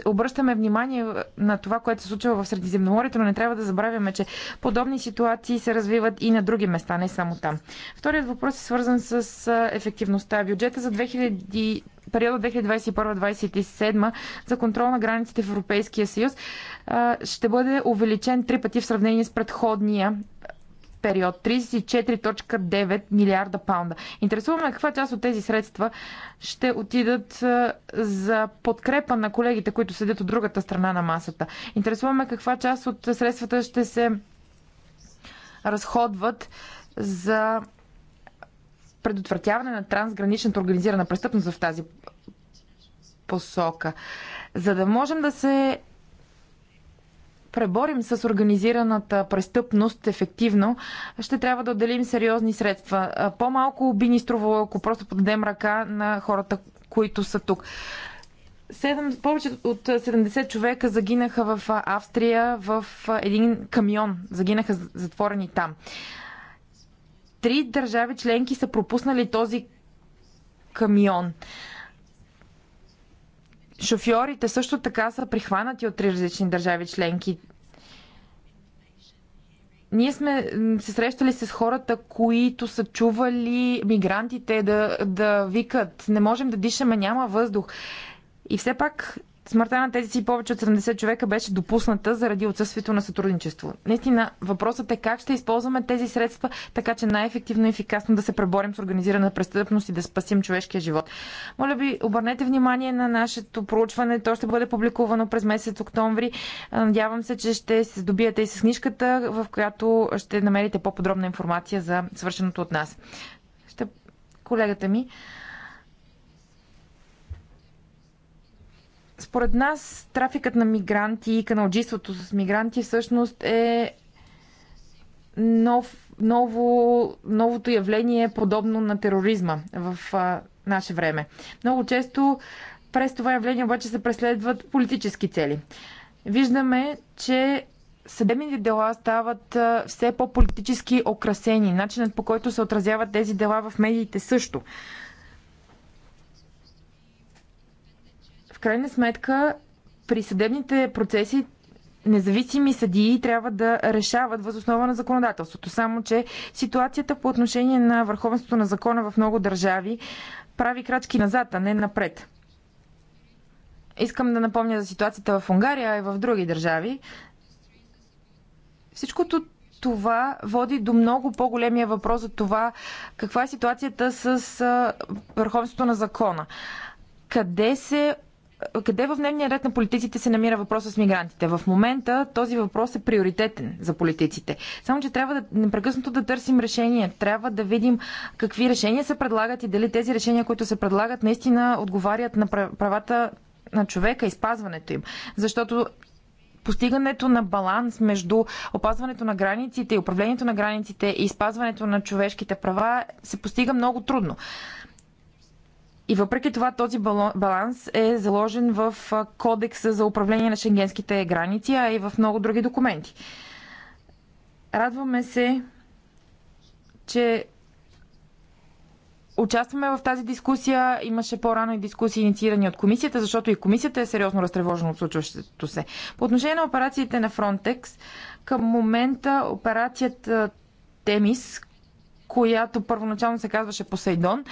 обръщаме внимание на това, което се случва в Средиземноморието, но не трябва да забравяме, че подобни ситуации се развиват и на други места, не само там. Вторият въпрос е свързан с ефективността. Бюджета за 2000 периода 2021-2027 за контрол на границите в Европейския съюз ще бъде увеличен три пъти в сравнение с предходния период 34.9 милиарда паунда. Интересуваме каква част от тези средства ще отидат за подкрепа на колегите, които седят от другата страна на масата. Интересуваме каква част от средствата ще се разходват за предотвратяване на трансграничната организирана престъпност в тази посока. За да можем да се преборим с организираната престъпност ефективно, ще трябва да отделим сериозни средства. По-малко би ни струвало, ако просто подадем ръка на хората, които са тук. 7, повече от 70 човека загинаха в Австрия в един камион. Загинаха затворени там. Три държави членки са пропуснали този камион. Шофьорите също така са прихванати от три различни държави членки. Ние сме се срещали с хората, които са чували мигрантите да, да викат. Не можем да дишаме, няма въздух. И все пак Смъртта на тези си повече от 70 човека беше допусната заради отсъствието на сътрудничество. Наистина, въпросът е как ще използваме тези средства, така че най-ефективно и ефикасно да се преборим с организирана престъпност и да спасим човешкия живот. Моля ви, обърнете внимание на нашето проучване. То ще бъде публикувано през месец октомври. Надявам се, че ще се здобиете и с книжката, в която ще намерите по-подробна информация за свършеното от нас. Ще... Колегата ми. Според нас трафикът на мигранти и каналджиството с мигранти всъщност е нов, ново, новото явление, подобно на тероризма в а, наше време. Много често през това явление обаче се преследват политически цели. Виждаме, че съдебните дела стават все по-политически окрасени. Начинът по който се отразяват тези дела в медиите също. крайна сметка при съдебните процеси независими съдии трябва да решават възоснова на законодателството. Само, че ситуацията по отношение на върховенството на закона в много държави прави крачки назад, а не напред. Искам да напомня за ситуацията в Унгария и в други държави. Всичкото това води до много по-големия въпрос за това каква е ситуацията с върховенството на закона. Къде се къде в дневния ред на политиците се намира въпроса с мигрантите? В момента този въпрос е приоритетен за политиците. Само, че трябва да, непрекъснато да търсим решения. Трябва да видим какви решения се предлагат и дали тези решения, които се предлагат, наистина отговарят на правата на човека и спазването им. Защото постигането на баланс между опазването на границите и управлението на границите и спазването на човешките права се постига много трудно. И въпреки това този баланс е заложен в кодекса за управление на шенгенските граници, а и в много други документи. Радваме се, че участваме в тази дискусия. Имаше по-рано и дискусии инициирани от комисията, защото и комисията е сериозно разтревожена от случващото се. По отношение на операциите на Frontex, към момента операцията Темис, която първоначално се казваше Посейдон,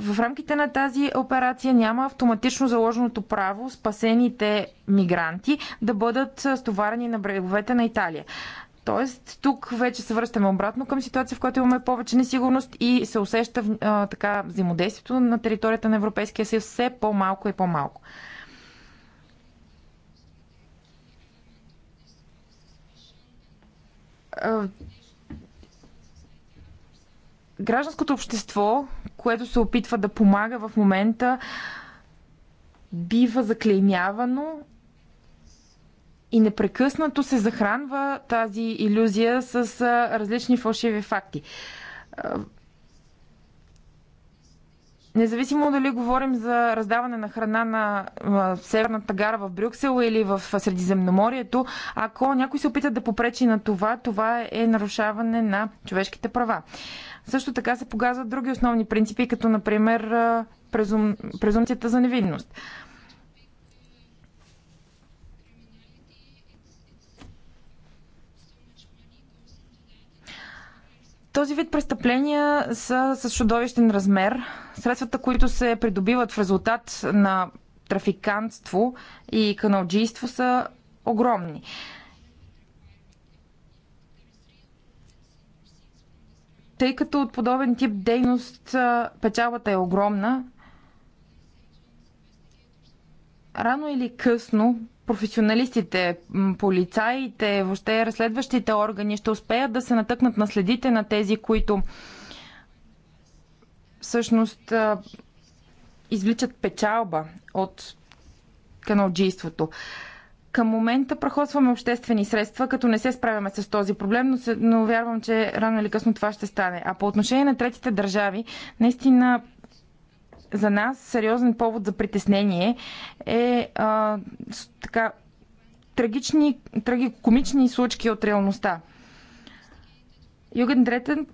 в рамките на тази операция няма автоматично заложеното право спасените мигранти да бъдат стоварени на бреговете на Италия. Тоест, тук вече се връщаме обратно към ситуация, в която имаме повече несигурност и се усеща а, така взаимодействието на територията на Европейския съюз все по-малко и по-малко гражданското общество, което се опитва да помага в момента, бива заклеймявано и непрекъснато се захранва тази иллюзия с различни фалшиви факти. Независимо дали говорим за раздаване на храна на Северната гара в Брюксел или в Средиземноморието, ако някой се опита да попречи на това, това е нарушаване на човешките права. Също така се погазват други основни принципи, като например презум... презумцията за невинност. Този вид престъпления са с чудовищен размер. Средствата, които се придобиват в резултат на трафикантство и каналджийство са огромни. тъй като от подобен тип дейност печалбата е огромна, рано или късно професионалистите, полицаите, въобще разследващите органи ще успеят да се натъкнат на следите на тези, които всъщност извличат печалба от каналджийството. Към момента прахосваме обществени средства, като не се справяме с този проблем, но, се, но вярвам, че рано или късно това ще стане. А по отношение на третите държави, наистина за нас сериозен повод за притеснение е а, така трагични, трагикомични случки от реалността. Юген Дретен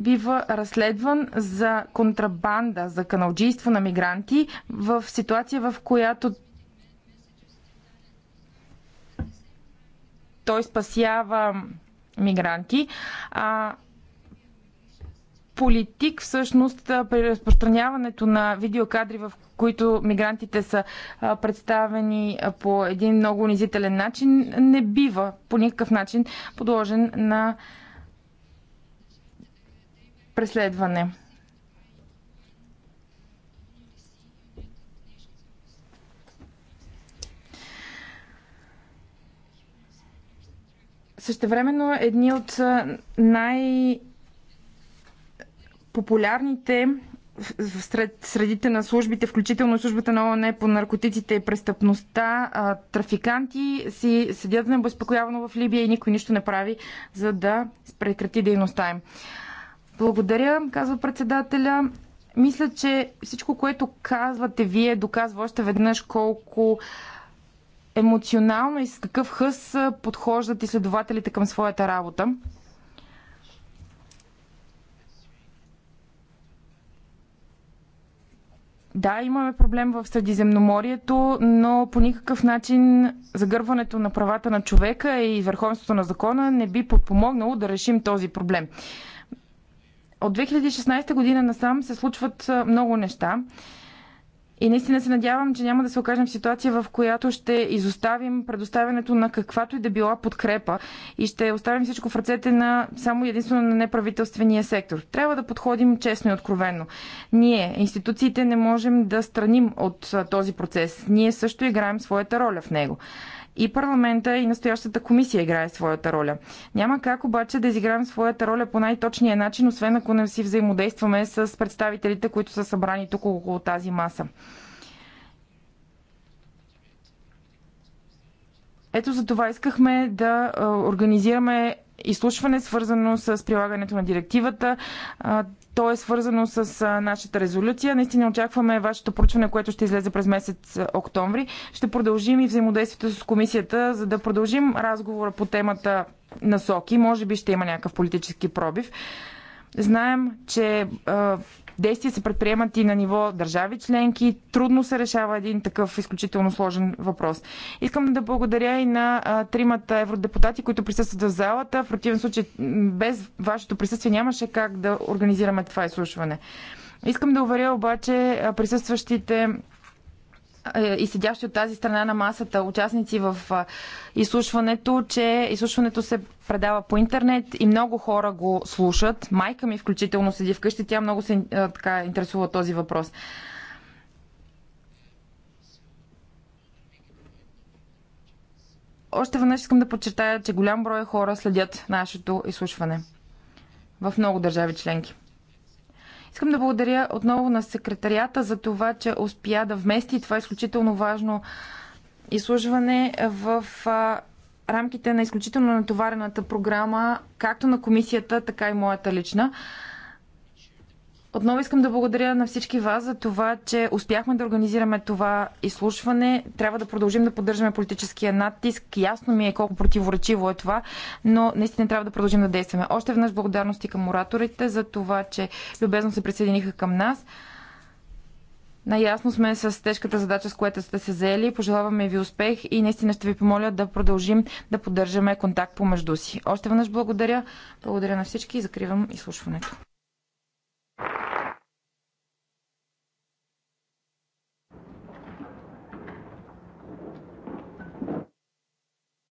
бива разследван за контрабанда, за каналджийство на мигранти в ситуация, в която Той спасява мигранти. А политик всъщност при разпространяването на видеокадри, в които мигрантите са представени по един много унизителен начин, не бива по никакъв начин подложен на преследване. Същевременно едни от най- популярните сред средите на службите, включително службата на ООН по наркотиците и престъпността, трафиканти си седят небезпокоявано в Либия и никой нищо не прави, за да прекрати дейността им. Благодаря, казва председателя. Мисля, че всичко, което казвате вие, доказва още веднъж колко емоционално и с какъв хъс подхождат изследователите към своята работа. Да, имаме проблем в Средиземноморието, но по никакъв начин загърването на правата на човека и върховенството на закона не би подпомогнало да решим този проблем. От 2016 година насам се случват много неща. И наистина се надявам, че няма да се окажем в ситуация, в която ще изоставим предоставянето на каквато и да била подкрепа и ще оставим всичко в ръцете на само единствено на неправителствения сектор. Трябва да подходим честно и откровенно. Ние, институциите, не можем да страним от този процес. Ние също играем своята роля в него. И парламента и настоящата комисия играе своята роля. Няма как обаче да изиграем своята роля по най-точния начин, освен ако не си взаимодействаме с представителите, които са събрани тук около тази маса. Ето за това искахме да организираме изслушване, свързано с прилагането на директивата. То е свързано с нашата резолюция. Наистина очакваме вашето проучване, което ще излезе през месец октомври. Ще продължим и взаимодействието с комисията, за да продължим разговора по темата насоки. Може би ще има някакъв политически пробив. Знаем, че Действия се предприемат и на ниво държави членки. Трудно се решава един такъв изключително сложен въпрос. Искам да благодаря и на тримата евродепутати, които присъстват в залата. В противен случай, без вашето присъствие нямаше как да организираме това изслушване. Искам да уверя обаче присъстващите е, и седящи от тази страна на масата участници в изслушването, че изслушването се предава по интернет и много хора го слушат. Майка ми включително седи вкъщи, тя много се така, интересува този въпрос. Още веднъж искам да подчертая, че голям брой хора следят нашето изслушване в много държави членки. Искам да благодаря отново на секретарията за това, че успя да вмести това е изключително важно изслужване в рамките на изключително натоварената програма, както на комисията, така и моята лична. Отново искам да благодаря на всички вас за това, че успяхме да организираме това изслушване. Трябва да продължим да поддържаме политическия натиск. Ясно ми е колко противоречиво е това, но наистина трябва да продължим да действаме. Още веднъж благодарности към ораторите за това, че любезно се присъединиха към нас. Наясно сме с тежката задача, с която сте се заели. Пожелаваме ви успех и наистина ще ви помоля да продължим да поддържаме контакт помежду си. Още веднъж благодаря. Благодаря на всички и закривам изслушването.